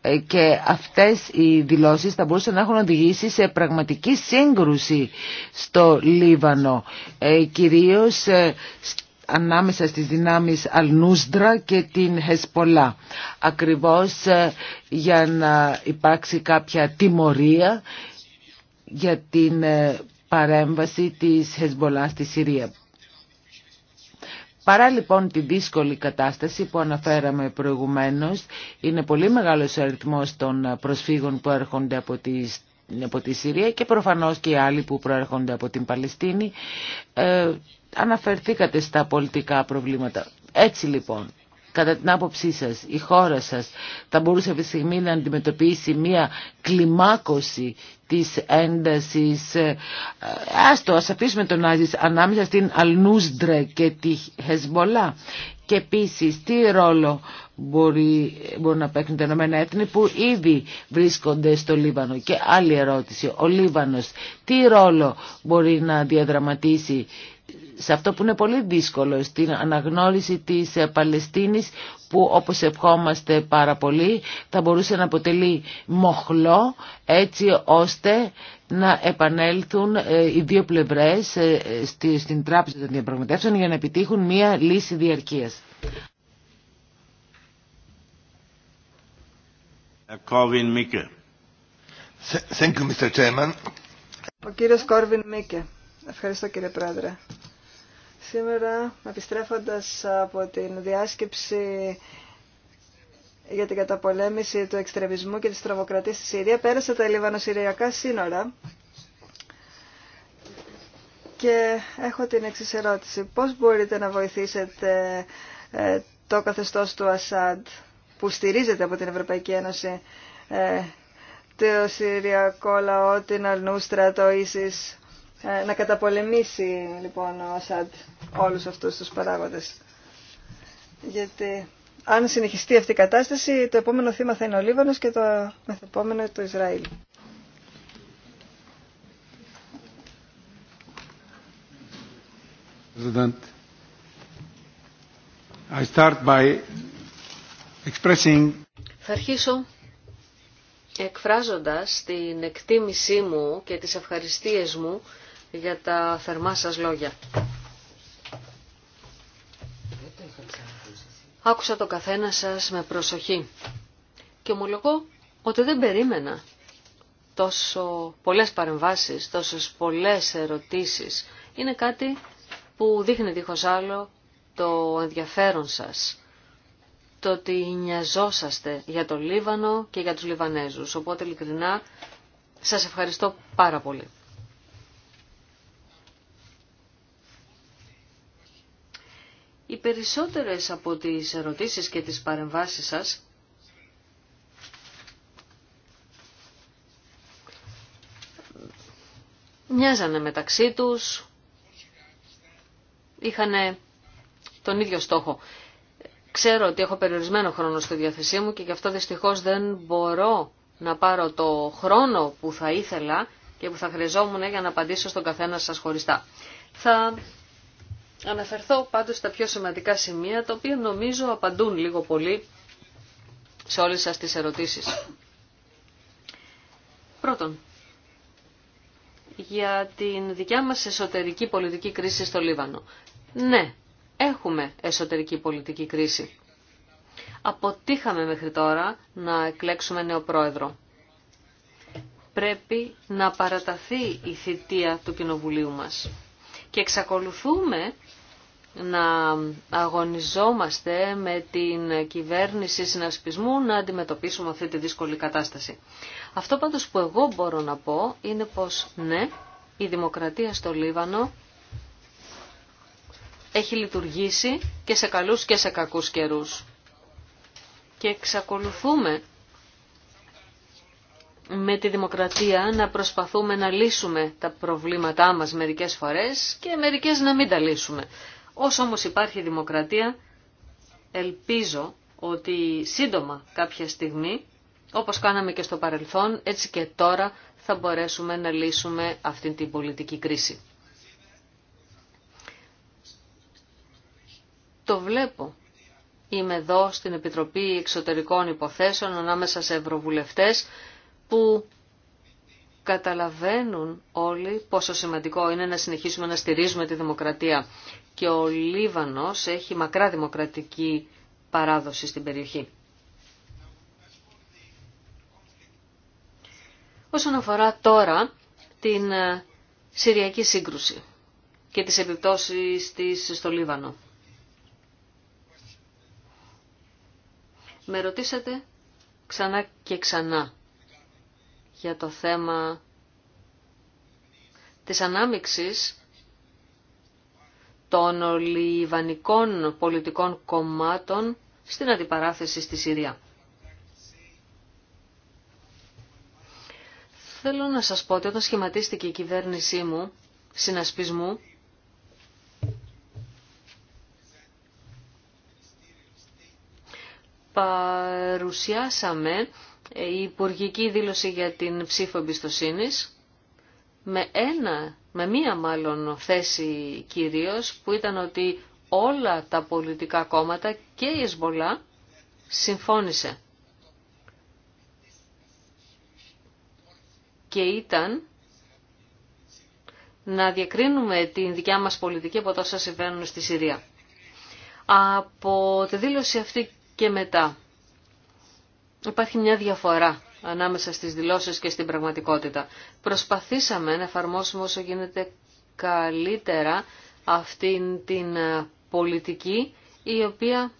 Speaker 1: ε, και αυτές οι δηλώσεις θα μπορούσαν να έχουν οδηγήσει σε πραγματική σύγκρουση στο Λίβανο, ε, κυρίως ε, ανάμεσα στις δυνάμεις Αλνούστρα και την Χεσπολά. Ακριβώς για να υπάρξει κάποια τιμωρία για την ε, παρέμβαση της Χεσμολά στη Συρία. Παρά λοιπόν τη δύσκολη κατάσταση που αναφέραμε προηγουμένως, είναι πολύ μεγάλος ο αριθμός των ε, προσφύγων που έρχονται από τη, από τη Συρία και προφανώς και οι άλλοι που προέρχονται από την Παλαιστίνη. Ε, αναφερθήκατε στα πολιτικά προβλήματα. Έτσι λοιπόν, Κατά την άποψή σας, η χώρα σας θα μπορούσε αυτή τη στιγμή να αντιμετωπίσει μία κλιμάκωση της έντασης. Ε, ας το, αφήσουμε τον Άζης ανάμεσα στην Αλνούσντρε και τη Χεσμολά. Και επίσης, τι ρόλο μπορεί, μπορεί να παίχνουν τα Ηνωμένα Έθνη που ήδη βρίσκονται στο Λίβανο. Και άλλη ερώτηση, ο Λίβανος τι ρόλο μπορεί να διαδραματίσει σε αυτό που είναι πολύ δύσκολο, στην αναγνώριση της ε, Παλαιστίνης που όπως ευχόμαστε πάρα πολύ θα μπορούσε να αποτελεί μοχλό έτσι ώστε να επανέλθουν ε, οι δύο πλευρές ε, στην τράπεζα των διαπραγματεύσεων για να επιτύχουν μία λύση διαρκείας.
Speaker 2: Ο κύριος Κόρβιν Μίκε. Ευχαριστώ κύριε Πρόεδρε. Σήμερα, επιστρέφοντας από την διάσκεψη για την καταπολέμηση του εξτρεμισμού και της τρομοκρατίας στη Συρία, πέρασα τα λιβανοσυριακά σύνορα και έχω την εξή ερώτηση. Πώς μπορείτε να βοηθήσετε ε, το καθεστώς του Ασάντ που στηρίζεται από την Ευρωπαϊκή Ένωση ε, το Συριακό λαό, την Αλνούστρα, το Ίσης ε, να καταπολεμήσει λοιπόν ο Ασάντ όλους αυτούς τους παράγοντες. Γιατί αν συνεχιστεί αυτή η κατάσταση, το επόμενο θύμα θα είναι ο Λίβανος και το επόμενο το Ισραήλ.
Speaker 4: I start by expressing...
Speaker 3: Θα αρχίσω εκφράζοντας την εκτίμησή μου και τις ευχαριστίες μου για τα θερμά σας λόγια. Άκουσα το καθένα σας με προσοχή και ομολογώ ότι δεν περίμενα τόσο πολλές παρεμβάσεις, τόσες πολλές ερωτήσεις. Είναι κάτι που δείχνει δίχως άλλο το ενδιαφέρον σας, το ότι νοιαζόσαστε για το Λίβανο και για τους Λιβανέζους. Οπότε ειλικρινά σας ευχαριστώ πάρα πολύ. Οι περισσότερες από τις ερωτήσεις και τις παρεμβάσεις σας μοιάζανε μεταξύ τους, είχαν τον ίδιο στόχο. Ξέρω ότι έχω περιορισμένο χρόνο στη διάθεσή μου και γι' αυτό δυστυχώς δεν μπορώ να πάρω το χρόνο που θα ήθελα και που θα χρειαζόμουν για να απαντήσω στον καθένα σας χωριστά. Θα αναφερθώ πάντως στα πιο σημαντικά σημεία, τα οποία νομίζω απαντούν λίγο πολύ σε όλες σας τις ερωτήσεις. Πρώτον, για την δικιά μας εσωτερική πολιτική κρίση στο Λίβανο. Ναι, έχουμε εσωτερική πολιτική κρίση. Αποτύχαμε μέχρι τώρα να εκλέξουμε νέο πρόεδρο. Πρέπει να παραταθεί η θητεία του Κοινοβουλίου μας και εξακολουθούμε να αγωνιζόμαστε με την κυβέρνηση συνασπισμού να αντιμετωπίσουμε αυτή τη δύσκολη κατάσταση. Αυτό πάντως που εγώ μπορώ να πω είναι πως ναι, η δημοκρατία στο Λίβανο έχει λειτουργήσει και σε καλούς και σε κακούς καιρούς. Και εξακολουθούμε με τη δημοκρατία να προσπαθούμε να λύσουμε τα προβλήματά μας μερικές φορές και μερικές να μην τα λύσουμε. Όσο όμως υπάρχει δημοκρατία, ελπίζω ότι σύντομα κάποια στιγμή, όπως κάναμε και στο παρελθόν, έτσι και τώρα θα μπορέσουμε να λύσουμε αυτή την πολιτική κρίση. Το βλέπω. Είμαι εδώ στην Επιτροπή Εξωτερικών Υποθέσεων ανάμεσα σε ευρωβουλευτές που καταλαβαίνουν όλοι πόσο σημαντικό είναι να συνεχίσουμε να στηρίζουμε τη δημοκρατία. Και ο Λίβανος έχει μακρά δημοκρατική παράδοση στην περιοχή. Όσον αφορά τώρα την ε, Συριακή σύγκρουση και τις επιπτώσεις της στο Λίβανο. Με ρωτήσατε ξανά και ξανά για το θέμα της ανάμειξης των ολιβανικών πολιτικών κομμάτων στην αντιπαράθεση στη Συρία. Θέλω να σας πω ότι όταν σχηματίστηκε η κυβέρνησή μου, συνασπισμού, παρουσιάσαμε ε, η υπουργική δήλωση για την ψήφο εμπιστοσύνη με ένα, με μία μάλλον θέση κυρίως που ήταν ότι όλα τα πολιτικά κόμματα και η Εσμπολά συμφώνησε. Και ήταν να διακρίνουμε την δικιά μας πολιτική από τόσα συμβαίνουν στη Συρία. Από τη δήλωση αυτή και μετά Υπάρχει μια διαφορά ανάμεσα στις δηλώσεις και στην πραγματικότητα. Προσπαθήσαμε να εφαρμόσουμε όσο γίνεται καλύτερα αυτήν την ε, πολιτική η οποία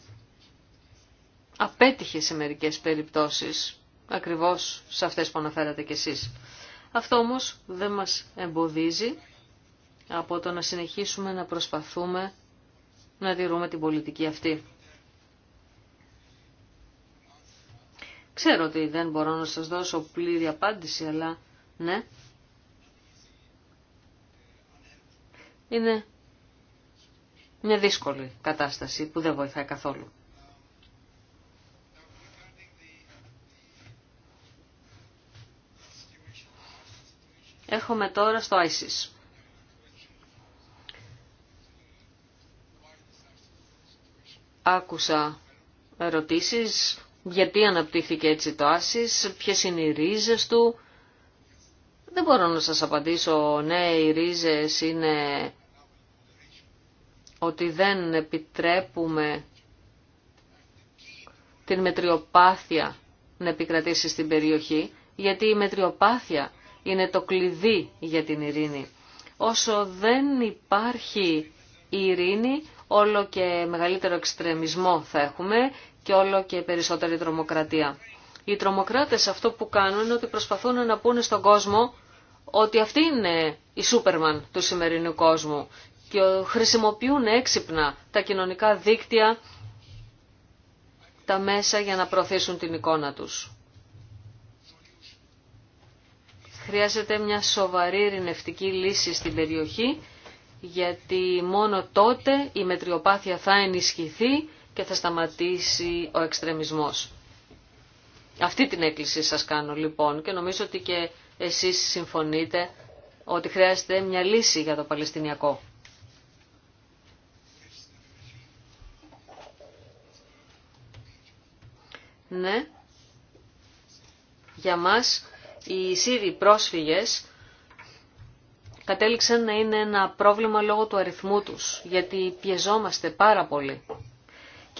Speaker 3: απέτυχε σε μερικές περιπτώσεις, ακριβώς σε αυτές που αναφέρατε κι εσείς. Αυτό όμως δεν μας εμποδίζει από το να συνεχίσουμε να προσπαθούμε να τηρούμε την πολιτική αυτή. Ξέρω ότι δεν μπορώ να σας δώσω πλήρη απάντηση, αλλά ναι. Είναι μια δύσκολη κατάσταση που δεν βοηθάει καθόλου. Έχουμε τώρα στο ISIS. Άκουσα ερωτήσεις γιατί αναπτύχθηκε έτσι το Άσις, ποιες είναι οι ρίζες του. Δεν μπορώ να σας απαντήσω, ναι, οι ρίζες είναι ότι δεν επιτρέπουμε την μετριοπάθεια να επικρατήσει στην περιοχή, γιατί η μετριοπάθεια είναι το κλειδί για την ειρήνη. Όσο δεν υπάρχει ειρήνη, όλο και μεγαλύτερο εξτρεμισμό θα έχουμε και όλο και περισσότερη τρομοκρατία. Οι τρομοκράτες αυτό που κάνουν είναι ότι προσπαθούν να πούνε στον κόσμο ότι αυτή είναι η Σούπερμαν του σημερινού κόσμου και χρησιμοποιούν έξυπνα τα κοινωνικά δίκτυα, τα μέσα για να προωθήσουν την εικόνα τους. Χρειάζεται μια σοβαρή ειρηνευτική λύση στην περιοχή, γιατί μόνο τότε η μετριοπάθεια θα ενισχυθεί και θα σταματήσει ο εξτρεμισμός. Αυτή την έκκληση σας κάνω λοιπόν και νομίζω ότι και εσείς συμφωνείτε ότι χρειάζεται μια λύση για το Παλαιστινιακό. Ναι, για μας οι Σύριοι πρόσφυγες κατέληξαν να είναι ένα πρόβλημα λόγω του αριθμού τους, γιατί πιεζόμαστε πάρα πολύ.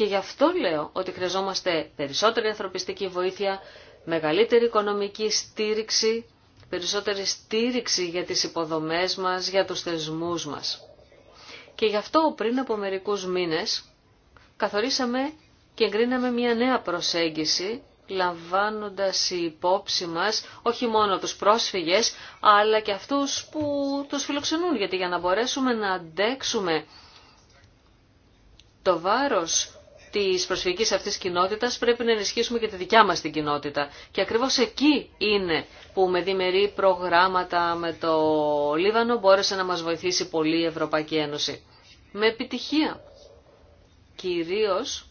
Speaker 3: Και γι' αυτό λέω ότι χρειαζόμαστε περισσότερη ανθρωπιστική βοήθεια, μεγαλύτερη οικονομική στήριξη, περισσότερη στήριξη για τις υποδομές μας, για τους θεσμούς μας. Και γι' αυτό πριν από μερικούς μήνες καθορίσαμε και εγκρίναμε μια νέα προσέγγιση λαμβάνοντας υπόψη μας όχι μόνο τους πρόσφυγες αλλά και αυτούς που τους φιλοξενούν γιατί για να μπορέσουμε να αντέξουμε το βάρος τη προσφυγική αυτής κοινότητα πρέπει να ενισχύσουμε και τη δικιά μας την κοινότητα. Και ακριβώς εκεί είναι που με διμερεί προγράμματα με το Λίβανο μπόρεσε να μας βοηθήσει πολύ η Ευρωπαϊκή Ένωση. Με επιτυχία. Κυρίως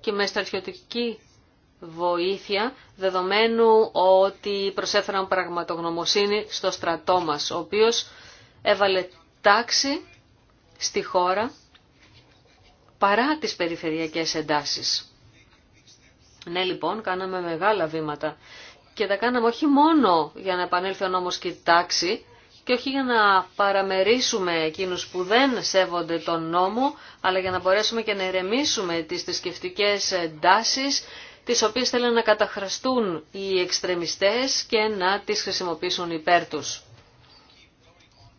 Speaker 3: και με στρατιωτική βοήθεια, δεδομένου ότι προσέφεραν πραγματογνωμοσύνη στο στρατό μας, ο οποίος έβαλε τάξη στη χώρα παρά τις περιφερειακές εντάσεις. Ναι λοιπόν, κάναμε μεγάλα βήματα και τα κάναμε όχι μόνο για να επανέλθει ο νόμος και η τάξη και όχι για να παραμερίσουμε εκείνους που δεν σέβονται τον νόμο, αλλά για να μπορέσουμε και να ερεμίσουμε τις θρησκευτικέ εντάσεις τις οποίες θέλουν να καταχραστούν οι εξτρεμιστές και να τις χρησιμοποιήσουν υπέρ τους.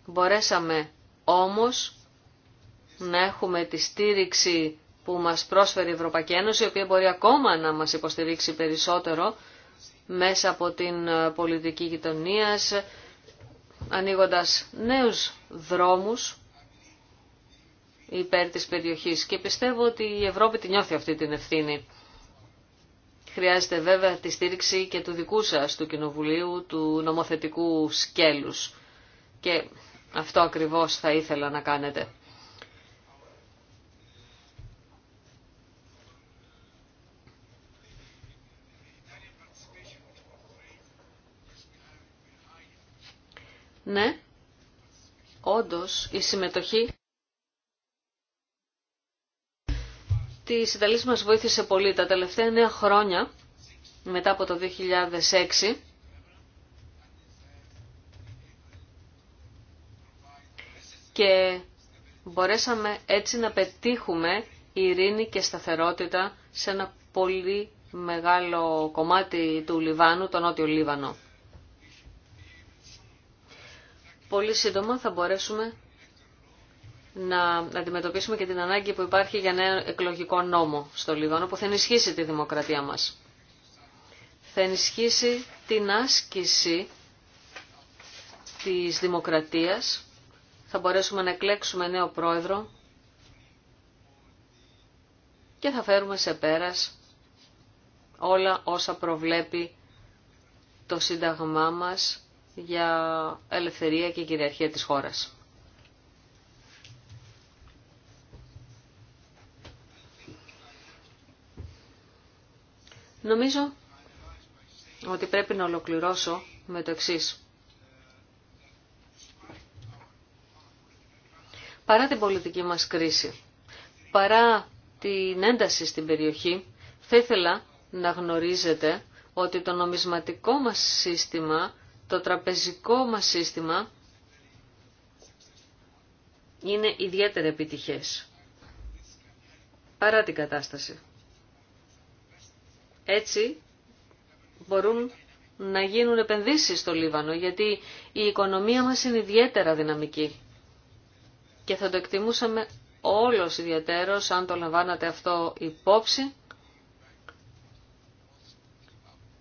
Speaker 3: Μπορέσαμε όμως να έχουμε τη στήριξη που μας πρόσφερε η Ευρωπαϊκή Ένωση, η οποία μπορεί ακόμα να μας υποστηρίξει περισσότερο μέσα από την πολιτική γειτονία, ανοίγοντας νέους δρόμους υπέρ της περιοχής. Και πιστεύω ότι η Ευρώπη τη νιώθει αυτή την ευθύνη. Χρειάζεται βέβαια τη στήριξη και του δικού σας, του Κοινοβουλίου, του νομοθετικού σκέλους. Και αυτό ακριβώς θα ήθελα να κάνετε. Ναι, όντως η συμμετοχή της Ιταλίας μας βοήθησε πολύ τα τελευταία εννέα χρόνια, μετά από το 2006, και μπορέσαμε έτσι να πετύχουμε ειρήνη και σταθερότητα σε ένα πολύ μεγάλο κομμάτι του Λιβάνου, τον Νότιο Λίβανο πολύ σύντομα θα μπορέσουμε να αντιμετωπίσουμε και την ανάγκη που υπάρχει για νέο εκλογικό νόμο στο Λίβανο που θα ενισχύσει τη δημοκρατία μας. Θα ενισχύσει την άσκηση της δημοκρατίας. Θα μπορέσουμε να εκλέξουμε νέο πρόεδρο και θα φέρουμε σε πέρας όλα όσα προβλέπει το Σύνταγμά μας για ελευθερία και κυριαρχία της χώρας. Νομίζω ότι πρέπει να ολοκληρώσω με το εξής. Παρά την πολιτική μας κρίση, παρά την ένταση στην περιοχή, θα ήθελα να γνωρίζετε ότι το νομισματικό μας σύστημα το τραπεζικό μας σύστημα είναι ιδιαίτερα επιτυχές. Παρά την κατάσταση. Έτσι μπορούν να γίνουν επενδύσεις στο Λίβανο, γιατί η οικονομία μας είναι ιδιαίτερα δυναμική. Και θα το εκτιμούσαμε όλος ιδιαίτερος, αν το λαμβάνατε αυτό υπόψη,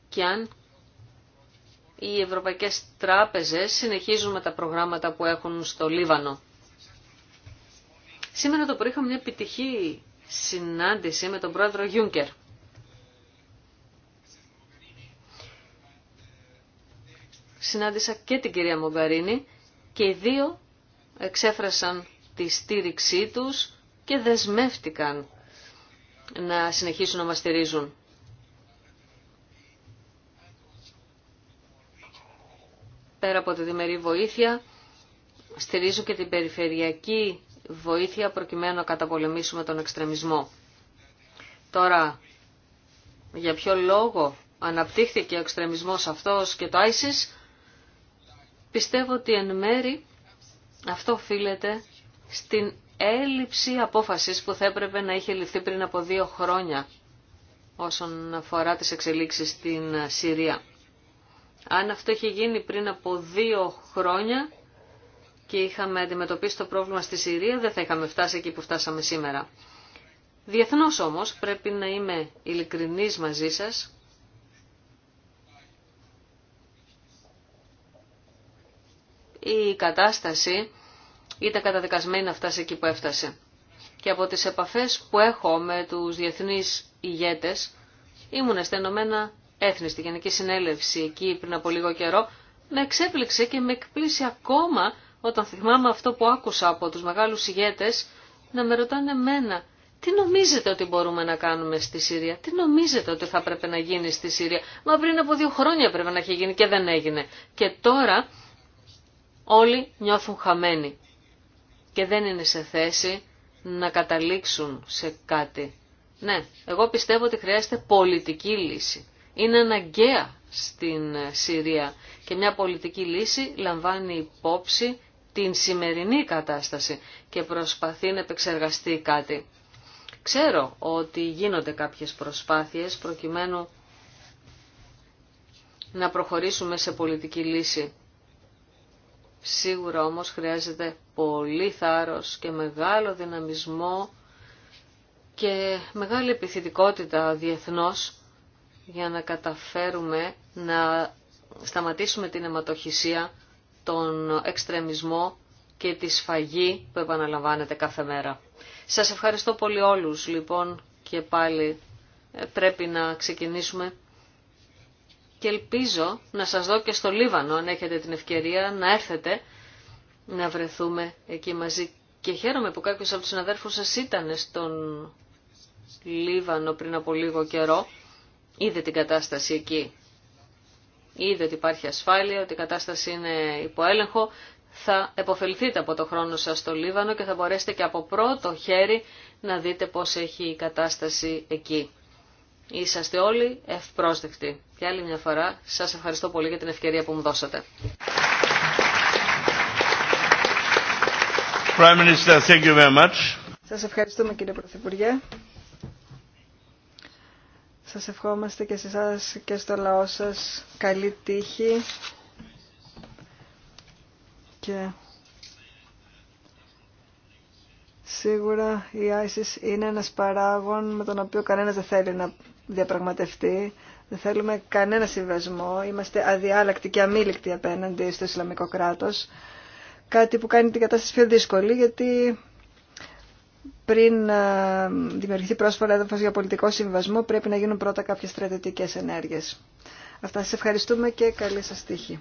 Speaker 3: και αν οι ευρωπαϊκές τράπεζες συνεχίζουν με τα προγράμματα που έχουν στο Λίβανο. Σήμερα το πρωί είχα μια επιτυχή συνάντηση με τον πρόεδρο Γιούνκερ. Συνάντησα και την κυρία Μογκαρίνη και οι δύο εξέφρασαν τη στήριξή τους και δεσμεύτηκαν να συνεχίσουν να μας στηρίζουν. πέρα από τη διμερή βοήθεια, στηρίζω και την περιφερειακή βοήθεια προκειμένου να καταπολεμήσουμε τον εξτρεμισμό. Τώρα, για ποιο λόγο αναπτύχθηκε ο εξτρεμισμός αυτός και το ISIS, πιστεύω ότι εν μέρη αυτό οφείλεται στην έλλειψη απόφασης που θα έπρεπε να είχε ληφθεί πριν από δύο χρόνια όσον αφορά τις εξελίξεις στην Συρία. Αν αυτό είχε γίνει πριν από δύο χρόνια και είχαμε αντιμετωπίσει το πρόβλημα στη Συρία, δεν θα είχαμε φτάσει εκεί που φτάσαμε σήμερα. Διεθνώς όμως πρέπει να είμαι ειλικρινής μαζί σας. Η κατάσταση ήταν καταδικασμένη να φτάσει εκεί που έφτασε. Και από τις επαφές που έχω με τους διεθνείς ηγέτες, ήμουν στενομένα Έθνη, στη Γενική Συνέλευση εκεί πριν από λίγο καιρό, με εξέπληξε και με εκπλήσει ακόμα όταν θυμάμαι αυτό που άκουσα από τους μεγάλους ηγέτες να με ρωτάνε εμένα τι νομίζετε ότι μπορούμε να κάνουμε στη Συρία, τι νομίζετε ότι θα πρέπει να γίνει στη Συρία. Μα πριν από δύο χρόνια πρέπει να έχει γίνει και δεν έγινε. Και τώρα όλοι νιώθουν χαμένοι και δεν είναι σε θέση να καταλήξουν σε κάτι. Ναι, εγώ πιστεύω ότι χρειάζεται πολιτική λύση είναι αναγκαία στην Συρία και μια πολιτική λύση λαμβάνει υπόψη την σημερινή κατάσταση και προσπαθεί να επεξεργαστεί κάτι. Ξέρω ότι γίνονται κάποιες προσπάθειες προκειμένου να προχωρήσουμε σε πολιτική λύση. Σίγουρα όμως χρειάζεται πολύ θάρρος και μεγάλο δυναμισμό και μεγάλη επιθετικότητα διεθνώς για να καταφέρουμε να σταματήσουμε την αιματοχυσία, τον εξτρεμισμό και τη σφαγή που επαναλαμβάνεται κάθε μέρα. Σας ευχαριστώ πολύ όλους λοιπόν και πάλι ε, πρέπει να ξεκινήσουμε και ελπίζω να σας δω και στο Λίβανο αν έχετε την ευκαιρία να έρθετε να βρεθούμε εκεί μαζί. Και χαίρομαι που κάποιος από τους συναδέρφους σας ήταν στον Λίβανο πριν από λίγο καιρό είδε την κατάσταση εκεί. Είδε ότι υπάρχει ασφάλεια, ότι η κατάσταση είναι υπό έλεγχο. Θα επωφεληθείτε από το χρόνο σας στο Λίβανο και θα μπορέσετε και από πρώτο χέρι να δείτε πώς έχει η κατάσταση εκεί. Είσαστε όλοι ευπρόσδεκτοι. Και άλλη μια φορά σας ευχαριστώ πολύ για την ευκαιρία που μου δώσατε.
Speaker 4: Prime
Speaker 2: ευχαριστούμε κύριε Πρωθυπουργέ. Σας ευχόμαστε και σε εσάς και στο λαό σας καλή τύχη και σίγουρα η ISIS είναι ένας παράγων με τον οποίο κανένας δεν θέλει να διαπραγματευτεί. Δεν θέλουμε κανένα συμβασμό. Είμαστε αδιάλακτοι και αμήλικτοι απέναντι στο Ισλαμικό κράτος. Κάτι που κάνει την κατάσταση πιο δύσκολη γιατί πριν ε, δημιουργηθεί πρόσφατα έδαφο για πολιτικό συμβασμό, πρέπει να γίνουν πρώτα κάποιε στρατιωτικέ ενέργειε. Αυτά σα ευχαριστούμε και καλή σα τύχη.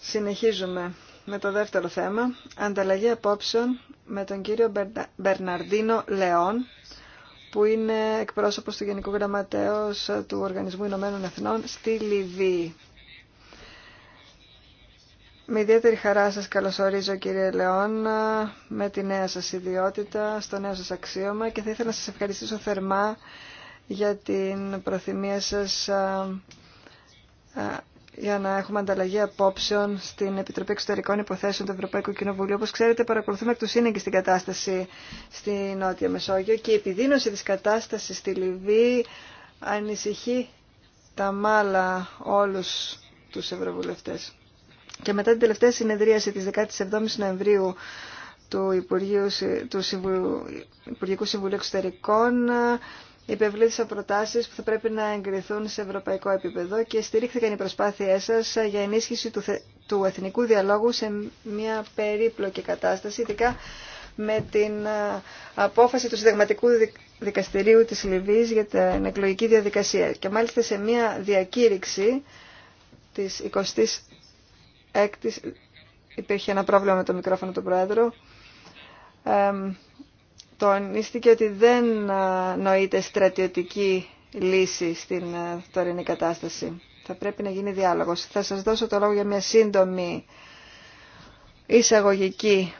Speaker 2: Συνεχίζουμε με το δεύτερο θέμα, ανταλλαγή απόψεων με τον κύριο Μπερναρδίνο Λεόν, που είναι εκπρόσωπος του Γενικού Γραμματέως του Οργανισμού Ηνωμένων Εθνών στη Λιβύη. Με ιδιαίτερη χαρά σας καλωσορίζω κύριε Λεόν με τη νέα σας ιδιότητα, στο νέο σας αξίωμα και θα ήθελα να σας ευχαριστήσω θερμά για την προθυμία σας για να έχουμε ανταλλαγή απόψεων στην Επιτροπή Εξωτερικών Υποθέσεων του Ευρωπαϊκού Κοινοβουλίου. Όπως ξέρετε παρακολουθούμε εκ του σύνεγγυ στην κατάσταση στη Νότια Μεσόγειο και η επιδείνωση τη κατάσταση στη Λιβύη ανησυχεί τα μάλα όλους τους ευρωβουλευτές. Και μετά την τελευταία συνεδρίαση τη 17 η Νοεμβρίου του, Υπουργείου, του Υπουργικού Συμβουλίου Εξωτερικών υπευλήθησαν προτάσεις που θα πρέπει να εγκριθούν σε ευρωπαϊκό επίπεδο και στηρίχθηκαν οι προσπάθειές σας για ενίσχυση του, του εθνικού διαλόγου σε μια περίπλοκη κατάσταση, ειδικά με την ε, απόφαση του Συνταγματικού Δικαστηρίου της Λιβύης για την εκλογική διαδικασία. Και μάλιστα σε μια διακήρυξη της 26ης υπήρχε ένα πρόβλημα με το μικρόφωνο του Πρόεδρου τονίστηκε ότι δεν ε, νοείται στρατιωτική λύση στην ε, τωρινή κατάσταση. Θα πρέπει να γίνει διάλογος. Θα σας δώσω το λόγο για μια σύντομη εισαγωγική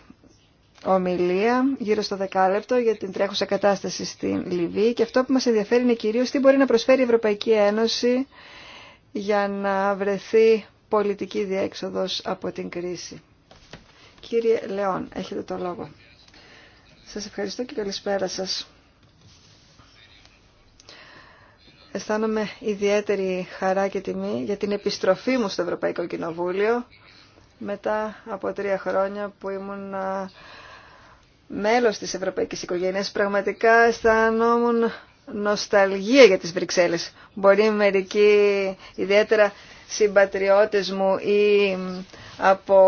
Speaker 2: ομιλία, γύρω στο δεκάλεπτο, για την τρέχουσα κατάσταση στην Λιβύη και αυτό που μας ενδιαφέρει είναι κυρίως τι μπορεί να προσφέρει η Ευρωπαϊκή Ένωση για να βρεθεί πολιτική διέξοδος από την κρίση. Κύριε Λεόν, έχετε το λόγο. Σας ευχαριστώ και καλησπέρα σας. Αισθάνομαι ιδιαίτερη χαρά και τιμή για την επιστροφή μου στο Ευρωπαϊκό Κοινοβούλιο μετά από τρία χρόνια που ήμουν μέλος της Ευρωπαϊκής Οικογένειας. Πραγματικά αισθανόμουν νοσταλγία για τις Βρυξέλλες. Μπορεί μερικοί ιδιαίτερα συμπατριώτες μου ή από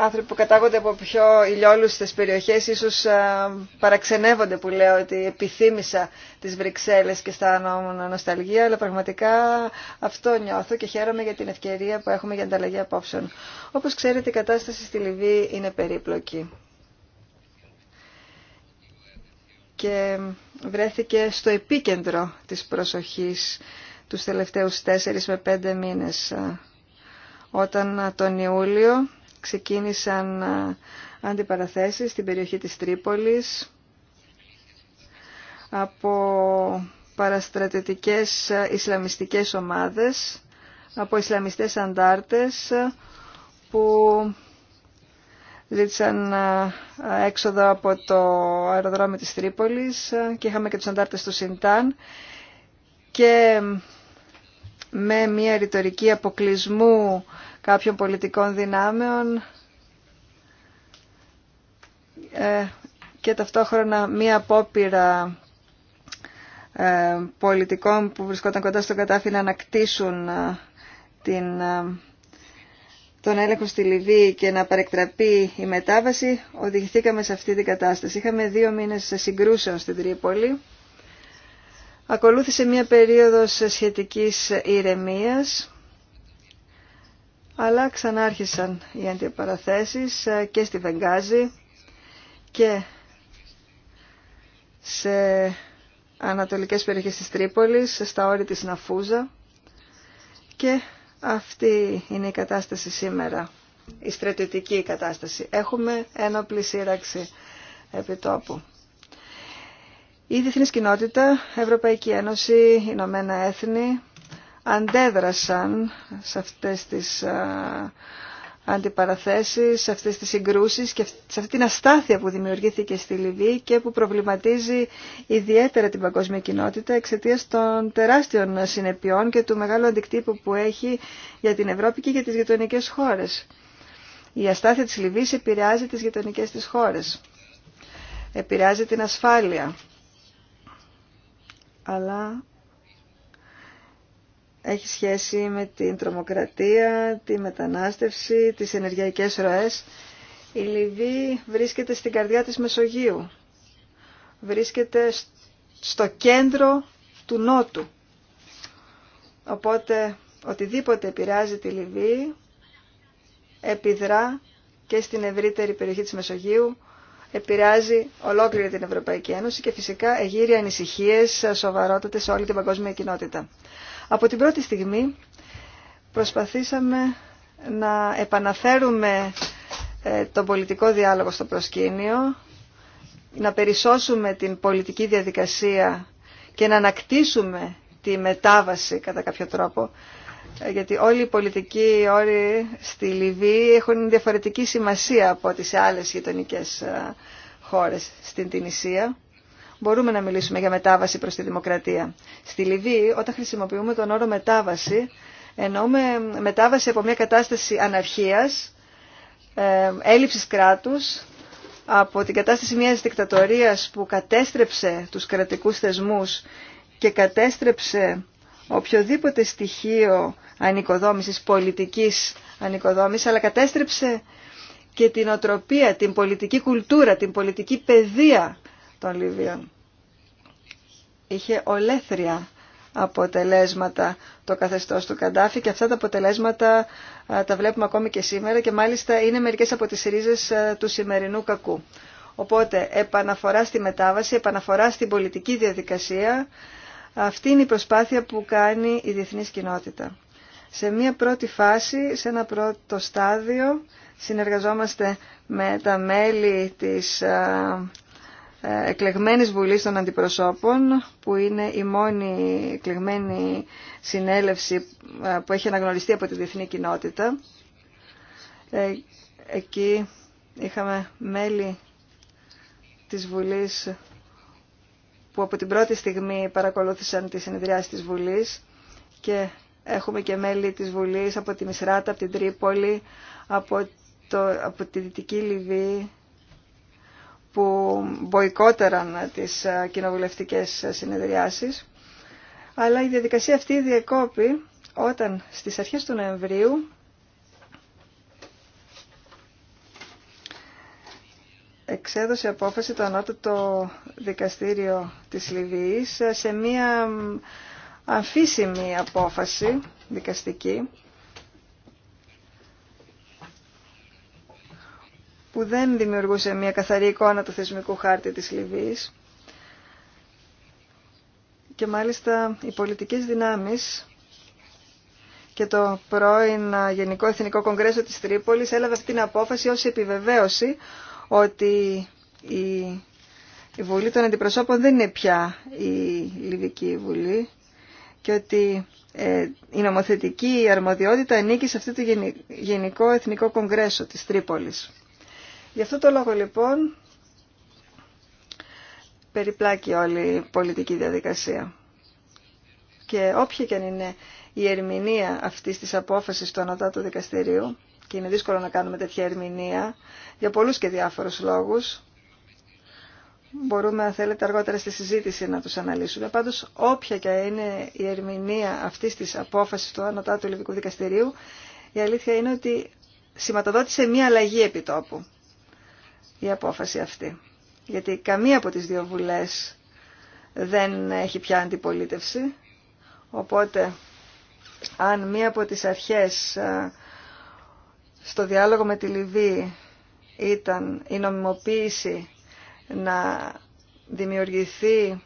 Speaker 2: άνθρωποι που κατάγονται από πιο ηλιόλουστες περιοχές ίσως ε, παραξενεύονται που λέω ότι επιθύμησα τις Βρυξέλλες και αισθάνομαι νοσταλγία, αλλά πραγματικά αυτό νιώθω και χαίρομαι για την ευκαιρία που έχουμε για ανταλλαγή απόψεων. Όπως ξέρετε η κατάσταση στη Λιβύη είναι περίπλοκη. Και βρέθηκε στο επίκεντρο της προσοχής τους τελευταίους τέσσερις με πέντε μήνες ε, όταν τον Ιούλιο ξεκίνησαν ε, αντιπαραθέσεις στην περιοχή της Τρίπολης από παραστρατητικές ε, Ισλαμιστικές ομάδες, από Ισλαμιστές αντάρτες ε, που ζήτησαν έξοδο από το αεροδρόμιο της Τρίπολης και είχαμε και τους αντάρτες του Σιντάν και με μια ρητορική αποκλεισμού κάποιων πολιτικών δυνάμεων ε, και ταυτόχρονα μία απόπειρα ε, πολιτικών που βρισκόταν κοντά στο κατάφυλλα να κτίσουν ε, την, τον έλεγχο στη Λιβύη και να παρεκτραπεί η μετάβαση, οδηγηθήκαμε σε αυτή την κατάσταση. Είχαμε δύο μήνες συγκρούσεων στην Τρίπολη. Ακολούθησε μία περίοδος σχετικής ηρεμίας αλλά ξανάρχισαν οι αντιπαραθέσεις ε, και στη Βενγάζη και σε ανατολικές περιοχές της Τρίπολης, στα όρη της Ναφούζα και αυτή είναι η κατάσταση σήμερα, η στρατιωτική κατάσταση. Έχουμε ένοπλη σύραξη επιτόπου. Η διεθνή κοινότητα, Ευρωπαϊκή Ένωση, Ηνωμένα Έθνη αντέδρασαν σε αυτές τις αντιπαραθέσεις, σε αυτές τις συγκρούσεις και σε αυτή την αστάθεια που δημιουργήθηκε στη Λιβύη και που προβληματίζει ιδιαίτερα την παγκόσμια κοινότητα εξαιτία των τεράστιων συνεπειών και του μεγάλου αντικτύπου που έχει για την Ευρώπη και για τις γειτονικές χώρες. Η αστάθεια της Λιβύης επηρεάζει τις γειτονικές της χώρες. Επηρεάζει την ασφάλεια. Αλλά έχει σχέση με την τρομοκρατία, τη μετανάστευση, τις ενεργειακές ροές. Η Λιβύη βρίσκεται στην καρδιά της Μεσογείου. Βρίσκεται στο κέντρο του Νότου. Οπότε οτιδήποτε επηρεάζει τη Λιβύη επιδρά και στην ευρύτερη περιοχή της Μεσογείου επηρεάζει ολόκληρη την Ευρωπαϊκή Ένωση και φυσικά εγείρει ανησυχίες σοβαρότατες σε όλη την παγκόσμια κοινότητα. Από την πρώτη στιγμή προσπαθήσαμε να επαναφέρουμε ε, τον πολιτικό διάλογο στο προσκήνιο, να περισσώσουμε την πολιτική διαδικασία και να ανακτήσουμε τη μετάβαση κατά κάποιο τρόπο ε, γιατί όλοι οι πολιτικοί όροι στη Λιβύη έχουν διαφορετική σημασία από τις άλλες γειτονικέ ε, χώρες στην Τινησία μπορούμε να μιλήσουμε για μετάβαση προς τη δημοκρατία. Στη Λιβύη, όταν χρησιμοποιούμε τον όρο μετάβαση, εννοούμε μετάβαση από μια κατάσταση αναρχίας, ε, έλλειψης κράτους, από την κατάσταση μιας δικτατορίας που κατέστρεψε τους κρατικούς θεσμούς και κατέστρεψε οποιοδήποτε στοιχείο ανοικοδόμησης, πολιτικής ανοικοδόμησης, αλλά κατέστρεψε και την οτροπία, την πολιτική κουλτούρα, την πολιτική παιδεία των Είχε ολέθρια αποτελέσματα το καθεστώς του Καντάφη και αυτά τα αποτελέσματα τα βλέπουμε ακόμη και σήμερα και μάλιστα είναι μερικές από τις ρίζες του σημερινού κακού. Οπότε επαναφορά στη μετάβαση, επαναφορά στην πολιτική διαδικασία, αυτή είναι η προσπάθεια που κάνει η διεθνής κοινότητα. Σε μια πρώτη φάση, σε ένα πρώτο στάδιο, συνεργαζόμαστε με τα μέλη της ε, εκλεγμένης Βουλής των Αντιπροσώπων, που είναι η μόνη εκλεγμένη συνέλευση ε, που έχει αναγνωριστεί από τη διεθνή κοινότητα. Ε, εκεί είχαμε μέλη της Βουλής που από την πρώτη στιγμή παρακολούθησαν τη συνεδριάση της Βουλής και έχουμε και μέλη της Βουλής από τη Μισράτα, από την Τρίπολη, από, το, από τη Δυτική Λιβύη, που μποϊκότεραν τις ε, κοινοβουλευτικές συνεδριάσεις. Αλλά η διαδικασία αυτή διεκόπη όταν στις αρχές του Νοεμβρίου εξέδωσε απόφαση το ανώτατο δικαστήριο της Λιβύης σε μία αμφίσιμη απόφαση δικαστική που δεν δημιουργούσε μια καθαρή εικόνα του θεσμικού χάρτη της Λιβύης. Και μάλιστα οι πολιτικές δυνάμεις και το πρώην Γενικό Εθνικό Κογκρέσο της Τρίπολης έλαβε αυτή την απόφαση ως επιβεβαίωση ότι η Βουλή των Αντιπροσώπων δεν είναι πια η Λιβική Βουλή και ότι ε, η νομοθετική αρμοδιότητα ανήκει σε αυτό το Γενικό Εθνικό Κογκρέσο της Τρίπολης. Γι' αυτό το λόγο λοιπόν περιπλάκει όλη η πολιτική διαδικασία. Και όποια και αν είναι η ερμηνεία αυτή τη απόφαση του Ανωτάτου Δικαστηρίου, και είναι δύσκολο να κάνουμε τέτοια ερμηνεία, για πολλούς και διάφορους λόγους, μπορούμε αν θέλετε αργότερα στη συζήτηση να τους αναλύσουμε. Πάντως όποια και είναι η ερμηνεία αυτή της απόφασης του Ανωτάτου Λιβικού Δικαστηρίου, η αλήθεια είναι ότι σηματοδότησε μία αλλαγή επιτόπου η απόφαση αυτή. Γιατί καμία από τις δύο βουλές δεν έχει πια αντιπολίτευση, οπότε αν μία από τις αρχές ε, στο διάλογο με τη Λιβύη ήταν η νομιμοποίηση να δημιουργηθεί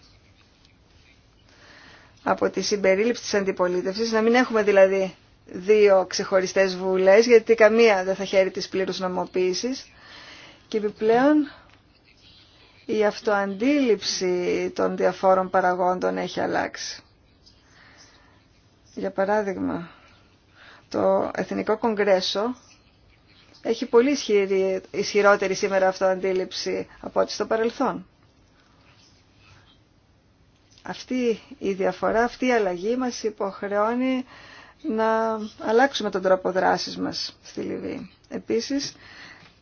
Speaker 2: από τη συμπερίληψη της αντιπολίτευσης, να μην έχουμε δηλαδή δύο ξεχωριστές βουλές, γιατί καμία δεν θα χαίρει της πλήρους νομιμοποίησης, και επιπλέον η αυτοαντίληψη των διαφόρων παραγόντων έχει αλλάξει. Για παράδειγμα, το Εθνικό Κογκρέσο έχει πολύ ισχυρή, ισχυρότερη σήμερα αυτοαντίληψη από ό,τι στο παρελθόν. Αυτή η διαφορά, αυτή η αλλαγή μας υποχρεώνει να αλλάξουμε τον τρόπο δράσης μας στη Λιβύη. Επίσης,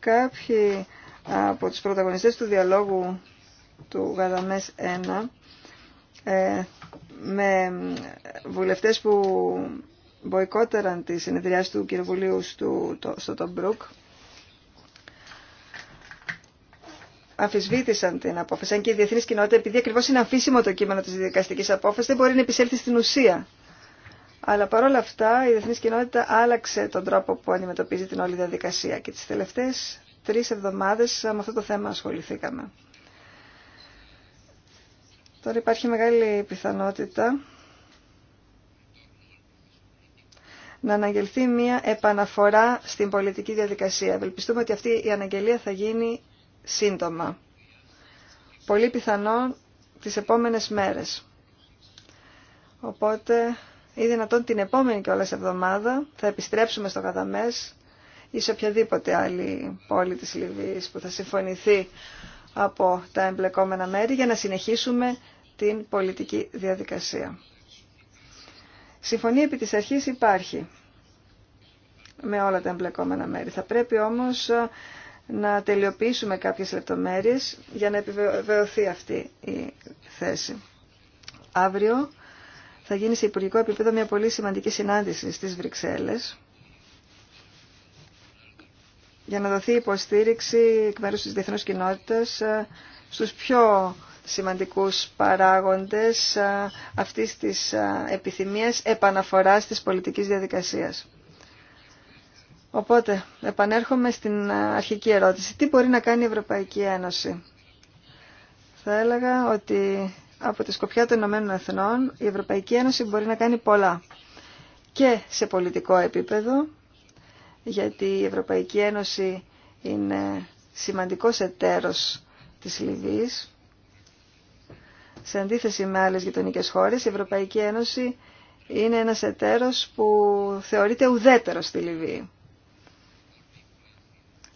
Speaker 2: κάποιοι από τους πρωταγωνιστές του διαλόγου του Γαδαμές 1 ε, με βουλευτές που μποϊκότεραν τη συνεδριάση του Κοινοβουλίου στο, στο Τομπρούκ αφισβήτησαν την απόφαση. Αν και η διεθνή κοινότητα, επειδή ακριβώ είναι αφήσιμο το κείμενο τη δικαστική απόφαση, δεν μπορεί να επισέλθει στην ουσία αλλά παρόλα αυτά η διεθνή κοινότητα άλλαξε τον τρόπο που αντιμετωπίζει την όλη διαδικασία και τις τελευταίες τρεις εβδομάδες με αυτό το θέμα ασχοληθήκαμε. Τώρα υπάρχει μεγάλη πιθανότητα να αναγγελθεί μια επαναφορά στην πολιτική διαδικασία. Ευελπιστούμε ότι αυτή η αναγγελία θα γίνει σύντομα. Πολύ πιθανόν τις επόμενες μέρες. Οπότε ή δυνατόν την επόμενη κιόλας εβδομάδα θα επιστρέψουμε στο Καδαμές ή σε οποιαδήποτε άλλη πόλη της Λιβύης που θα συμφωνηθεί από τα εμπλεκόμενα μέρη για να συνεχίσουμε την πολιτική διαδικασία. Συμφωνία επί της αρχής υπάρχει με όλα τα εμπλεκόμενα μέρη. Θα πρέπει όμως να τελειοποιήσουμε κάποιες λεπτομέρειες για να επιβεβαιωθεί αυτή η θέση. Αύριο θα γίνει σε υπουργικό επίπεδο μια πολύ σημαντική συνάντηση στις Βρυξέλλες για να δοθεί υποστήριξη εκ μέρους της διεθνούς κοινότητας ε, στους πιο σημαντικούς παράγοντες ε, αυτής της ε, επιθυμίας επαναφοράς της πολιτικής διαδικασίας. Οπότε, επανέρχομαι στην αρχική ερώτηση. Τι μπορεί να κάνει η Ευρωπαϊκή Ένωση. Θα έλεγα ότι από τη σκοπιά των Ηνωμένων Εθνών η Ευρωπαϊκή Ένωση μπορεί να κάνει πολλά και σε πολιτικό επίπεδο γιατί η Ευρωπαϊκή Ένωση είναι σημαντικός εταίρος της Λιβύης. Σε αντίθεση με άλλες γειτονικές χώρες, η Ευρωπαϊκή Ένωση είναι ένας εταίρος που θεωρείται ουδέτερος στη Λιβύη.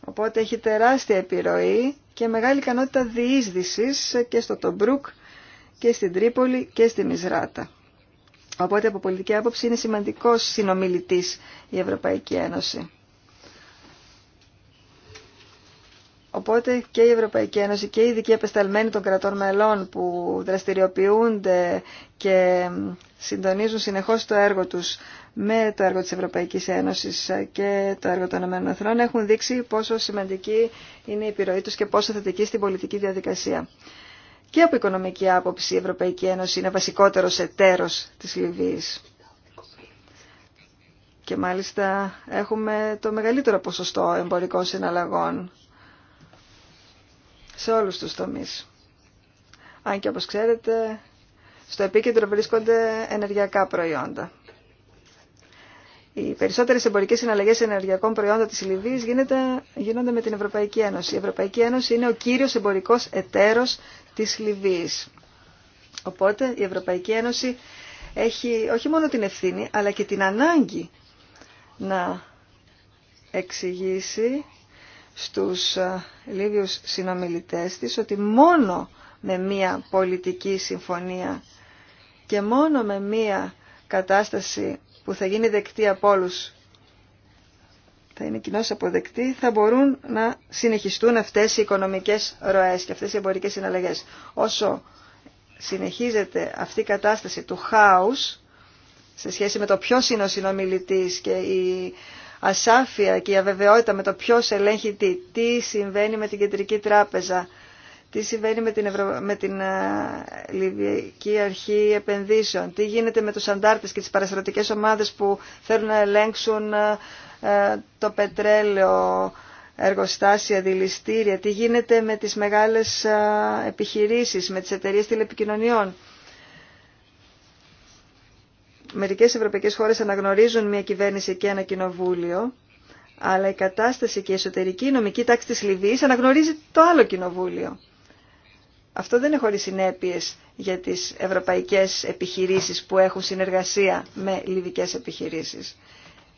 Speaker 2: Οπότε έχει τεράστια επιρροή και μεγάλη ικανότητα διείσδυσης και στο Τομπρούκ και στην Τρίπολη και στη Μισράτα. Οπότε από πολιτική άποψη είναι σημαντικός συνομιλητής η Ευρωπαϊκή Ένωση. Οπότε και η Ευρωπαϊκή Ένωση και οι ειδικοί επεσταλμένοι των κρατών μελών που δραστηριοποιούνται και συντονίζουν συνεχώς το έργο τους με το έργο της Ευρωπαϊκής Ένωσης και το έργο των ΗΠΑ έχουν δείξει πόσο σημαντική είναι η επιρροή τους και πόσο θετική στην πολιτική διαδικασία και από οικονομική άποψη η Ευρωπαϊκή Ένωση είναι βασικότερος εταίρος της Λιβύης. Και μάλιστα έχουμε το μεγαλύτερο ποσοστό εμπορικών συναλλαγών σε όλους τους τομείς. Αν και όπως ξέρετε, στο επίκεντρο βρίσκονται ενεργειακά προϊόντα. Οι περισσότερε εμπορικέ συναλλαγέ ενεργειακών προϊόντων τη Λιβύη γίνονται με την Ευρωπαϊκή Ένωση. Η Ευρωπαϊκή Ένωση είναι ο κύριο εμπορικό εταίρο τη Λιβύη. Οπότε η Ευρωπαϊκή Ένωση έχει όχι μόνο την ευθύνη αλλά και την ανάγκη να εξηγήσει στους ε, Λίβιους συνομιλητές τη ότι μόνο με μία πολιτική συμφωνία και μόνο με μία κατάσταση που θα γίνει δεκτή από όλου, θα είναι κοινώ αποδεκτή, θα μπορούν να συνεχιστούν αυτές οι οικονομικές ροές και αυτές οι εμπορικές συναλλαγές. Όσο συνεχίζεται αυτή η κατάσταση του χάους σε σχέση με το ποιο είναι ο συνομιλητής και η ασάφεια και η αβεβαιότητα με το ποιο ελέγχει τι, τι συμβαίνει με την κεντρική τράπεζα, τι συμβαίνει με την, Ευρω... με Αρχή Επενδύσεων, τι γίνεται με τους αντάρτες και τις παραστρατικές ομάδες που θέλουν να ελέγξουν ε, το πετρέλαιο, εργοστάσια, δηληστήρια, τι γίνεται με τις μεγάλες επιχειρήσεις, με τις εταιρείες τηλεπικοινωνιών. Μερικές ευρωπαϊκές χώρες αναγνωρίζουν μια κυβέρνηση και ένα κοινοβούλιο, αλλά η κατάσταση και η εσωτερική νομική τάξη της Λιβύης αναγνωρίζει το άλλο κοινοβούλιο. Αυτό δεν είναι χωρίς συνέπειες για τις ευρωπαϊκές επιχειρήσεις που έχουν συνεργασία με λιβικές επιχειρήσεις.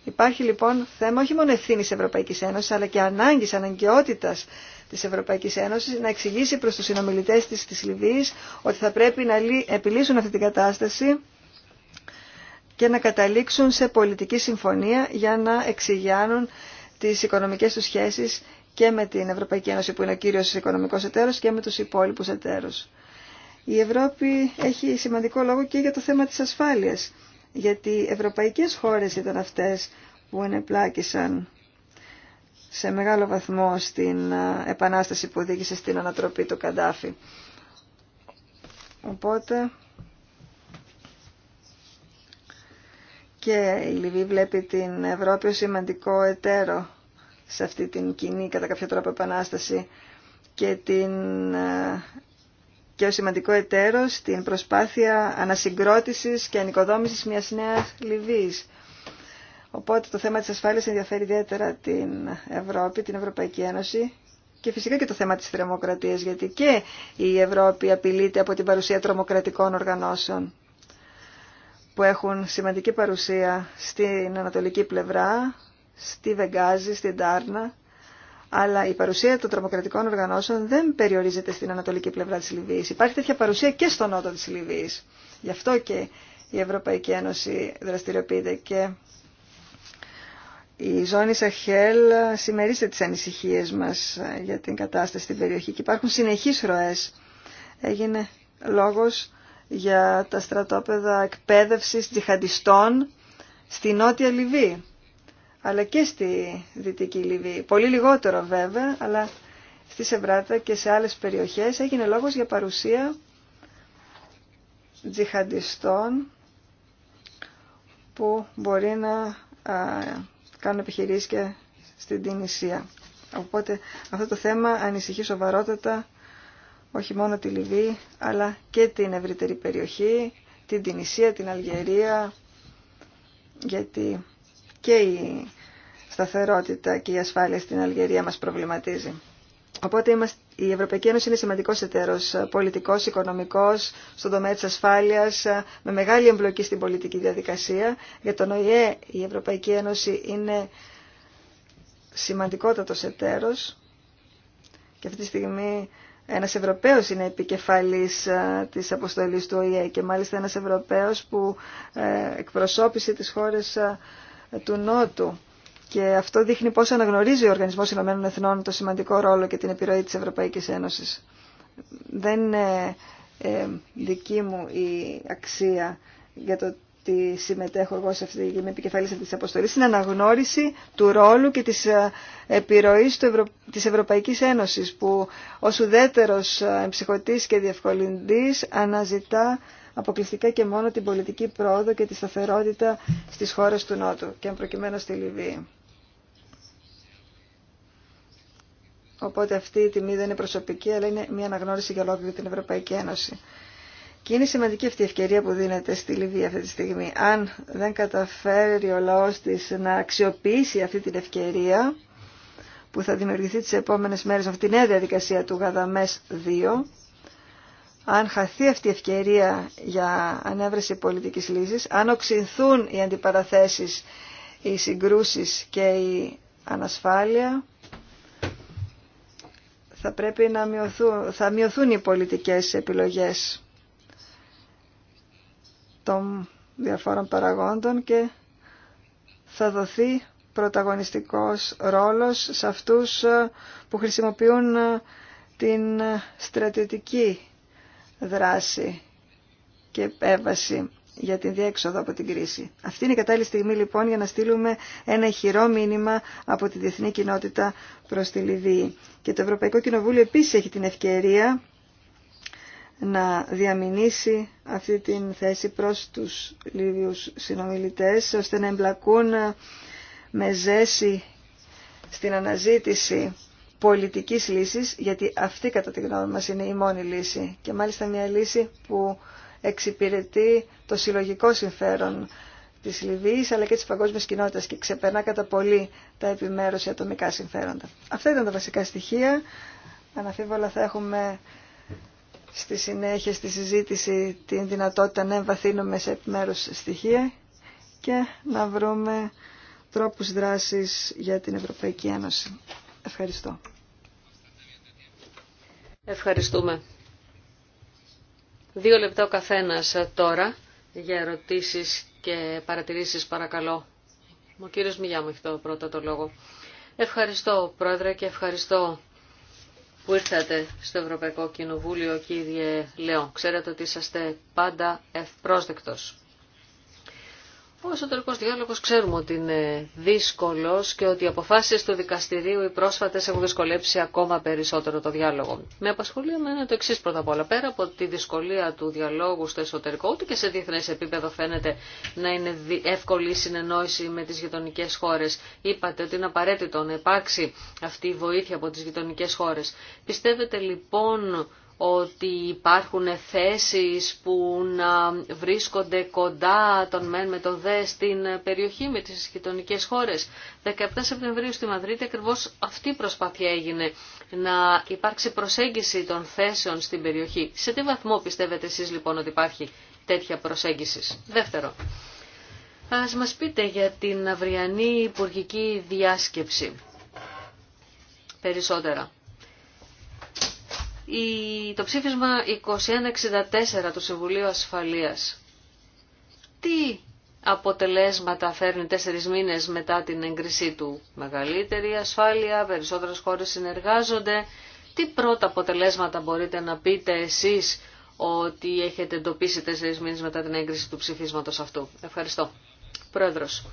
Speaker 2: Υπάρχει λοιπόν θέμα όχι μόνο ευθύνη Ευρωπαϊκή Ένωση, αλλά και ανάγκη, αναγκαιότητα τη Ευρωπαϊκή Ένωση να εξηγήσει προ του συνομιλητέ της τη Λιβύη ότι θα πρέπει να επιλύσουν αυτή την κατάσταση και να καταλήξουν σε πολιτική συμφωνία για να εξηγιάνουν τι οικονομικέ του σχέσει και με την Ευρωπαϊκή Ένωση που είναι ο κύριος οικονομικός εταίρος και με τους υπόλοιπους εταίρους. Η Ευρώπη έχει σημαντικό λόγο και για το θέμα της ασφάλειας, γιατί οι ευρωπαϊκές χώρες ήταν αυτές που ενεπλάκησαν σε μεγάλο βαθμό στην επανάσταση που οδήγησε στην ανατροπή του Καντάφη. Οπότε και η Λιβύη βλέπει την Ευρώπη ως σημαντικό εταίρο σε αυτή την κοινή κατά κάποιο τρόπο επανάσταση και, την, ε, και ο σημαντικό εταίρος στην προσπάθεια ανασυγκρότησης και ανοικοδόμησης μιας νέας Λιβύης. Οπότε το θέμα της ασφάλειας ενδιαφέρει ιδιαίτερα την Ευρώπη, την Ευρωπαϊκή Ένωση και φυσικά και το θέμα της τρομοκρατίας, γιατί και η Ευρώπη απειλείται από την παρουσία τρομοκρατικών οργανώσεων που έχουν σημαντική παρουσία στην ανατολική πλευρά, στη Βεγγάζη, στην Τάρνα, αλλά η παρουσία των τρομοκρατικών οργανώσεων δεν περιορίζεται στην ανατολική πλευρά της Λιβύης. Υπάρχει τέτοια παρουσία και στο νότο της Λιβύης. Γι' αυτό και η Ευρωπαϊκή Ένωση δραστηριοποιείται και η ζώνη Σαχέλ συμμερίζεται τις ανησυχίες μας ε, για την κατάσταση στην περιοχή και υπάρχουν συνεχείς ροές. Έγινε λόγος για τα στρατόπεδα εκπαίδευσης τζιχαντιστών στη Νότια Λιβύη αλλά και στη Δυτική Λιβύη. Πολύ λιγότερο βέβαια, αλλά στη Σεβράτα και σε άλλες περιοχές έγινε λόγος για παρουσία τζιχαντιστών που μπορεί να κάνουν επιχειρήσεις και στην Τινησία. Οπότε αυτό το θέμα ανησυχεί σοβαρότατα όχι μόνο τη Λιβύη, αλλά και την ευρύτερη περιοχή, την Τινησία, την Αλγερία, γιατί και η σταθερότητα και η ασφάλεια στην Αλγερία μας προβληματίζει. Οπότε είμαστε, η Ευρωπαϊκή Ένωση είναι σημαντικός εταίρος πολιτικός, οικονομικός, στον τομέα της ασφάλειας, με μεγάλη εμπλοκή στην πολιτική διαδικασία. Για τον ΟΗΕ η Ευρωπαϊκή Ένωση είναι σημαντικότατος εταίρος και αυτή τη στιγμή ένας Ευρωπαίος είναι επικεφαλής ε, της αποστολής του ΟΗΕ και μάλιστα ένας Ευρωπαίος που ε, εκπροσώπησε τις χώρες ε, του Νότου και αυτό δείχνει πώς αναγνωρίζει ο Οργανισμός Ηνωμένων Εθνών το σημαντικό ρόλο και την επιρροή της Ευρωπαϊκής Ένωσης. Δεν είναι ε, δική μου η αξία για το ότι συμμετέχω εγώ σε αυτή, την επικεφαλής τη της αποστολής, είναι αναγνώριση του ρόλου και της ε, επιρροής του Ευρωπαϊκή της Ευρωπαϊκής Ένωσης, που ως ουδέτερος ε, εμψυχωτής και διευκολυντής αναζητά αποκλειστικά και μόνο την πολιτική πρόοδο και τη σταθερότητα στις χώρες του Νότου και αν προκειμένου στη Λιβύη. Οπότε αυτή η τιμή δεν είναι προσωπική, αλλά είναι μια αναγνώριση για ολόκληρη την Ευρωπαϊκή Ένωση. Και είναι σημαντική αυτή η ευκαιρία που δίνεται στη Λιβύη αυτή τη στιγμή. Αν δεν καταφέρει ο λαό τη να αξιοποιήσει αυτή την ευκαιρία που θα δημιουργηθεί τις επόμενες μέρες αυτή τη νέα διαδικασία του Γαδαμές 2, αν χαθεί αυτή η ευκαιρία για ανέβρεση πολιτικής λύσης, αν οξυνθούν οι αντιπαραθέσεις, οι συγκρούσεις και η ανασφάλεια, θα πρέπει να μειωθούν, θα μειωθούν οι πολιτικές επιλογές των διαφόρων παραγόντων και θα δοθεί πρωταγωνιστικός ρόλος σε αυτούς ε, που χρησιμοποιούν ε, την στρατιωτική δράση και επέμβαση για την διέξοδο από την κρίση. Αυτή είναι η κατάλληλη στιγμή λοιπόν για να στείλουμε ένα χειρό μήνυμα από τη διεθνή κοινότητα προς τη Λιβύη. Και το Ευρωπαϊκό Κοινοβούλιο επίσης έχει την ευκαιρία να διαμηνήσει αυτή την θέση προς τους λίβιου συνομιλητές ώστε να εμπλακούν με ζέση στην αναζήτηση πολιτικής λύσης γιατί αυτή κατά τη γνώμη μας είναι η μόνη λύση και μάλιστα μια λύση που εξυπηρετεί το συλλογικό συμφέρον της Λιβύης αλλά και της παγκόσμιας κοινότητας και ξεπερνά κατά πολύ τα επιμέρους ατομικά συμφέροντα. Αυτά ήταν τα βασικά στοιχεία. Αναφίβολα θα έχουμε στη συνέχεια στη συζήτηση την δυνατότητα να εμβαθύνουμε σε επιμέρους στοιχεία και να βρούμε τρόπους δράσης για την Ευρωπαϊκή Ένωση. Ευχαριστώ.
Speaker 3: Ευχαριστούμε. Δύο λεπτά ο καθένας τώρα για ερωτήσεις και παρατηρήσεις παρακαλώ. Ο κύριος Μιγιά μου έχει το πρώτο το λόγο. Ευχαριστώ πρόεδρε και ευχαριστώ που ήρθατε στο Ευρωπαϊκό Κοινοβούλιο κύριε Λέον. Ξέρετε ότι είσαστε πάντα ευπρόσδεκτος. Ο εσωτερικό διάλογο ξέρουμε ότι είναι δύσκολο και ότι οι αποφάσει του δικαστηρίου οι πρόσφατε έχουν δυσκολέψει ακόμα περισσότερο το διάλογο. Με απασχολεί εμένα το εξή πρώτα απ' όλα. Πέρα από τη δυσκολία του διαλόγου στο εσωτερικό, ούτε και σε διεθνέ επίπεδο φαίνεται να είναι εύκολη η συνεννόηση με τι γειτονικέ χώρε. Είπατε ότι είναι απαραίτητο να υπάρξει αυτή η βοήθεια από τι γειτονικέ χώρε. Πιστεύετε λοιπόν ότι υπάρχουν θέσεις που να βρίσκονται κοντά τον ΜΕΝ με τον ΔΕ στην περιοχή με τις γειτονικέ χώρες. 17 Σεπτεμβρίου στη Μαδρίτη ακριβώς αυτή η προσπάθεια έγινε να υπάρξει προσέγγιση των θέσεων στην περιοχή. Σε τι βαθμό πιστεύετε εσείς λοιπόν ότι υπάρχει τέτοια προσέγγιση. Δεύτερο, ας μας πείτε για την αυριανή υπουργική διάσκεψη. Περισσότερα το ψήφισμα 2164 του Συμβουλίου Ασφαλείας. Τι αποτελέσματα φέρνει τέσσερις μήνες μετά την έγκρισή του. Μεγαλύτερη ασφάλεια, περισσότερες χώρες συνεργάζονται. Τι πρώτα αποτελέσματα μπορείτε να πείτε εσείς ότι έχετε εντοπίσει τέσσερις μήνες μετά την έγκριση του ψηφίσματος αυτού. Ευχαριστώ. Πρόεδρος.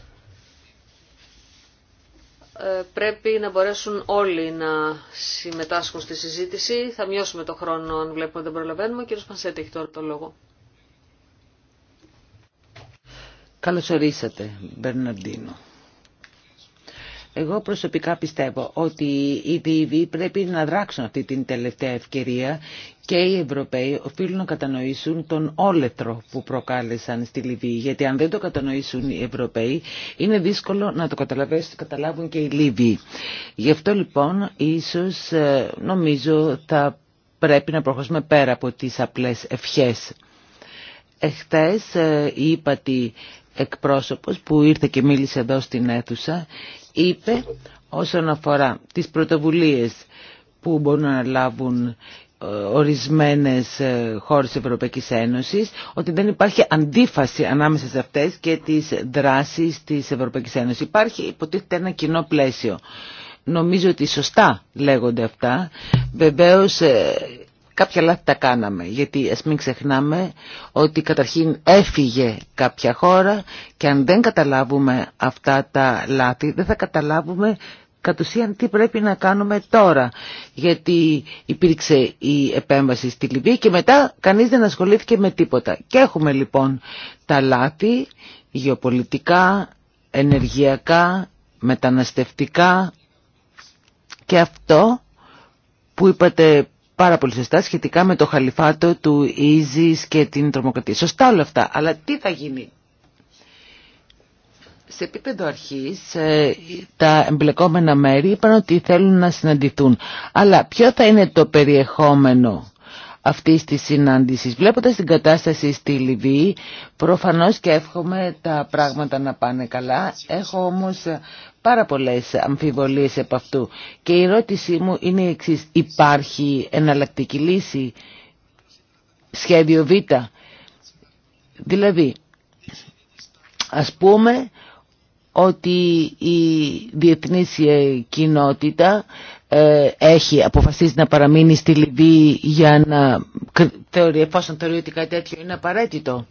Speaker 3: Ε, πρέπει να μπορέσουν όλοι να συμμετάσχουν στη συζήτηση. Θα μειώσουμε το χρόνο αν βλέπουμε ότι δεν προλαβαίνουμε. Ο κύριος Πανσέτη έχει τώρα το λόγο.
Speaker 1: Καλώς ορίσατε, Μπερναντίνο. Εγώ προσωπικά πιστεύω ότι οι Δίβοι πρέπει να δράξουν αυτή την τελευταία ευκαιρία και οι Ευρωπαίοι οφείλουν να κατανοήσουν τον όλετρο που προκάλεσαν στη Λιβύη. Γιατί αν δεν το κατανοήσουν οι Ευρωπαίοι, είναι δύσκολο να το καταλάβουν και οι Λίβοι. Γι' αυτό λοιπόν, ίσως ε, νομίζω θα πρέπει να προχωρήσουμε πέρα από τις απλές ευχές. Εχθές είπα ύπατη εκπρόσωπος που ήρθε και μίλησε εδώ στην αίθουσα είπε όσον αφορά τις πρωτοβουλίες που μπορούν να λάβουν ε, ορισμένες ε, χώρες της Ευρωπαϊκής Ένωσης ότι δεν υπάρχει αντίφαση ανάμεσα σε αυτές και τις δράσεις της Ευρωπαϊκής Ένωσης. Υπάρχει υποτίθεται ένα κοινό πλαίσιο. Νομίζω ότι σωστά λέγονται αυτά. Βεβαίως ε, κάποια λάθη τα κάναμε, γιατί ας μην ξεχνάμε ότι καταρχήν έφυγε κάποια χώρα και αν δεν καταλάβουμε αυτά τα λάθη δεν θα καταλάβουμε κατ' ουσίαν τι πρέπει να κάνουμε τώρα. Γιατί υπήρξε η επέμβαση στη Λιβύη και μετά κανείς δεν ασχολήθηκε με τίποτα. Και έχουμε λοιπόν τα λάθη γεωπολιτικά, ενεργειακά, μεταναστευτικά και αυτό που είπατε πάρα πολύ σωστά σχετικά με το χαλιφάτο του Ίζης και την τρομοκρατία. Σωστά όλα αυτά, αλλά τι θα γίνει. Σε επίπεδο αρχής ε, τα εμπλεκόμενα μέρη είπαν ότι θέλουν να συναντηθούν. Αλλά ποιο θα είναι το περιεχόμενο αυτής της συνάντησης. Βλέποντας την κατάσταση στη Λιβύη, προφανώς και εύχομαι τα πράγματα να πάνε καλά. Έχω πάρα πολλές αμφιβολίες από αυτού και η ερώτησή μου είναι η εξής. Υπάρχει εναλλακτική λύση, σχέδιο Β. Δηλαδή, ας πούμε ότι η διεθνής ε, κοινότητα ε, έχει αποφασίσει να παραμείνει στη Λιβύη για να θεωρεί, εφόσον θεωρεί ότι κάτι τέτοιο είναι απαραίτητο.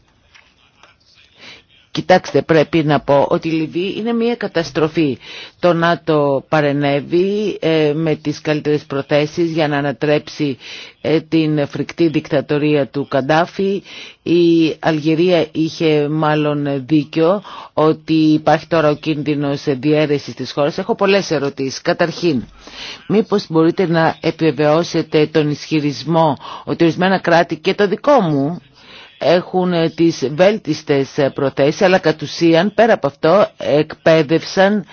Speaker 1: Κοιτάξτε, πρέπει να πω ότι η Λιβύη είναι μια καταστροφή. Το ΝΑΤΟ παρενέβη ε, με τις καλύτερες προθέσεις για να ανατρέψει ε, την φρικτή δικτατορία του Καντάφη. Η Αλγερία είχε μάλλον δίκιο ότι υπάρχει τώρα ο κίνδυνος διαίρεσης της χώρας. Έχω πολλές ερωτήσεις. Καταρχήν, μήπως μπορείτε να επιβεβαιώσετε τον ισχυρισμό ότι ορισμένα κράτη και το δικό μου έχουν ε, τις βέλτιστες ε, προθέσεις, αλλά κατ' ουσίαν πέρα από αυτό εκπαίδευσαν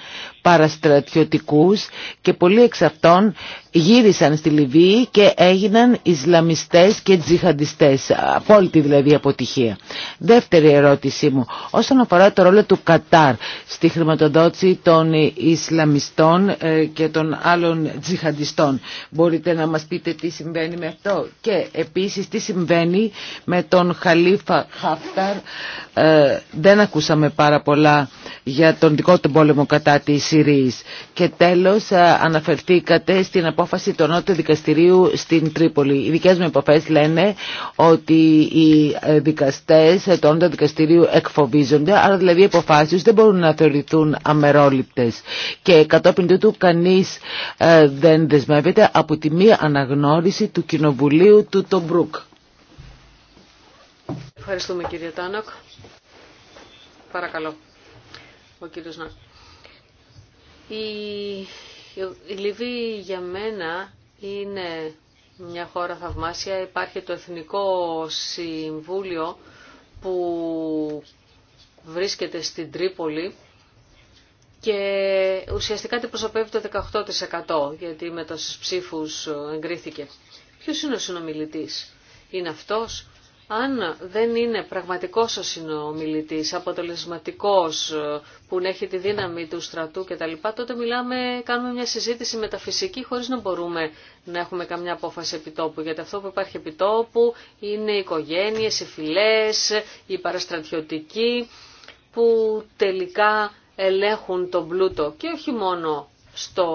Speaker 1: παραστρατιωτικούς και πολύ εξ αυτών γύρισαν στη Λιβύη και έγιναν Ισλαμιστές και τζιχαντιστές. Απόλυτη δηλαδή αποτυχία. Δεύτερη ερώτησή μου. Όσον αφορά το ρόλο του Κατάρ στη χρηματοδότηση των Ισλαμιστών ε, και των άλλων τζιχαντιστών. Μπορείτε να μας πείτε τι συμβαίνει με αυτό. Και επίσης τι συμβαίνει με τον Χαλίφα Χαφτάρ. Ε, δεν ακούσαμε πάρα πολλά για τον δικό του πόλεμο κατά της Συρίας. Και τέλος ε, αναφερθήκατε στην απόφαση των Νότου Δικαστηρίου στην Τρίπολη. Οι δικές μου επαφέ λένε ότι οι ε, δικαστές του Νότου Δικαστηρίου εκφοβίζονται, άρα δηλαδή οι αποφάσεις δεν μπορούν να θεωρηθούν αμερόληπτες. Και κατόπιν τούτου κανείς ε, δεν δεσμεύεται από τη μία αναγνώριση του Κοινοβουλίου του Τομπρούκ.
Speaker 3: Ευχαριστούμε κύριε Τάνοκ. Παρακαλώ. Ο κύριος η Λιβύη για μένα είναι μια χώρα θαυμάσια. Υπάρχει το Εθνικό Συμβούλιο που βρίσκεται στην Τρίπολη και ουσιαστικά την προσωπεύει το 18% γιατί με τους ψήφους εγκρίθηκε. Ποιος είναι ο συνομιλητής. Είναι αυτός αν δεν είναι πραγματικός ο συνομιλητής, αποτελεσματικός, που έχει τη δύναμη του στρατού κτλ, τότε μιλάμε, κάνουμε μια συζήτηση μεταφυσική χωρίς να μπορούμε να έχουμε καμιά απόφαση επιτόπου. Γιατί αυτό που υπάρχει επιτόπου είναι οι οικογένειες, οι φυλές, οι παραστρατιωτικοί που τελικά ελέγχουν τον πλούτο και όχι μόνο στο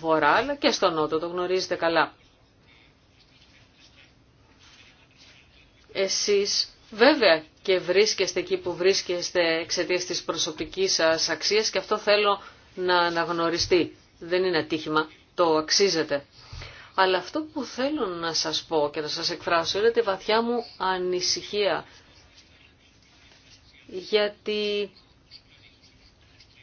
Speaker 3: βορρά αλλά και στο νότο, το γνωρίζετε καλά. Εσείς βέβαια και βρίσκεστε εκεί που βρίσκεστε εξαιτίας της προσωπικής σας αξίας και αυτό θέλω να αναγνωριστεί. Δεν είναι ατύχημα, το αξίζετε. Αλλά αυτό που θέλω να σας πω και να σας εκφράσω είναι τη βαθιά μου ανησυχία. Γιατί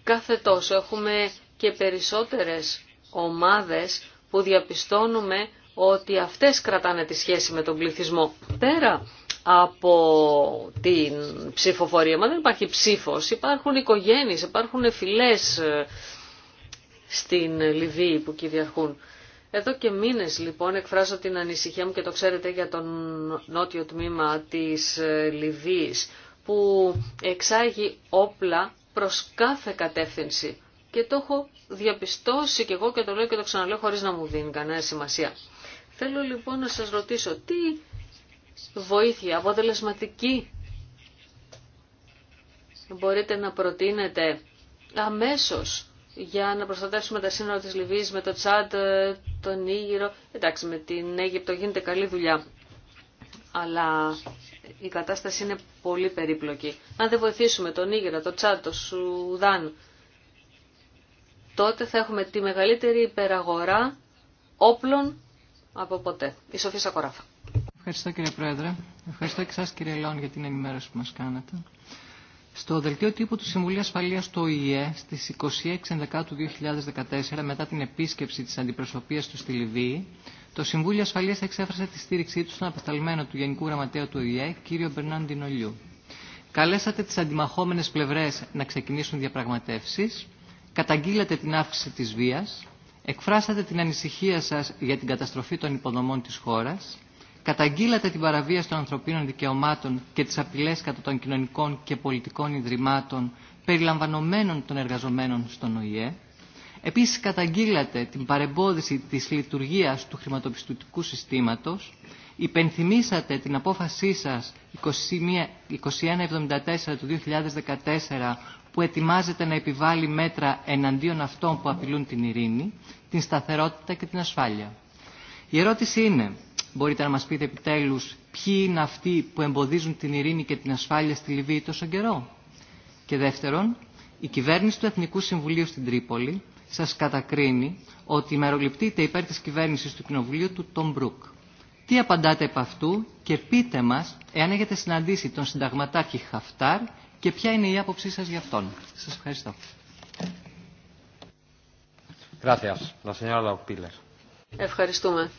Speaker 3: κάθε τόσο έχουμε και περισσότερες ομάδες που διαπιστώνουμε ότι αυτές κρατάνε τη σχέση με τον πληθυσμό. Πέρα από την ψηφοφορία, μα δεν υπάρχει ψήφος, υπάρχουν οικογένειες, υπάρχουν φυλές ε, στην Λιβύη που κυριαρχούν. Εδώ και μήνες λοιπόν εκφράζω την ανησυχία μου και το ξέρετε για τον νότιο τμήμα της ε, Λιβύης που εξάγει όπλα προς κάθε κατεύθυνση και το έχω διαπιστώσει και εγώ και το λέω και το ξαναλέω χωρίς να μου δίνει κανένα σημασία. Θέλω λοιπόν να σας ρωτήσω τι βοήθεια αποτελεσματική μπορείτε να προτείνετε αμέσως για να προστατεύσουμε τα σύνορα της Λιβύης με το Τσάντ, τον Ήγυρο. Εντάξει, με την Αίγυπτο γίνεται καλή δουλειά. Αλλά η κατάσταση είναι πολύ περίπλοκη. Αν δεν βοηθήσουμε τον Ήγυρο, το Τσάντ, τον Σουδάν, τότε θα έχουμε τη μεγαλύτερη υπεραγορά όπλων από ποτέ. Η Σοφία
Speaker 5: Σακοράφα. Ευχαριστώ κύριε Πρόεδρε. Ευχαριστώ και σας κύριε Λόν για την ενημέρωση που μας κάνατε. Στο δελτίο τύπου του Συμβουλίου Ασφαλεία του ΟΗΕ στι 26 του 2014, μετά την επίσκεψη τη αντιπροσωπεία του στη Λιβύη, το Συμβούλιο Ασφαλεία εξέφρασε τη στήριξή του στον απεσταλμένο του Γενικού Γραμματέα του ΟΗΕ, κύριο Μπερνάντι Νολιού. Καλέσατε τι αντιμαχόμενε πλευρέ να ξεκινήσουν διαπραγματεύσει, καταγγείλατε την αύξηση τη βία, εκφράσατε την ανησυχία σας για την καταστροφή των υποδομών της χώρας, καταγγείλατε την παραβίαση των ανθρωπίνων δικαιωμάτων και τις απειλές κατά των κοινωνικών και πολιτικών ιδρυμάτων περιλαμβανομένων των εργαζομένων στον ΟΗΕ, Επίσης καταγγείλατε την παρεμπόδιση της λειτουργίας του χρηματοπιστωτικού συστήματος, υπενθυμίσατε την απόφασή σας 2174 του 2014 που ετοιμάζεται να επιβάλλει μέτρα εναντίον αυτών που απειλούν την ειρήνη, την σταθερότητα και την ασφάλεια. Η ερώτηση είναι, μπορείτε να μας πείτε επιτέλους ποιοι είναι αυτοί που εμποδίζουν την ειρήνη και την ασφάλεια στη Λιβύη τόσο καιρό. Και δεύτερον, η κυβέρνηση του Εθνικού Συμβουλίου στην Τρίπολη σας κατακρίνει ότι μεροληπτείτε υπέρ της κυβέρνησης του Κοινοβουλίου του Τον Μπρουκ. Τι απαντάτε επ' αυτού και πείτε μας εάν έχετε συναντήσει τον συνταγματάρχη Χαφτάρ και ποια είναι η άποψή σας για αυτόν. Σας ευχαριστώ.
Speaker 1: Ευχαριστούμε.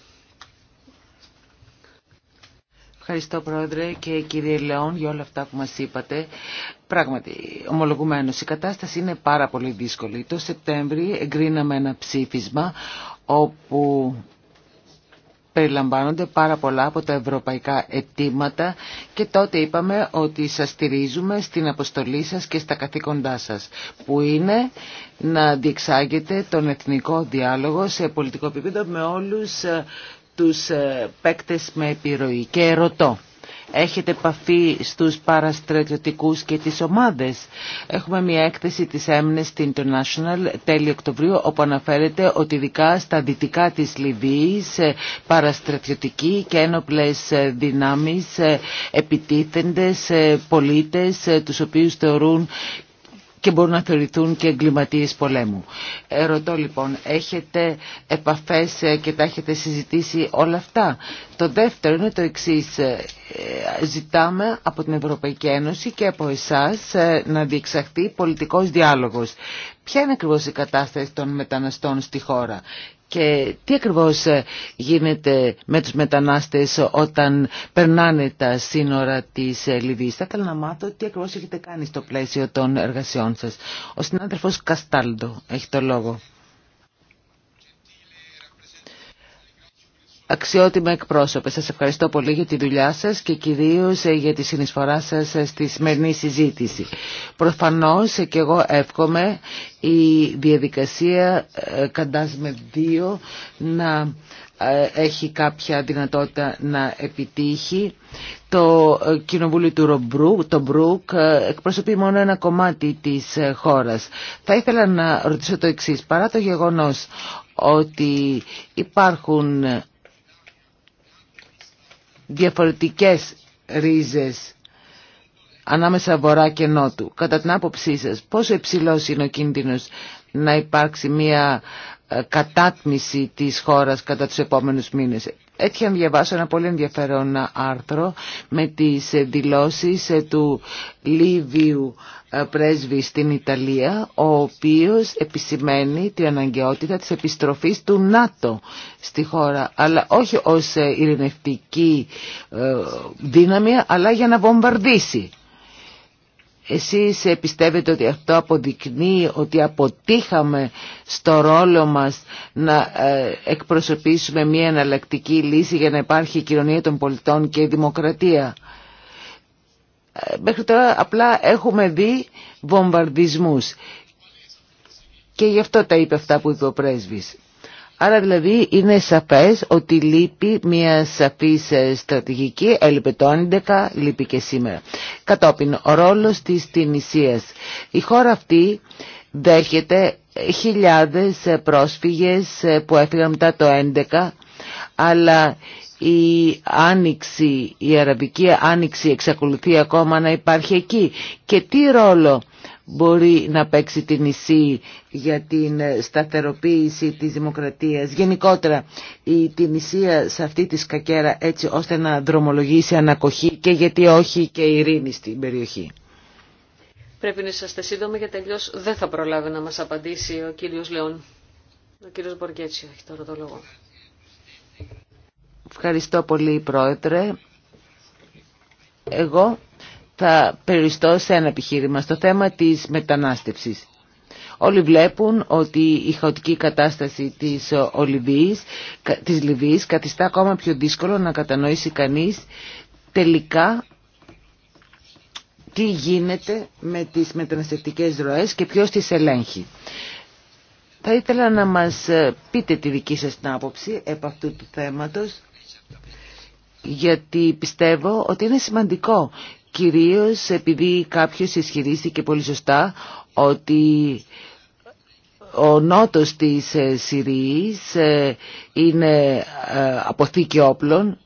Speaker 1: Ευχαριστώ Πρόεδρε και κύριε Λεόν για όλα αυτά που μας είπατε. Πράγματι, ομολογουμένως, η κατάσταση είναι πάρα πολύ δύσκολη. Το Σεπτέμβρη εγκρίναμε ένα ψήφισμα όπου περιλαμβάνονται πάρα πολλά από τα ευρωπαϊκά αιτήματα και τότε είπαμε ότι σας στηρίζουμε στην αποστολή σας και στα καθήκοντά σας που είναι να διεξάγετε τον εθνικό διάλογο σε πολιτικό επίπεδο με όλους ε, τους ε, παίκτες με επιρροή. Και ερωτώ έχετε επαφή στους παραστρατιωτικούς και τις ομάδες. Έχουμε μια έκθεση της Amnesty International τέλη Οκτωβρίου όπου αναφέρεται ότι ειδικά στα δυτικά της Λιβύης ε, παραστρατιωτικοί και ένοπλες ε, δυνάμεις ε, επιτίθενται σε πολίτες τους οποίους θεωρούν και μπορούν να θεωρηθούν και εγκληματίες πολέμου. Ρωτώ λοιπόν, έχετε επαφές ε, και τα έχετε συζητήσει όλα αυτά. Το δεύτερο είναι το εξής. Ε, ζητάμε από την Ευρωπαϊκή Ένωση και από εσάς ε, να διεξαχθεί πολιτικός διάλογος. Ποια είναι ακριβώς η κατάσταση των μεταναστών στη χώρα. Και τι ακριβώς ε, γίνεται με τους μετανάστες όταν περνάνε τα σύνορα της ε, Λιβύης. Θα ήθελα να μάθω τι ακριβώς έχετε κάνει στο πλαίσιο των εργασιών σας. Ο συνάδελφος Καστάλντο έχει το λόγο. Αξιότιμα εκπρόσωπε, σας ευχαριστώ πολύ για τη δουλειά σας και κυρίως ε, για τη συνεισφορά σας ε, στη σημερινή συζήτηση. Προφανώς ε, και εγώ εύχομαι η διαδικασία καντάσμε 2 να έχει κάποια δυνατότητα να επιτύχει. Το κοινοβούλιο του Ρομπρούκ, το Μπρουκ, εκπροσωπεί μόνο ένα κομμάτι της χώρας. Θα ήθελα να ρωτήσω το εξής. Παρά το γεγονός ότι υπάρχουν διαφορετικές ρίζες ανάμεσα βορρά και νότου. Κατά την άποψή σας, πόσο υψηλός είναι ο κίνδυνος να υπάρξει μια ε, κατάτμιση της χώρας κατά τους επόμενους μήνες έτυχε να διαβάσω ένα πολύ ενδιαφέρον άρθρο με τις δηλώσεις ε, του Λίβιου ε, πρέσβη στην Ιταλία, ο οποίος επισημαίνει την αναγκαιότητα της επιστροφής του ΝΑΤΟ στη χώρα, αλλά όχι ως ε, ειρηνευτική δύναμη, αλλά για να βομβαρδίσει. Εσείς πιστεύετε ότι αυτό αποδεικνύει ότι αποτύχαμε στο ρόλο μας να ε, εκπροσωπήσουμε μια εναλλακτική λύση για να υπάρχει η κοινωνία των πολιτών και η δημοκρατία. Ε, μέχρι τώρα απλά έχουμε δει βομβαρδισμούς. Και γι' αυτό τα είπε αυτά που είπε ο πρέσβης. Άρα δηλαδή είναι σαφές ότι λείπει μια σαφή ε, στρατηγική, έλειπε το 11, λείπει και σήμερα. Κατόπιν, ο ρόλος της Τινησίας. Η χώρα αυτή δέχεται χιλιάδες ε, πρόσφυγες ε, που έφυγαν μετά το 11, αλλά η άνοιξη, η αραβική άνοιξη εξακολουθεί ακόμα να υπάρχει εκεί. Και τι ρόλο μπορεί να παίξει την νησί για την σταθεροποίηση της δημοκρατίας. Γενικότερα η τιμισία σε αυτή τη σκακέρα έτσι ώστε να δρομολογήσει ανακοχή και γιατί όχι και ειρήνη στην περιοχή.
Speaker 3: Πρέπει να είσαστε σύντομοι γιατί τελειώς. δεν θα προλάβει να μας απαντήσει ο κύριος Λεόν. Ο κύριος Μποργέτσι έχει τώρα το λόγο.
Speaker 1: Ευχαριστώ πολύ Πρόεδρε. Εγώ θα περιστώ σε ένα επιχείρημα στο θέμα της μετανάστευσης. Όλοι βλέπουν ότι η χαοτική κατάσταση της, ε, Ολυβής, της Λιβύης καθιστά ακόμα πιο δύσκολο να κατανοήσει κανείς τελικά τι γίνεται με τις μεταναστευτικές ροές και ποιος τις ελέγχει. Θα ήθελα να μας ε, πείτε τη δική σας άποψη επ' αυτού του θέματος γιατί πιστεύω ότι είναι σημαντικό κυρίως επειδή κάποιος ισχυρίστηκε πολύ σωστά ότι ο νότος της ε, Συρίας ε, είναι ε, αποθήκη όπλων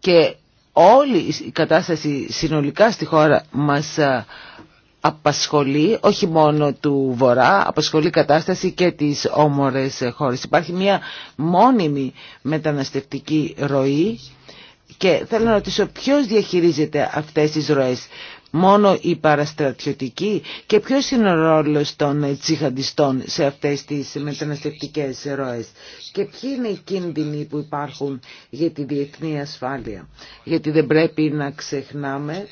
Speaker 1: και όλη η κατάσταση συνολικά στη χώρα μας απασχολεί, όχι μόνο του Βορρά, απασχολεί κατάσταση και τις όμορες χώρες. Υπάρχει μια μόνιμη μεταναστευτική ροή και θέλω να ρωτήσω ποιος διαχειρίζεται αυτές τις ροές. Μόνο η παραστρατιωτική και ποιος είναι ο ρόλος των τσιχαντιστών σε αυτές τις μεταναστευτικές ροές και ποιοι είναι οι κίνδυνοι που υπάρχουν για τη διεθνή ασφάλεια. Γιατί δεν πρέπει να ξεχνάμε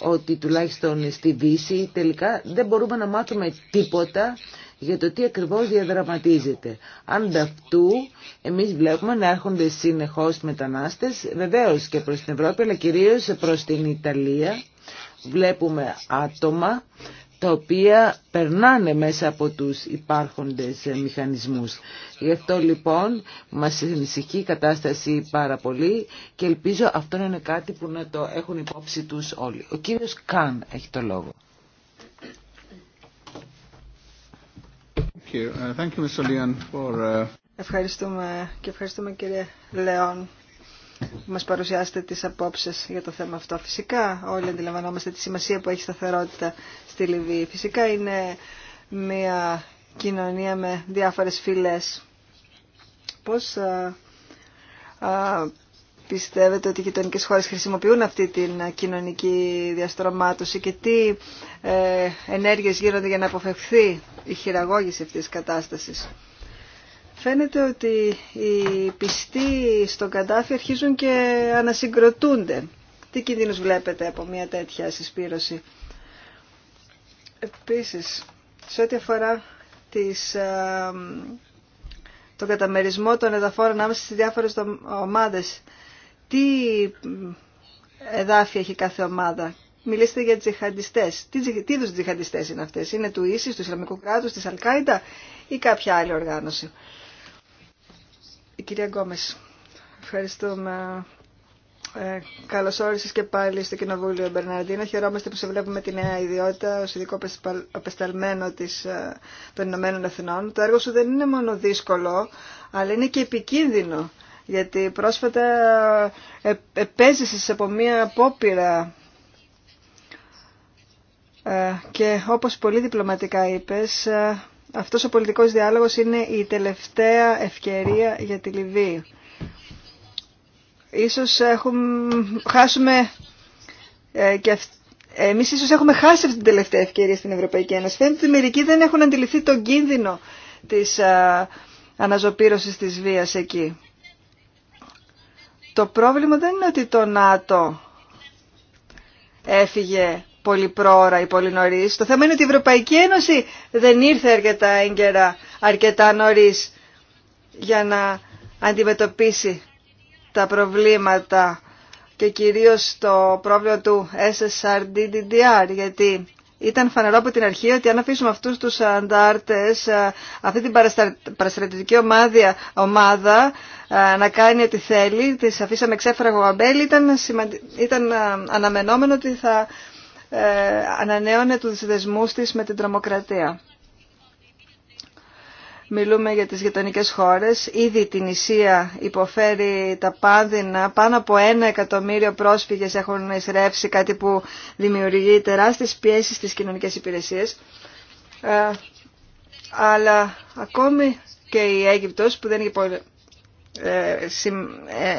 Speaker 1: ότι τουλάχιστον στη Δύση τελικά δεν μπορούμε να μάθουμε τίποτα για το τι ακριβώς διαδραματίζεται. Ανταυτού εμείς βλέπουμε να έρχονται συνεχώς μετανάστες, βεβαίως και προς την Ευρώπη, αλλά κυρίως προς την Ιταλία. Βλέπουμε άτομα τα οποία περνάνε μέσα από τους υπάρχοντες μηχανισμούς. Γι' αυτό λοιπόν μας ενισχύει η κατάσταση πάρα πολύ και ελπίζω αυτό να είναι κάτι που να το έχουν υπόψη τους όλοι. Ο κύριος Καν έχει το λόγο.
Speaker 4: Uh,
Speaker 2: uh, ευχαριστούμε και ευχαριστούμε κύριε Λεόν που μας παρουσιάσετε τις απόψεις για το θέμα αυτό. Φυσικά όλοι αντιλαμβανόμαστε τη σημασία που έχει σταθερότητα στη Λιβύη. Φυσικά είναι μια κοινωνία με διάφορες φυλές. Πώς α, πιστεύετε ότι οι γειτονικέ χώρες χρησιμοποιούν αυτή την ε, κοινωνική διαστρωμάτωση και τι ε, ενέργειες γίνονται για να αποφευχθεί η χειραγώγηση αυτή τη κατάσταση. Φαίνεται ότι οι πιστοί στον Καντάφη αρχίζουν και ανασυγκροτούνται. Τι κινδύνους βλέπετε από μια τέτοια συσπήρωση. Επίσης, σε ό,τι αφορά τις, ε, τον καταμερισμό των εδαφών ανάμεσα στις διάφορες ομάδες, τι εδάφια έχει κάθε ομάδα. Μιλήστε για τζιχαντιστέ. Τι, τι είδου τζιχαντιστέ είναι αυτέ, Είναι του ση, του Ισλαμικού κράτου, τη Αλκάιντα ή κάποια άλλη οργάνωση. Η κυρία Γκόμε, ευχαριστούμε. Ε, Καλώ όρισε και πάλι στο Κοινοβούλιο Μπερναρντίνο. Χαιρόμαστε που σε βλέπουμε τη νέα ιδιότητα ω ειδικό απεσταλμένο της, ε, των Ηνωμένων Εθνών. Το έργο σου δεν είναι μόνο δύσκολο, αλλά είναι και επικίνδυνο γιατί πρόσφατα ε, επέζησες από μία απόπειρα ε, και όπως πολύ διπλωματικά είπες, ε, αυτός ο πολιτικός διάλογος είναι η τελευταία ευκαιρία για τη Λιβύη. Ίσως έχουμε, χάσουμε και Εμεί έχουμε χάσει αυτή την τελευταία ευκαιρία στην Ευρωπαϊκή Ένωση. Φαίνεται ότι μερικοί δεν έχουν αντιληφθεί τον κίνδυνο τη αναζωπήρωσης τη βία εκεί. Το πρόβλημα δεν είναι ότι το ΝΑΤΟ έφυγε πολύ πρόωρα ή πολύ νωρί. Το θέμα είναι ότι η Ευρωπαϊκή Ένωση δεν ήρθε αρκετά έγκαιρα, αρκετά νωρί για να αντιμετωπίσει τα προβλήματα και κυρίως το πρόβλημα του SSRDDR γιατί ήταν φανερό από την αρχή ότι αν αφήσουμε αυτού του αντάρτες, αυτή την παραστρατητική ομάδα, ομάδα να κάνει ό,τι θέλει, τι αφήσαμε ξέφραγο αμπέλ, ήταν, ήταν αναμενόμενο ότι θα ε, ανανέωνε του δεσμού τη με την τρομοκρατία μιλούμε για τις γειτονικέ χώρες. Ήδη την Ισία υποφέρει τα πάνδυνα. Πάνω από ένα εκατομμύριο πρόσφυγες έχουν εισρεύσει κάτι που δημιουργεί τεράστιες πιέσεις στις κοινωνικές υπηρεσίες. Ε, αλλά ακόμη και η Αίγυπτος που δεν ε, ε,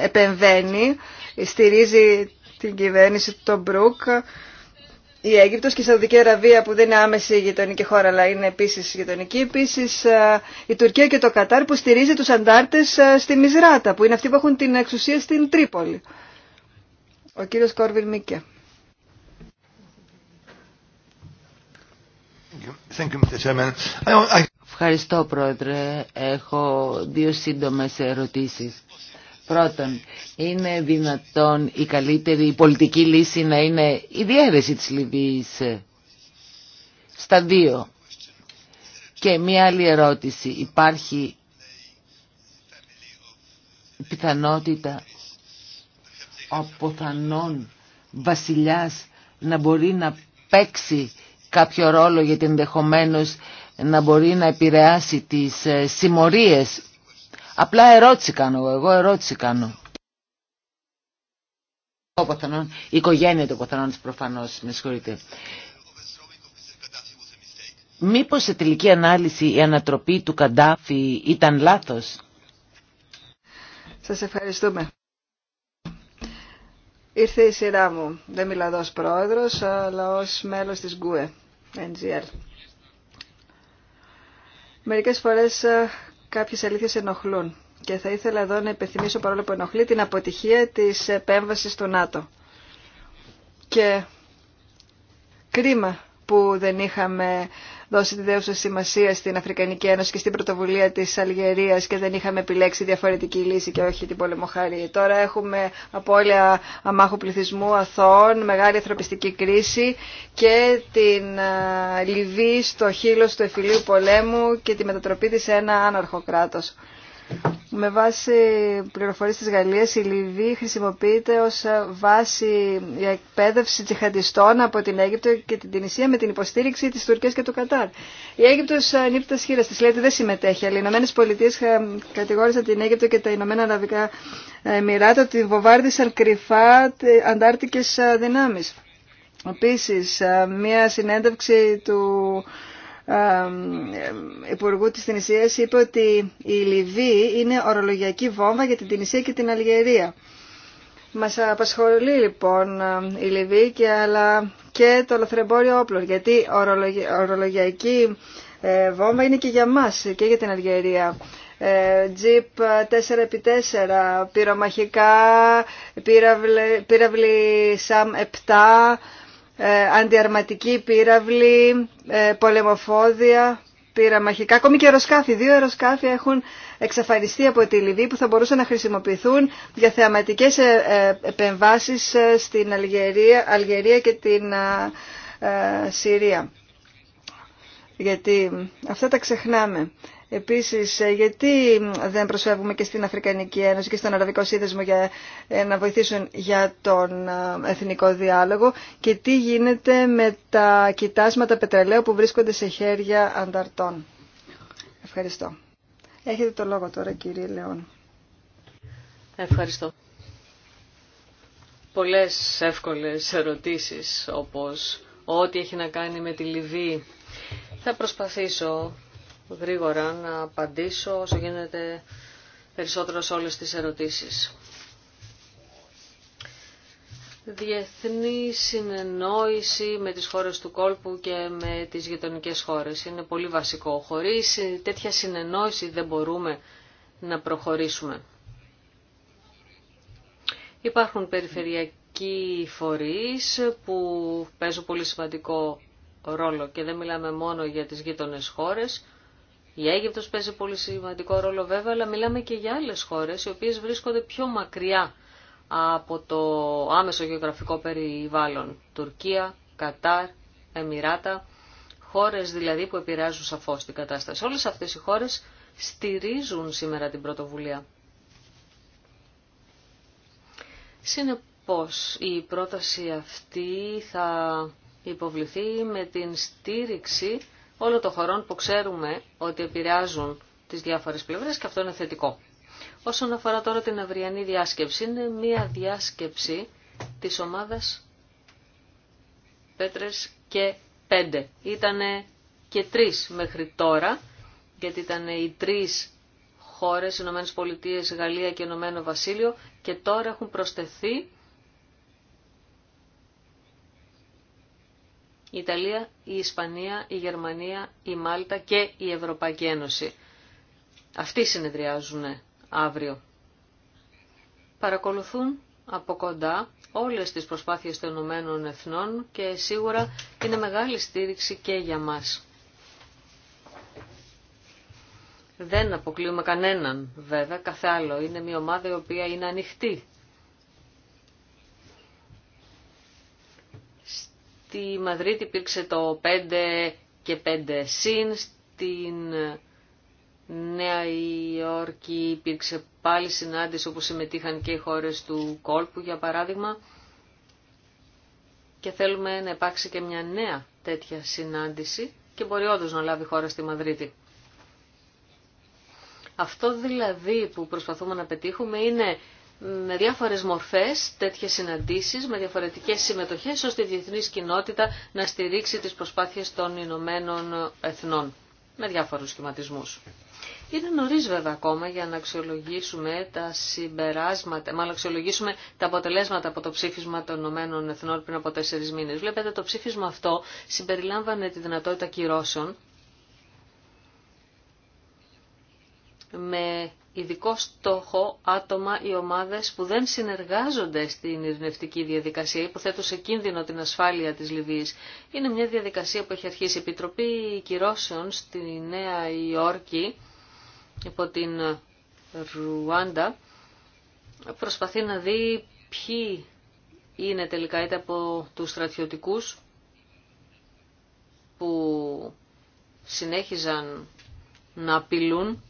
Speaker 2: επεμβαίνει, στηρίζει την κυβέρνηση του Μπρουκ η Αίγυπτος και η Σαουδική Αραβία που δεν είναι άμεση γειτονική χώρα αλλά είναι επίσης γειτονική. Επίσης ε, η Τουρκία και το Κατάρ που στηρίζει τους αντάρτες ε, στη Μιζράτα που είναι αυτοί που έχουν την εξουσία στην Τρίπολη. Ο κύριος Κόρβιν Μίκε.
Speaker 1: Ευχαριστώ πρόεδρε. Έχω δύο σύντομες ερωτήσεις. Πρώτον, είναι δυνατόν η καλύτερη πολιτική λύση να είναι η διέρεση της Λιβύης στα δύο. Και μία άλλη ερώτηση. Υπάρχει πιθανότητα ο αποθανών βασιλιάς να μπορεί να παίξει κάποιο ρόλο γιατί ενδεχομένω να μπορεί να επηρεάσει τις ε, συμμορίες Απλά ερώτηση κάνω εγώ, εγώ ερώτηση κάνω. Ο η οικογένεια του ποθανόν της προφανώς, με συγχωρείτε. Μήπως σε τελική ανάλυση η ανατροπή του Καντάφη ήταν λάθος.
Speaker 2: Σας ευχαριστούμε. Ήρθε η σειρά μου. Δεν μιλάω ως πρόεδρος, αλλά ως μέλος της ΓΚΟΕ, NGL. Μερικές φορές κάποιες αλήθειες ενοχλούν. Και θα ήθελα εδώ να υπενθυμίσω παρόλο που ενοχλεί την αποτυχία της επέμβασης του ΝΑΤΟ. Και κρίμα που δεν είχαμε δώσει τη δέουσα σημασία στην Αφρικανική Ένωση και στην πρωτοβουλία της Αλγερίας και δεν είχαμε επιλέξει διαφορετική λύση και όχι την πολεμοχάρη. Τώρα έχουμε απώλεια αμάχου πληθυσμού αθώων, μεγάλη ανθρωπιστική κρίση και την Λιβύη στο χείλος του εφηλίου πολέμου και τη μετατροπή της σε ένα άναρχο κράτος. Με βάση πληροφορίες της Γαλλίας, η Λιβύη χρησιμοποιείται ως βάση για εκπαίδευση τσιχαντιστών από την Αίγυπτο και την Τινησία με την υποστήριξη της Τουρκίας και του Κατάρ. Η Αίγυπτος τα σχήρας της λέει ότι δεν συμμετέχει, αλλά οι Ηνωμένες Πολιτείες κατηγόρησαν την Αίγυπτο και τα Ηνωμένα Αραβικά Εμμυράτα ότι βοβάρδισαν κρυφά αντάρτικες δυνάμεις. Επίση, μια συνέντευξη του Υπουργού της Τινησίας είπε ότι η Λιβύη είναι ορολογιακή βόμβα για την Τινησία και την Αλγερία. Μας απασχολεί λοιπόν η Λιβύη και, αλλά και το λαθρεμπόριο όπλων γιατί ορολογιακή ε, βόμβα είναι και για μας και για την Αλγερία. Ε, τζιπ 4x4, πυρομαχικά, πύραυλοι ΣΑΜ 7, ε, αντιαρματική πύραυλη, ε, πολεμοφόδια, πυραμαχικά, ακόμη και αεροσκάφη. Δύο αεροσκάφη έχουν εξαφανιστεί από τη Λιβύη που θα μπορούσαν να χρησιμοποιηθούν για θεαματικές ε, επεμβάσεις στην Αλγερία, Αλγερία και την Συρία. Γιατί αυτά τα ξεχνάμε. Επίσης, ε, γιατί δεν προσφεύγουμε και στην Αφρικανική Ένωση και στον Αραβικό Σύνδεσμο για ε, να βοηθήσουν για τον ε, εθνικό διάλογο και τι γίνεται με τα κοιτάσματα πετρελαίου που βρίσκονται σε χέρια ανταρτών. Ευχαριστώ. Έχετε το λόγο τώρα κύριε Λεόν.
Speaker 3: Ευχαριστώ. Πολλές εύκολες ερωτήσεις όπως ό,τι έχει να κάνει με τη Λιβύη. Θα προσπαθήσω γρήγορα να απαντήσω όσο γίνεται περισσότερο σε όλες τις ερωτήσεις. Διεθνή συνεννόηση με τις χώρες του κόλπου και με τις γειτονικές χώρες. Είναι πολύ βασικό. Χωρίς τέτοια συνεννόηση δεν μπορούμε να προχωρήσουμε. Υπάρχουν περιφερειακοί φορείς που παίζουν πολύ σημαντικό ρόλο και δεν μιλάμε μόνο για τις γείτονες χώρες, η Αίγυπτος παίζει πολύ σημαντικό ρόλο βέβαια, αλλά μιλάμε και για άλλες χώρες οι οποίες βρίσκονται πιο μακριά από το άμεσο γεωγραφικό περιβάλλον. Τουρκία, Κατάρ, Εμμυράτα, χώρες δηλαδή που επηρεάζουν σαφώς την κατάσταση. Όλες αυτές οι χώρες στηρίζουν σήμερα την πρωτοβουλία. Συνεπώς, η πρόταση αυτή θα υποβληθεί με την στήριξη Όλο το χωρών που ξέρουμε ότι επηρεάζουν τις διάφορες πλευρές και αυτό είναι θετικό. Όσον αφορά τώρα την αυριανή διάσκεψη, είναι μία διάσκεψη της ομάδας Πέτρες και πέντε. Ήτανε και τρεις μέχρι τώρα, γιατί ήταν οι τρεις χώρες, Ηνωμένες Πολιτείες, Γαλλία και Ηνωμένο Βασίλειο και τώρα έχουν προσθεθεί η Ιταλία, η Ισπανία, η Γερμανία, η Μάλτα και η Ευρωπαϊκή Ένωση. Αυτοί συνεδριάζουν αύριο. Παρακολουθούν από κοντά όλες τις προσπάθειες των Ηνωμένων Εθνών και σίγουρα είναι μεγάλη στήριξη και για μας. Δεν αποκλείουμε κανέναν βέβαια, καθ' άλλο. Είναι μια ομάδα η οποία είναι ανοιχτή Στη Μαδρίτη υπήρξε το 5 και 5 συν, στην Νέα Υόρκη υπήρξε πάλι συνάντηση όπου συμμετείχαν και οι χώρες του κόλπου για παράδειγμα και θέλουμε να υπάρξει και μια νέα τέτοια συνάντηση και μπορεί όντως να λάβει χώρα στη Μαδρίτη. Αυτό δηλαδή που προσπαθούμε να πετύχουμε είναι με διάφορες μορφές τέτοιες συναντήσεις, με διαφορετικές συμμετοχές, ώστε η διεθνής κοινότητα να στηρίξει τις προσπάθειες των Ηνωμένων Εθνών με διάφορους σχηματισμούς. Είναι νωρίς βέβαια ακόμα για να αξιολογήσουμε τα συμπεράσματα, μάλλον αξιολογήσουμε τα αποτελέσματα από το ψήφισμα των Ηνωμένων Εθνών πριν από τέσσερις μήνες. Βλέπετε το ψήφισμα αυτό συμπεριλάμβανε τη δυνατότητα κυρώσεων με ειδικό στόχο άτομα ή ομάδες που δεν συνεργάζονται στην ειρηνευτική διαδικασία ή που θέτουν σε κίνδυνο την ασφάλεια της Λιβύης. Είναι μια διαδικασία που έχει αρχίσει η Επιτροπή Κυρώσεων στη Νέα Υόρκη υπό την Ρουάντα. Προσπαθεί να δει ποιοι είναι τελικά είτε από τους στρατιωτικούς που συνέχιζαν να απειλούν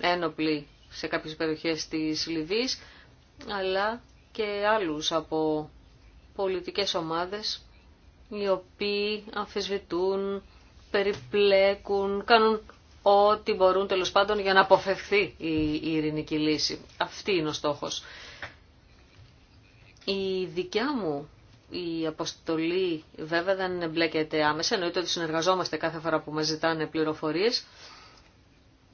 Speaker 3: ένοπλοι σε κάποιες περιοχές της Λιβύης, αλλά και άλλους από πολιτικές ομάδες οι οποίοι αμφισβητούν, περιπλέκουν, κάνουν ό,τι μπορούν τέλος πάντων για να αποφευθεί η ειρηνική λύση. Αυτή είναι ο στόχος. Η δικιά μου η αποστολή βέβαια δεν εμπλέκεται άμεσα, εννοείται ότι συνεργαζόμαστε κάθε φορά που μας ζητάνε πληροφορίες,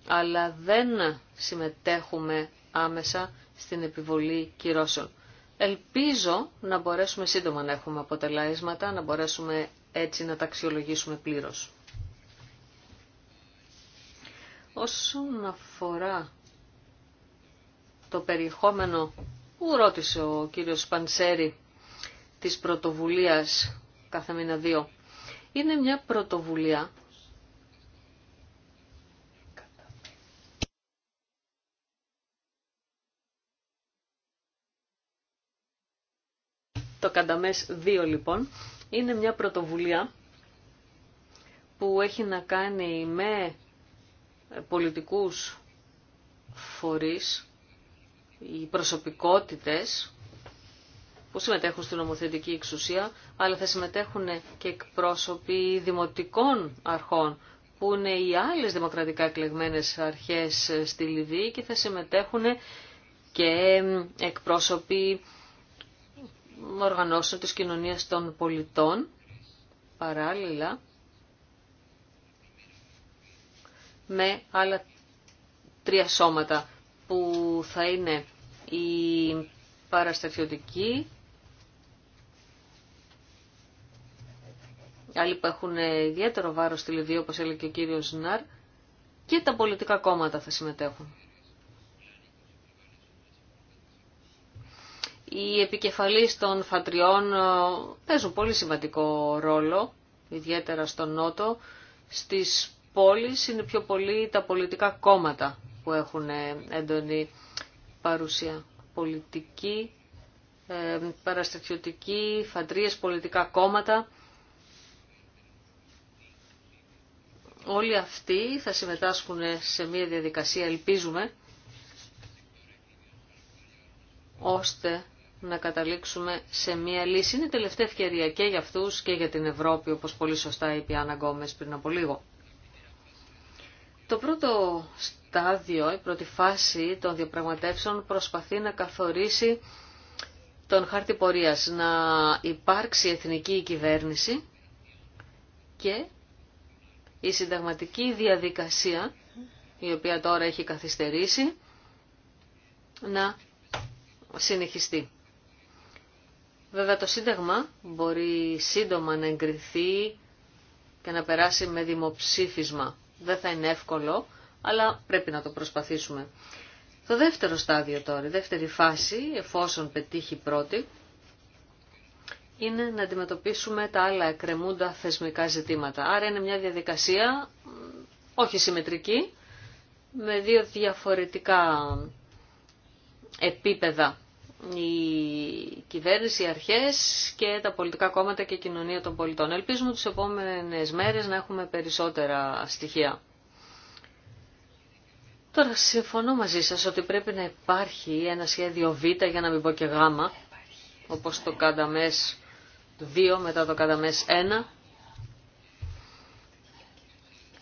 Speaker 3: αλλά δεν συμμετέχουμε άμεσα στην επιβολή κυρώσεων. Ελπίζω να μπορέσουμε σύντομα να έχουμε αποτελέσματα, να μπορέσουμε έτσι να τα αξιολογήσουμε πλήρως. Όσον αφορά το περιεχόμενο που ρώτησε ο κύριος Πανσέρη της πρωτοβουλίας κάθε μήνα δύο, είναι μια πρωτοβουλία Το Κανταμές 2 λοιπόν είναι μια πρωτοβουλία που έχει να κάνει με πολιτικούς φορείς, οι προσωπικότητες που συμμετέχουν στην νομοθετική εξουσία, αλλά θα συμμετέχουν και εκπρόσωποι δημοτικών αρχών, που είναι οι άλλες δημοκρατικά εκλεγμένες αρχές στη Λιβύη και θα συμμετέχουν και εκπρόσωποι οργανώσεων της κοινωνίας των πολιτών παράλληλα με άλλα τρία σώματα που θα είναι η παραστατιωτική, άλλοι που έχουν ιδιαίτερο βάρος στη Λιβύη όπως έλεγε και ο κύριος Νάρ και τα πολιτικά κόμματα θα συμμετέχουν. Οι επικεφαλείς των φατριών ε, παίζουν πολύ σημαντικό ρόλο, ιδιαίτερα στον Νότο. Στις πόλεις είναι πιο πολύ τα πολιτικά κόμματα που έχουν ε, έντονη παρουσία. Πολιτική, ε, παραστρατιωτική, φαντρίες, πολιτικά κόμματα. Όλοι αυτοί θα συμμετάσχουν σε μια διαδικασία, ελπίζουμε, ώστε να καταλήξουμε σε μία λύση. Είναι τελευταία ευκαιρία και για αυτούς και για την Ευρώπη, όπως πολύ σωστά είπε η Άννα πριν από λίγο. Το πρώτο στάδιο, η πρώτη φάση των διαπραγματεύσεων προσπαθεί να καθορίσει τον χάρτη πορείας, να υπάρξει εθνική κυβέρνηση και η συνταγματική διαδικασία, η οποία τώρα έχει καθυστερήσει, να συνεχιστεί. Βέβαια το Σύνταγμα μπορεί σύντομα να εγκριθεί και να περάσει με δημοψήφισμα. Δεν θα είναι εύκολο, αλλά πρέπει να το προσπαθήσουμε. Το δεύτερο στάδιο τώρα, η δεύτερη φάση, εφόσον πετύχει πρώτη, είναι να αντιμετωπίσουμε τα άλλα εκκρεμούντα θεσμικά ζητήματα. Άρα είναι μια διαδικασία όχι συμμετρική, με δύο διαφορετικά επίπεδα η κυβέρνηση, οι αρχές και τα πολιτικά κόμματα και η κοινωνία των πολιτών. Ελπίζουμε τις επόμενες μέρες να έχουμε περισσότερα στοιχεία. Τώρα, συμφωνώ μαζί σας ότι πρέπει να υπάρχει ένα σχέδιο Β, για να μην πω και Γ, όπως το καταμές 2, μετά το καταμές 1,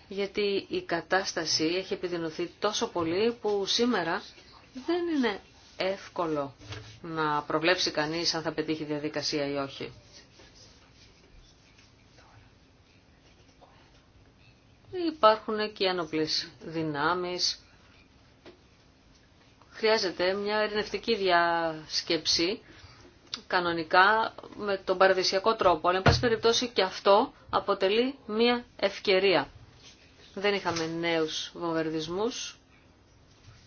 Speaker 3: γιατί η κατάσταση έχει επιδεινωθεί τόσο πολύ που σήμερα δεν είναι εύκολο να προβλέψει κανείς αν θα πετύχει διαδικασία ή όχι. Υπάρχουν και άνοπλες δυνάμεις. Χρειάζεται μια ερνευτική διασκέψη κανονικά με τον παραδεισιακό τρόπο. Αλλά, εν πάση περιπτώσει, και αυτό αποτελεί μια ευκαιρία. Δεν είχαμε νέους βομβαρδισμούς.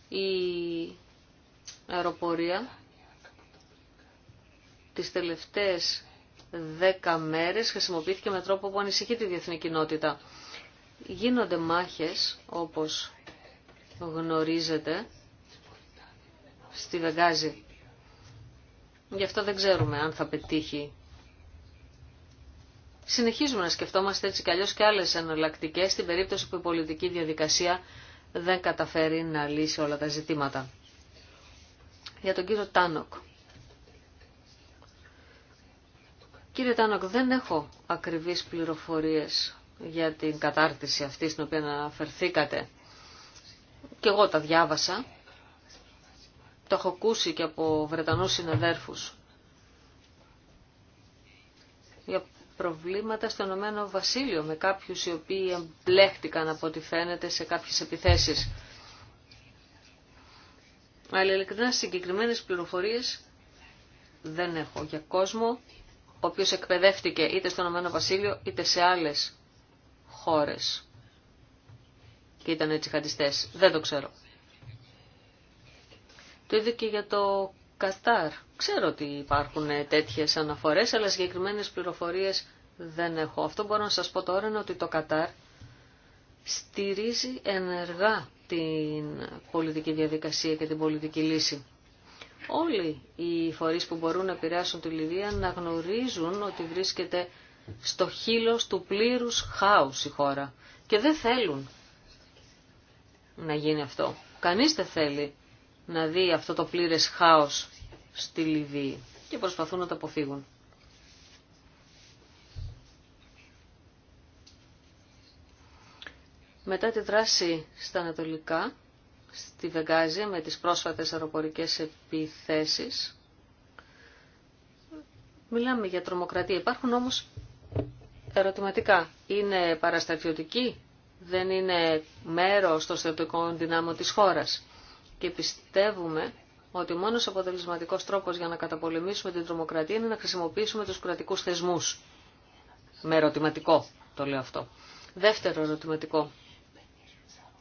Speaker 3: Η αεροπορία τις τελευταίες δέκα μέρες χρησιμοποιήθηκε με τρόπο που ανησυχεί τη διεθνή κοινότητα. Γίνονται μάχες, όπως γνωρίζετε, στη Βεγγάζη. Γι' αυτό δεν ξέρουμε αν θα πετύχει. Συνεχίζουμε να σκεφτόμαστε έτσι κι αλλιώς και άλλες εναλλακτικές στην περίπτωση που η πολιτική διαδικασία δεν καταφέρει να λύσει όλα τα ζητήματα για τον κύριο Τάνοκ. Κύριε Τάνοκ, δεν έχω ακριβείς πληροφορίες για την κατάρτιση αυτή στην οποία αναφερθήκατε. Και εγώ τα διάβασα. Το έχω ακούσει και από Βρετανούς συναδέρφους. Για προβλήματα στο Ηνωμένο Βασίλειο με κάποιους οι οποίοι εμπλέχτηκαν από ό,τι φαίνεται σε κάποιες επιθέσεις. Αλλά ειλικρινά συγκεκριμένες πληροφορίες δεν έχω για κόσμο ο οποίος εκπαιδεύτηκε είτε στο Ηνωμένο Βασίλειο είτε σε άλλες χώρες και ήταν χατιστές. Δεν το ξέρω. Το ίδιο και για το Κατάρ. Ξέρω ότι υπάρχουν τέτοιες αναφορές, αλλά συγκεκριμένες πληροφορίες δεν έχω. Αυτό μπορώ να σας πω τώρα είναι ότι το Κατάρ στηρίζει ενεργά την πολιτική διαδικασία και την πολιτική λύση. Όλοι οι φορείς που μπορούν να επηρεάσουν τη Λιβύα να γνωρίζουν ότι βρίσκεται στο χείλος του πλήρους χάους η χώρα και δεν θέλουν να γίνει αυτό. Κανείς δεν θέλει να δει αυτό το πλήρες χάος στη Λιβύη και προσπαθούν να το αποφύγουν. Μετά τη δράση στα Ανατολικά, στη Βεγγάζη με τις πρόσφατες αεροπορικές επιθέσεις, μιλάμε για τρομοκρατία. Υπάρχουν όμως ερωτηματικά. Είναι παραστατιωτική, δεν είναι μέρος των στρατιωτικών δυνάμων της χώρας. Και πιστεύουμε ότι ο μόνος αποτελεσματικός τρόπος για να καταπολεμήσουμε την τρομοκρατία είναι να χρησιμοποιήσουμε τους κρατικούς θεσμούς. Με ερωτηματικό το λέω αυτό. Δεύτερο ερωτηματικό.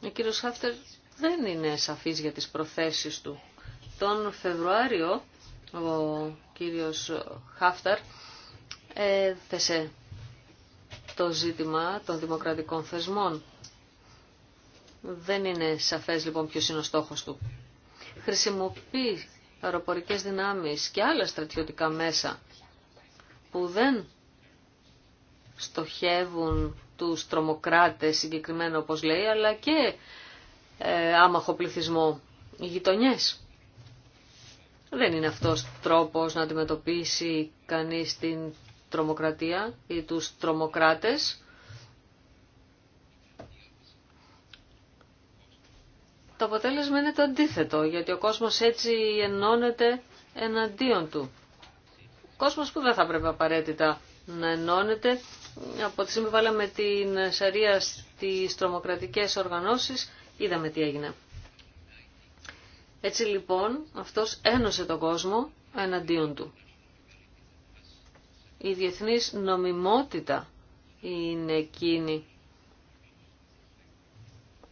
Speaker 3: Ο κύριος Χάφτερ δεν είναι σαφής για τις προθέσεις του. Τον Φεβρουάριο ο κύριος Χάφταρ έθεσε το ζήτημα των δημοκρατικών θεσμών. Δεν είναι σαφές λοιπόν ποιος είναι ο στόχος του. Χρησιμοποιεί αεροπορικές δυνάμεις και άλλα στρατιωτικά μέσα που δεν στοχεύουν τους τρομοκράτες συγκεκριμένα όπως λέει, αλλά και ε, άμαχο πληθυσμό, οι γειτονιές. Δεν είναι αυτός τρόπος να αντιμετωπίσει κανείς την τρομοκρατία ή τους τρομοκράτες. Το αποτέλεσμα είναι το αντίθετο, γιατί ο κόσμος έτσι ενώνεται εναντίον του. Ο κόσμος που δεν θα πρέπει απαραίτητα να ενώνεται από τη στιγμή που βάλαμε την Σαρία στις τρομοκρατικές οργανώσεις, είδαμε τι έγινε. Έτσι λοιπόν, αυτός ένωσε τον κόσμο εναντίον του. Η διεθνής νομιμότητα είναι εκείνη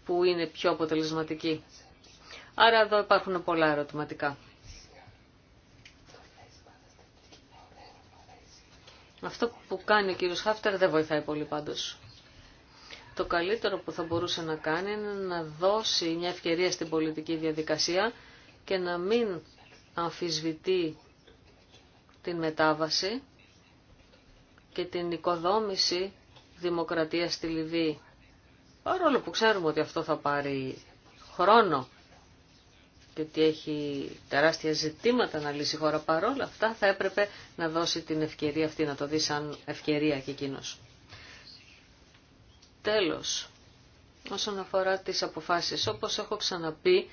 Speaker 3: που είναι πιο αποτελεσματική. Άρα εδώ υπάρχουν πολλά ερωτηματικά. Αυτό που κάνει ο κύριος Χάφτερ δεν βοηθάει πολύ πάντως. Το καλύτερο που θα μπορούσε να κάνει είναι να δώσει μια ευκαιρία στην πολιτική διαδικασία και να μην αμφισβητεί την μετάβαση και την οικοδόμηση δημοκρατίας στη Λιβύη. Παρόλο που ξέρουμε ότι αυτό θα πάρει χρόνο και ότι έχει τεράστια ζητήματα να λύσει η χώρα παρόλα αυτά θα έπρεπε να δώσει την ευκαιρία αυτή να το δει σαν ευκαιρία και εκείνος. Τέλος, όσον αφορά τις αποφάσεις, όπως έχω ξαναπεί,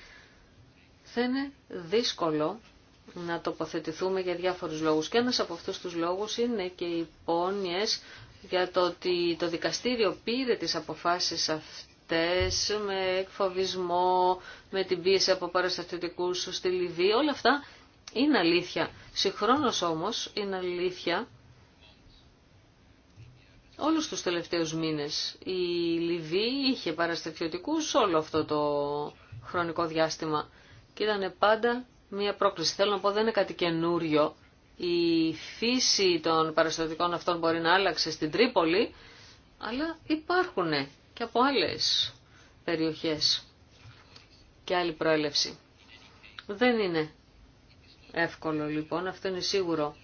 Speaker 3: θα είναι δύσκολο να τοποθετηθούμε για διάφορους λόγους. Και ένας από αυτούς τους λόγους είναι και οι πόνιες για το ότι το δικαστήριο πήρε τις αποφάσεις αυτές με εκφοβισμό, με την πίεση από παραστατητικούς στη Λιβύη, όλα αυτά είναι αλήθεια. Συγχρόνως όμως είναι αλήθεια όλους τους τελευταίους μήνες. Η Λιβύη είχε παραστατητικούς όλο αυτό το χρονικό διάστημα και ήταν πάντα μία πρόκληση. Θέλω να πω δεν είναι κάτι καινούριο. Η φύση των παραστατικών αυτών μπορεί να άλλαξε στην Τρίπολη, αλλά υπάρχουν και από άλλες περιοχές και άλλη προέλευση. Δεν είναι εύκολο λοιπόν, αυτό είναι σίγουρο.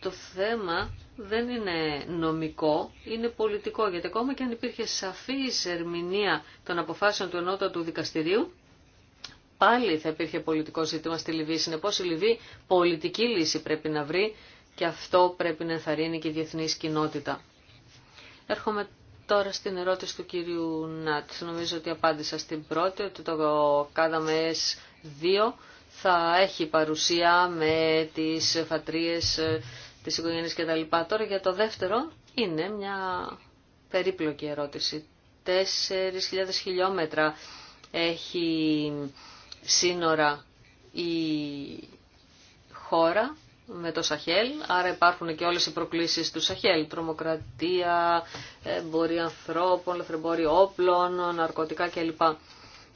Speaker 3: Το θέμα δεν είναι νομικό, είναι πολιτικό, γιατί ακόμα και αν υπήρχε σαφής ερμηνεία των αποφάσεων του ενότατου δικαστηρίου, πάλι θα υπήρχε πολιτικό ζήτημα στη Λιβύη. Συνεπώς η Λιβύη πολιτική λύση πρέπει να βρει και αυτό πρέπει να ενθαρρύνει και η διεθνής κοινότητα. Έρχομαι Τώρα στην ερώτηση του κυρίου Νάτ, νομίζω ότι απάντησα στην πρώτη, ότι το ΚΑΔΑΜΕΣ s S2 θα έχει παρουσία με τις φατρίες, ε, τις τα κτλ. Τώρα για το δεύτερο είναι μια περίπλοκη ερώτηση. 4.000 χιλιόμετρα έχει σύνορα η χώρα με το Σαχέλ, άρα υπάρχουν και όλες οι προκλήσεις του Σαχέλ. Τρομοκρατία, εμπορία ανθρώπων, λαθρεμπόριο όπλων, ναρκωτικά κλπ.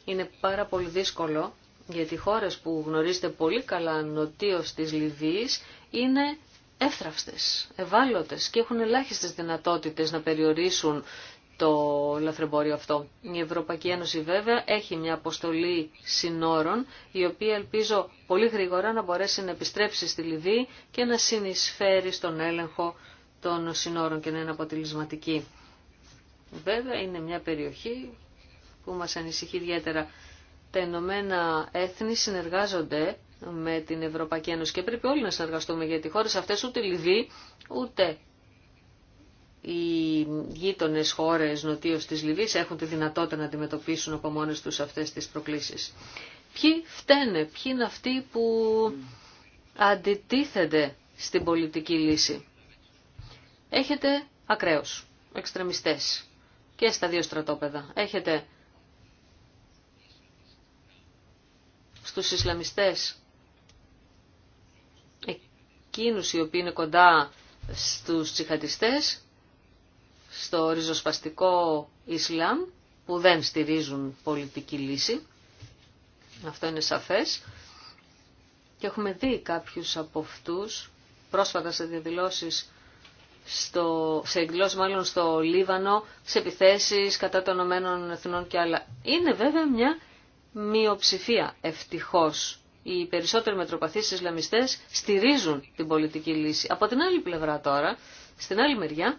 Speaker 3: Είναι πάρα πολύ δύσκολο γιατί οι χώρες που γνωρίζετε πολύ καλά νοτίως της Λιβύης είναι εύθραυστες, ευάλωτες και έχουν ελάχιστες δυνατότητες να περιορίσουν το λαθρεμπόριο αυτό. Η Ευρωπαϊκή Ένωση βέβαια έχει μια αποστολή συνόρων η οποία ελπίζω πολύ γρήγορα να μπορέσει να επιστρέψει στη Λιβύη και να συνεισφέρει στον έλεγχο των συνόρων και να είναι αποτελεσματική. Βέβαια είναι μια περιοχή που μας ανησυχεί ιδιαίτερα. Τα Ηνωμένα Έθνη συνεργάζονται με την Ευρωπαϊκή Ένωση και πρέπει όλοι να συνεργαστούμε γιατί χώρες αυτές ούτε Λιβύη ούτε οι γείτονε χώρε νοτίως της Λιβύης έχουν τη δυνατότητα να αντιμετωπίσουν από μόνες τους αυτές τις προκλήσεις. Ποιοι φταίνε, ποιοι είναι αυτοί που αντιτίθεται στην πολιτική λύση. Έχετε ακραίους, εξτρεμιστές και στα δύο στρατόπεδα. Έχετε στους Ισλαμιστές εκείνους οι οποίοι είναι κοντά στους τσιχατιστές στο ριζοσπαστικό Ισλάμ που δεν στηρίζουν πολιτική λύση. Αυτό είναι σαφές. Και έχουμε δει κάποιους από αυτούς πρόσφατα σε διαδηλώσεις στο, σε εκδηλώσεις μάλλον στο Λίβανο, σε επιθέσεις κατά των Ηνωμένων Εθνών και άλλα. Είναι βέβαια μια μειοψηφία ευτυχώς. Οι περισσότεροι μετροπαθείς Ισλαμιστές στηρίζουν την πολιτική λύση. Από την άλλη πλευρά τώρα, στην άλλη μεριά,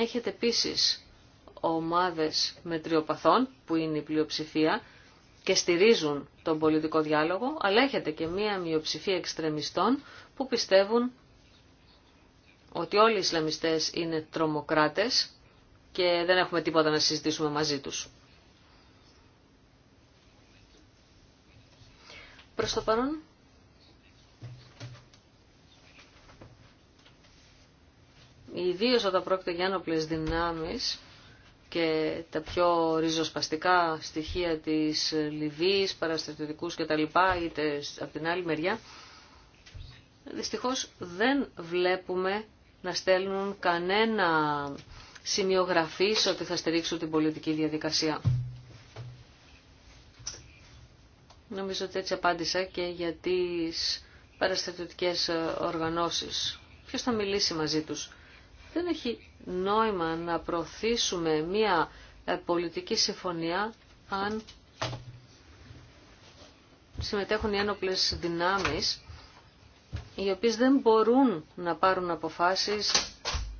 Speaker 3: Έχετε επίσης ομάδες μετριοπαθών, που είναι η πλειοψηφία, και στηρίζουν τον πολιτικό διάλογο, αλλά έχετε και μία μειοψηφία εξτρεμιστών που πιστεύουν ότι όλοι οι Ισλαμιστές είναι τρομοκράτες και δεν έχουμε τίποτα να συζητήσουμε μαζί τους. Προς το παρόν Ιδίως όταν πρόκειται για άνοπλες δυνάμεις και τα πιο ριζοσπαστικά στοιχεία της Λιβύης, παραστρατιωτικούς κτλ. είτε από την άλλη μεριά, δυστυχώς δεν βλέπουμε να στέλνουν κανένα σημειογραφής ότι θα στηρίξουν την πολιτική διαδικασία. Νομίζω ότι έτσι απάντησα και για τις παραστατιωτικές οργανώσεις. Ποιος θα μιλήσει μαζί τους δεν έχει νόημα να προωθήσουμε μία ε, πολιτική συμφωνία αν συμμετέχουν οι ένοπλες δυνάμεις οι οποίες δεν μπορούν να πάρουν αποφάσεις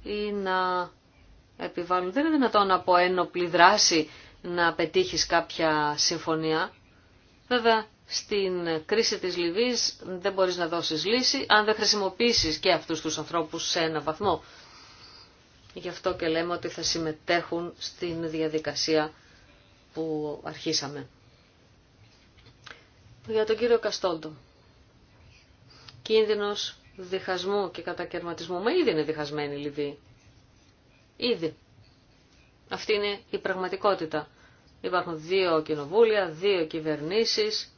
Speaker 3: ή να επιβάλλουν. Δεν είναι δυνατόν από ένοπλη δράση να πετύχεις κάποια συμφωνία. Βέβαια, στην κρίση της Λιβύης δεν μπορείς να δώσεις λύση αν δεν χρησιμοποιήσεις και αυτούς τους ανθρώπους σε ένα βαθμό. Γι' αυτό και λέμε ότι θα συμμετέχουν στην διαδικασία που αρχίσαμε. Για τον κύριο Καστόλτο. Κίνδυνος διχασμού και κατακαιρματισμού. Μα ήδη είναι διχασμένη η Λιβύη. Ήδη. Αυτή είναι η πραγματικότητα. Υπάρχουν δύο κοινοβούλια, δύο κυβερνήσεις,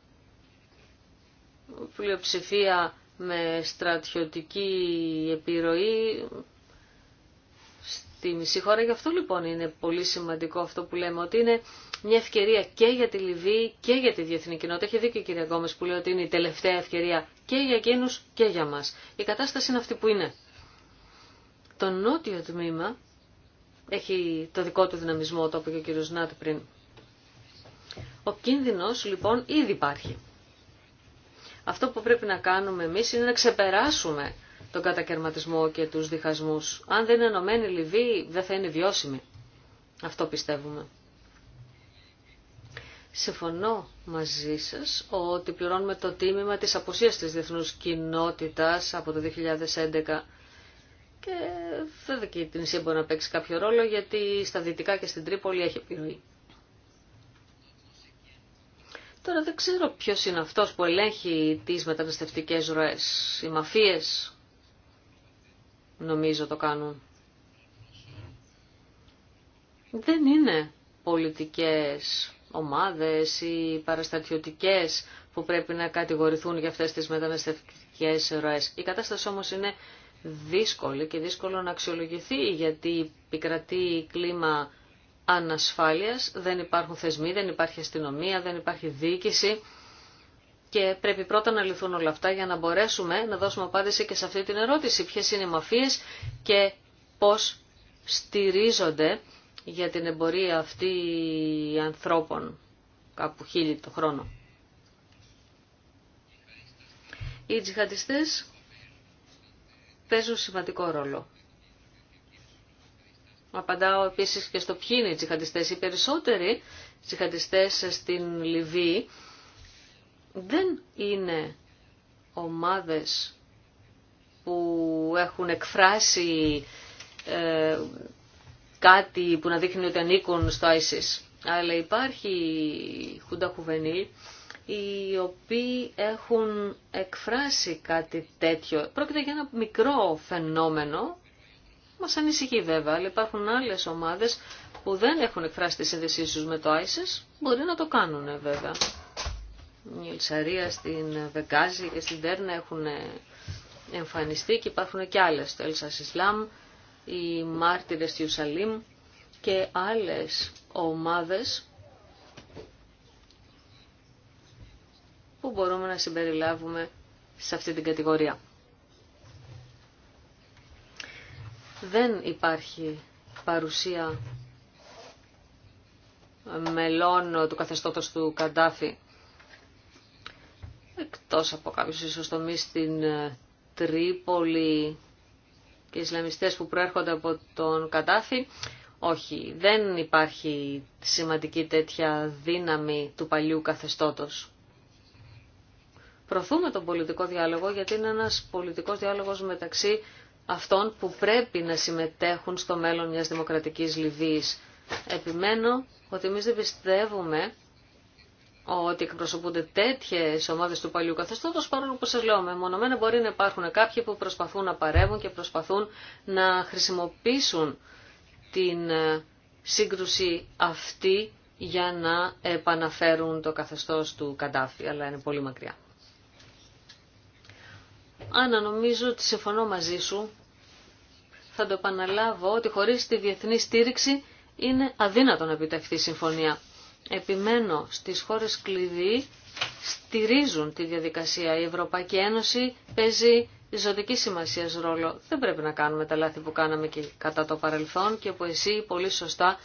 Speaker 3: πλειοψηφία με στρατιωτική επιρροή τη μισή χώρα. Γι' αυτό λοιπόν είναι πολύ σημαντικό αυτό που λέμε, ότι είναι μια ευκαιρία και για τη Λιβύη και για τη διεθνή κοινότητα. Έχει δίκιο η κυρία Γκόμε που λέει ότι είναι η τελευταία ευκαιρία και για εκείνου και για μας. Η κατάσταση είναι αυτή που είναι. Το νότιο τμήμα έχει το δικό του δυναμισμό, το είπε και ο κύριο Νάτ πριν. Ο κίνδυνο, λοιπόν ήδη υπάρχει. Αυτό που πρέπει να κάνουμε εμεί είναι να ξεπεράσουμε τον κατακαιρματισμό και τους διχασμούς. Αν δεν είναι ενωμένη Λιβύη δεν θα είναι βιώσιμη. Αυτό πιστεύουμε. Συμφωνώ μαζί σας ότι πληρώνουμε το τίμημα της αποσίας της διεθνούς κοινότητας από το 2011 και βέβαια και η Τινησία μπορεί να παίξει κάποιο ρόλο γιατί στα δυτικά και στην Τρίπολη έχει επιρροή. Τώρα δεν ξέρω ποιος είναι αυτός που ελέγχει τις μεταναστευτικές ροές, οι μαφίες, νομίζω το κάνουν. Δεν είναι πολιτικές ομάδες ή παραστατιωτικές που πρέπει να κατηγορηθούν για αυτές τις μεταναστευτικές ροές. Η κατάσταση όμως είναι δύσκολη και δύσκολο να αξιολογηθεί γιατί επικρατεί κλίμα ανασφάλειας, δεν υπάρχουν θεσμοί, δεν υπάρχει αστυνομία, δεν υπάρχει διοίκηση. Και πρέπει πρώτα να λυθούν όλα αυτά για να μπορέσουμε να δώσουμε απάντηση και σε αυτή την ερώτηση. Ποιες είναι οι μαφίες και πώς στηρίζονται για την εμπορία αυτή ανθρώπων κάπου χίλιοι το χρόνο. Οι τζιχαντιστές παίζουν σημαντικό ρόλο. Απαντάω επίσης και στο ποιοι είναι οι τζιχαντιστές. Οι περισσότεροι τζιχαντιστές στην Λιβύη δεν είναι ομάδες που έχουν εκφράσει ε, κάτι που να δείχνει ότι ανήκουν στο ISIS. Αλλά υπάρχει χούντα κουβενή οι οποίοι έχουν εκφράσει κάτι τέτοιο. Πρόκειται για ένα μικρό φαινόμενο, μας ανησυχεί βέβαια, αλλά υπάρχουν άλλες ομάδες που δεν έχουν εκφράσει τη σύνδεσή τους με το ISIS, μπορεί να το κάνουν βέβαια η Ελσαρία στην Βεγγάζη και στην Τέρνα έχουν εμφανιστεί και υπάρχουν και άλλες το Ελσας Ισλάμ, οι μάρτυρες του Ιουσαλήμ και άλλες ομάδες που μπορούμε να συμπεριλάβουμε σε αυτή την κατηγορία. Δεν υπάρχει παρουσία μελών του καθεστώτος του Καντάφη εκτός από κάποιους ίσως στην ε, Τρίπολη και Ισλαμιστές που προέρχονται από τον Κατάφη. Όχι, δεν υπάρχει σημαντική τέτοια δύναμη του παλιού καθεστώτος. Προωθούμε τον πολιτικό διάλογο γιατί είναι ένας πολιτικός διάλογος μεταξύ αυτών που πρέπει να συμμετέχουν στο μέλλον μιας δημοκρατικής Λιβύης. Επιμένω ότι εμεί δεν πιστεύουμε ότι εκπροσωπούνται τέτοιε ομάδε του παλιού καθεστώτο, παρόλο που σα λέω, μεμονωμένα μπορεί να υπάρχουν κάποιοι που προσπαθούν να παρεύουν και προσπαθούν να χρησιμοποιήσουν την ε, σύγκρουση αυτή για να επαναφέρουν το καθεστώς του Καντάφη, αλλά είναι πολύ μακριά. Άννα, νομίζω ότι συμφωνώ μαζί σου. Θα το επαναλάβω ότι χωρίς τη διεθνή στήριξη είναι αδύνατο να επιτευχθεί συμφωνία επιμένω στις χώρες κλειδί στηρίζουν τη διαδικασία. Η Ευρωπαϊκή Ένωση παίζει ζωτική σημασία ρόλο. Δεν πρέπει να κάνουμε τα λάθη που κάναμε και κατά το παρελθόν και που εσύ πολύ σωστά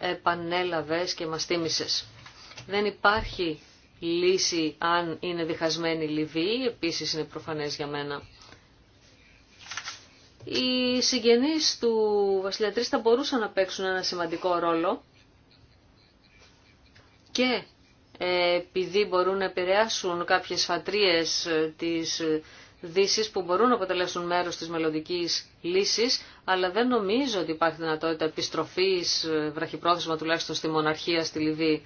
Speaker 3: επανέλαβες και μας θύμισες. Δεν υπάρχει λύση αν είναι διχασμένη η Λιβύη, επίσης είναι προφανές για μένα. Οι συγγενείς του βασιλετρίστα μπορούσαν να παίξουν ένα σημαντικό ρόλο και ε, επειδή μπορούν να επηρεάσουν κάποιες φατρίες ε, της ε, δύση που μπορούν να αποτελέσουν μέρος της μελλοντική λύσης, αλλά δεν νομίζω ότι υπάρχει δυνατότητα επιστροφής, βραχυπρόθεσμα τουλάχιστον στη μοναρχία, στη Λιβύη.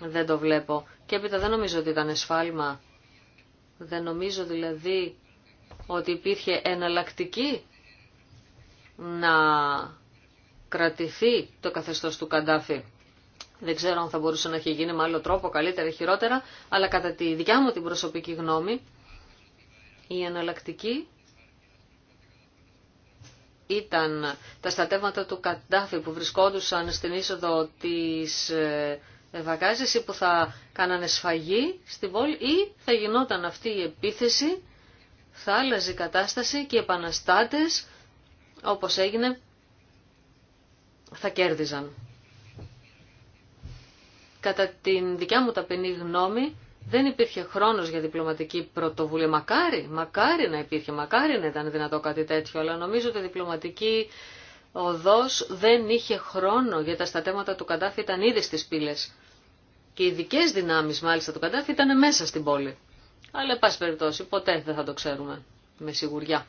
Speaker 3: Δεν το βλέπω. Και έπειτα δεν νομίζω ότι ήταν εσφάλμα. Δεν νομίζω δηλαδή ότι υπήρχε εναλλακτική να κρατηθεί το καθεστώς του Καντάφη. Δεν ξέρω αν θα μπορούσε να έχει γίνει με άλλο τρόπο, καλύτερα ή χειρότερα, αλλά κατά τη δικιά μου την προσωπική γνώμη, η εναλλακτική ήταν τα στατεύματα του Καντάφη που βρισκόντουσαν στην είσοδο της ε, Βαγκάζης ή που θα κάνανε σφαγή στην πόλη ή θα γινόταν αυτή η επίθεση, θα άλλαζε η κατάσταση και οι επαναστάτες, όπως έγινε, θα κέρδιζαν. Κατά την δικιά μου ταπεινή γνώμη, δεν υπήρχε χρόνος για διπλωματική πρωτοβουλία. Μακάρι, μακάρι να υπήρχε, μακάρι να ήταν δυνατό κάτι τέτοιο, αλλά νομίζω ότι η διπλωματική οδός δεν είχε χρόνο, για τα στατέματα του Καντάφη ήταν ήδη στις πύλες. Και οι ειδικέ δυνάμεις μάλιστα του Καντάφη ήταν μέσα στην πόλη. Αλλά, πάση περιπτώσει, ποτέ δεν θα το ξέρουμε με σιγουριά.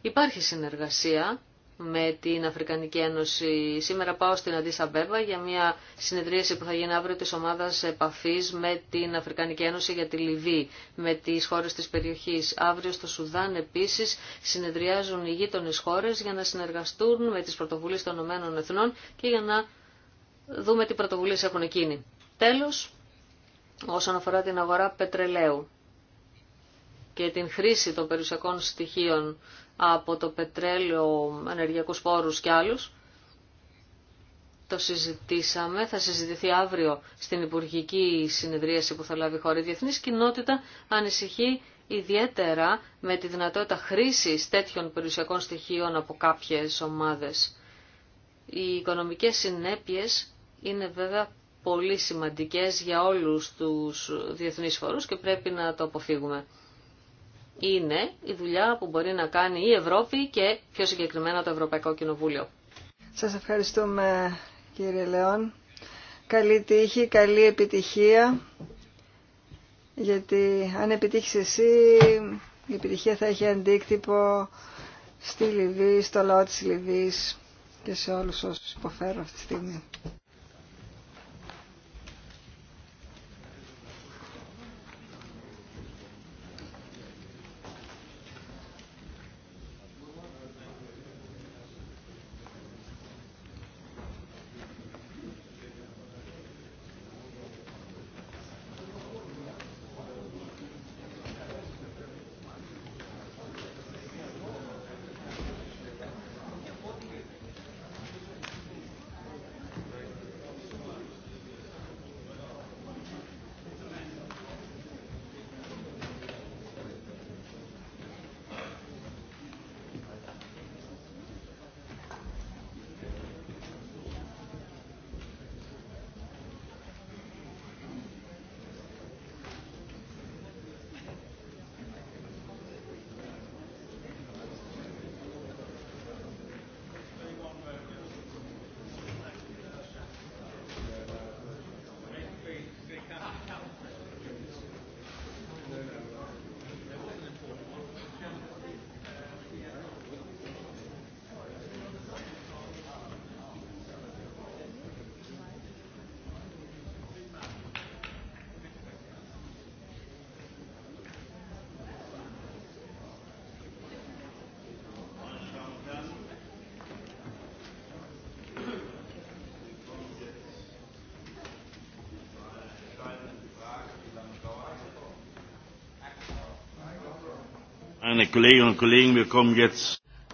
Speaker 3: Υπάρχει συνεργασία με την Αφρικανική Ένωση. Σήμερα πάω στην Αντίσα Μπέμπα για μια συνεδρίαση που θα γίνει αύριο της ομάδας επαφής με την Αφρικανική Ένωση για τη Λιβύη, με τις χώρες της περιοχής. Αύριο στο Σουδάν επίσης συνεδριάζουν οι γείτονε χώρες για να συνεργαστούν με τις πρωτοβουλίες των Ηνωμένων Εθνών και για να δούμε τι πρωτοβουλίες έχουν εκείνοι. Τέλος, όσον αφορά την αγορά πετρελαίου και την χρήση των περιουσιακών στοιχείων από το πετρέλαιο, ενεργειακούς φόρους και άλλους. Το συζητήσαμε, θα συζητηθεί αύριο στην Υπουργική Συνεδρίαση που θα λάβει η χώρα. Η διεθνής κοινότητα ανησυχεί ιδιαίτερα με τη δυνατότητα χρήσης τέτοιων περιουσιακών στοιχείων από κάποιες ομάδες. Οι οικονομικές συνέπειες είναι βέβαια πολύ σημαντικές για όλους τους διεθνείς φορούς και πρέπει να το αποφύγουμε είναι η δουλειά που μπορεί να κάνει η Ευρώπη και πιο συγκεκριμένα το Ευρωπαϊκό Κοινοβούλιο.
Speaker 2: Σας ευχαριστούμε κύριε Λεόν. Καλή τύχη, καλή επιτυχία. Γιατί αν επιτύχεις εσύ, η επιτυχία θα έχει αντίκτυπο στη Λιβύη, στο λαό της Λιβύης και σε όλους όσους υποφέρουν αυτή τη στιγμή.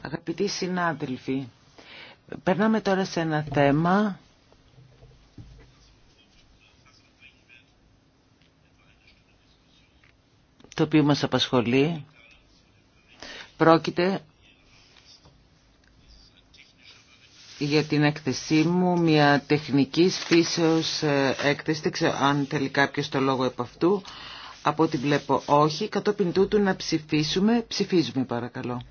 Speaker 1: Αγαπητοί συνάδελφοι, περνάμε τώρα σε ένα θέμα το οποίο μας απασχολεί. Πρόκειται για την έκθεσή μου, μια τεχνικής φύσεως ε, έκθεση, δεν ξέρω αν θέλει κάποιος το λόγο επ' αυτού. Από ό,τι βλέπω όχι. Κατόπιν τούτου να ψηφίσουμε. Ψηφίζουμε παρακαλώ.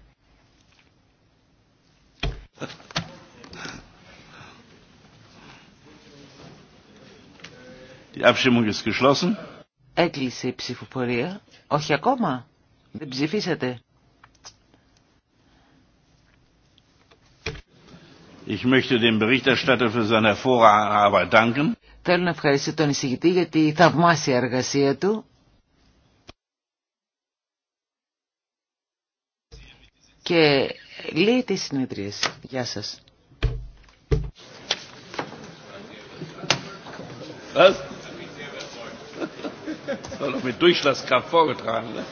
Speaker 1: Έκλεισε η ψηφοφορία. Όχι ακόμα. Δεν ψηφίσατε. Θέλω να ευχαριστήσω τον εισηγητή για τη θαυμάσια εργασία του. και λύει τις συνεδρίες. Γεια σας.
Speaker 4: Was? Soll doch mit Durchschlagskraft vorgetragen. Ne?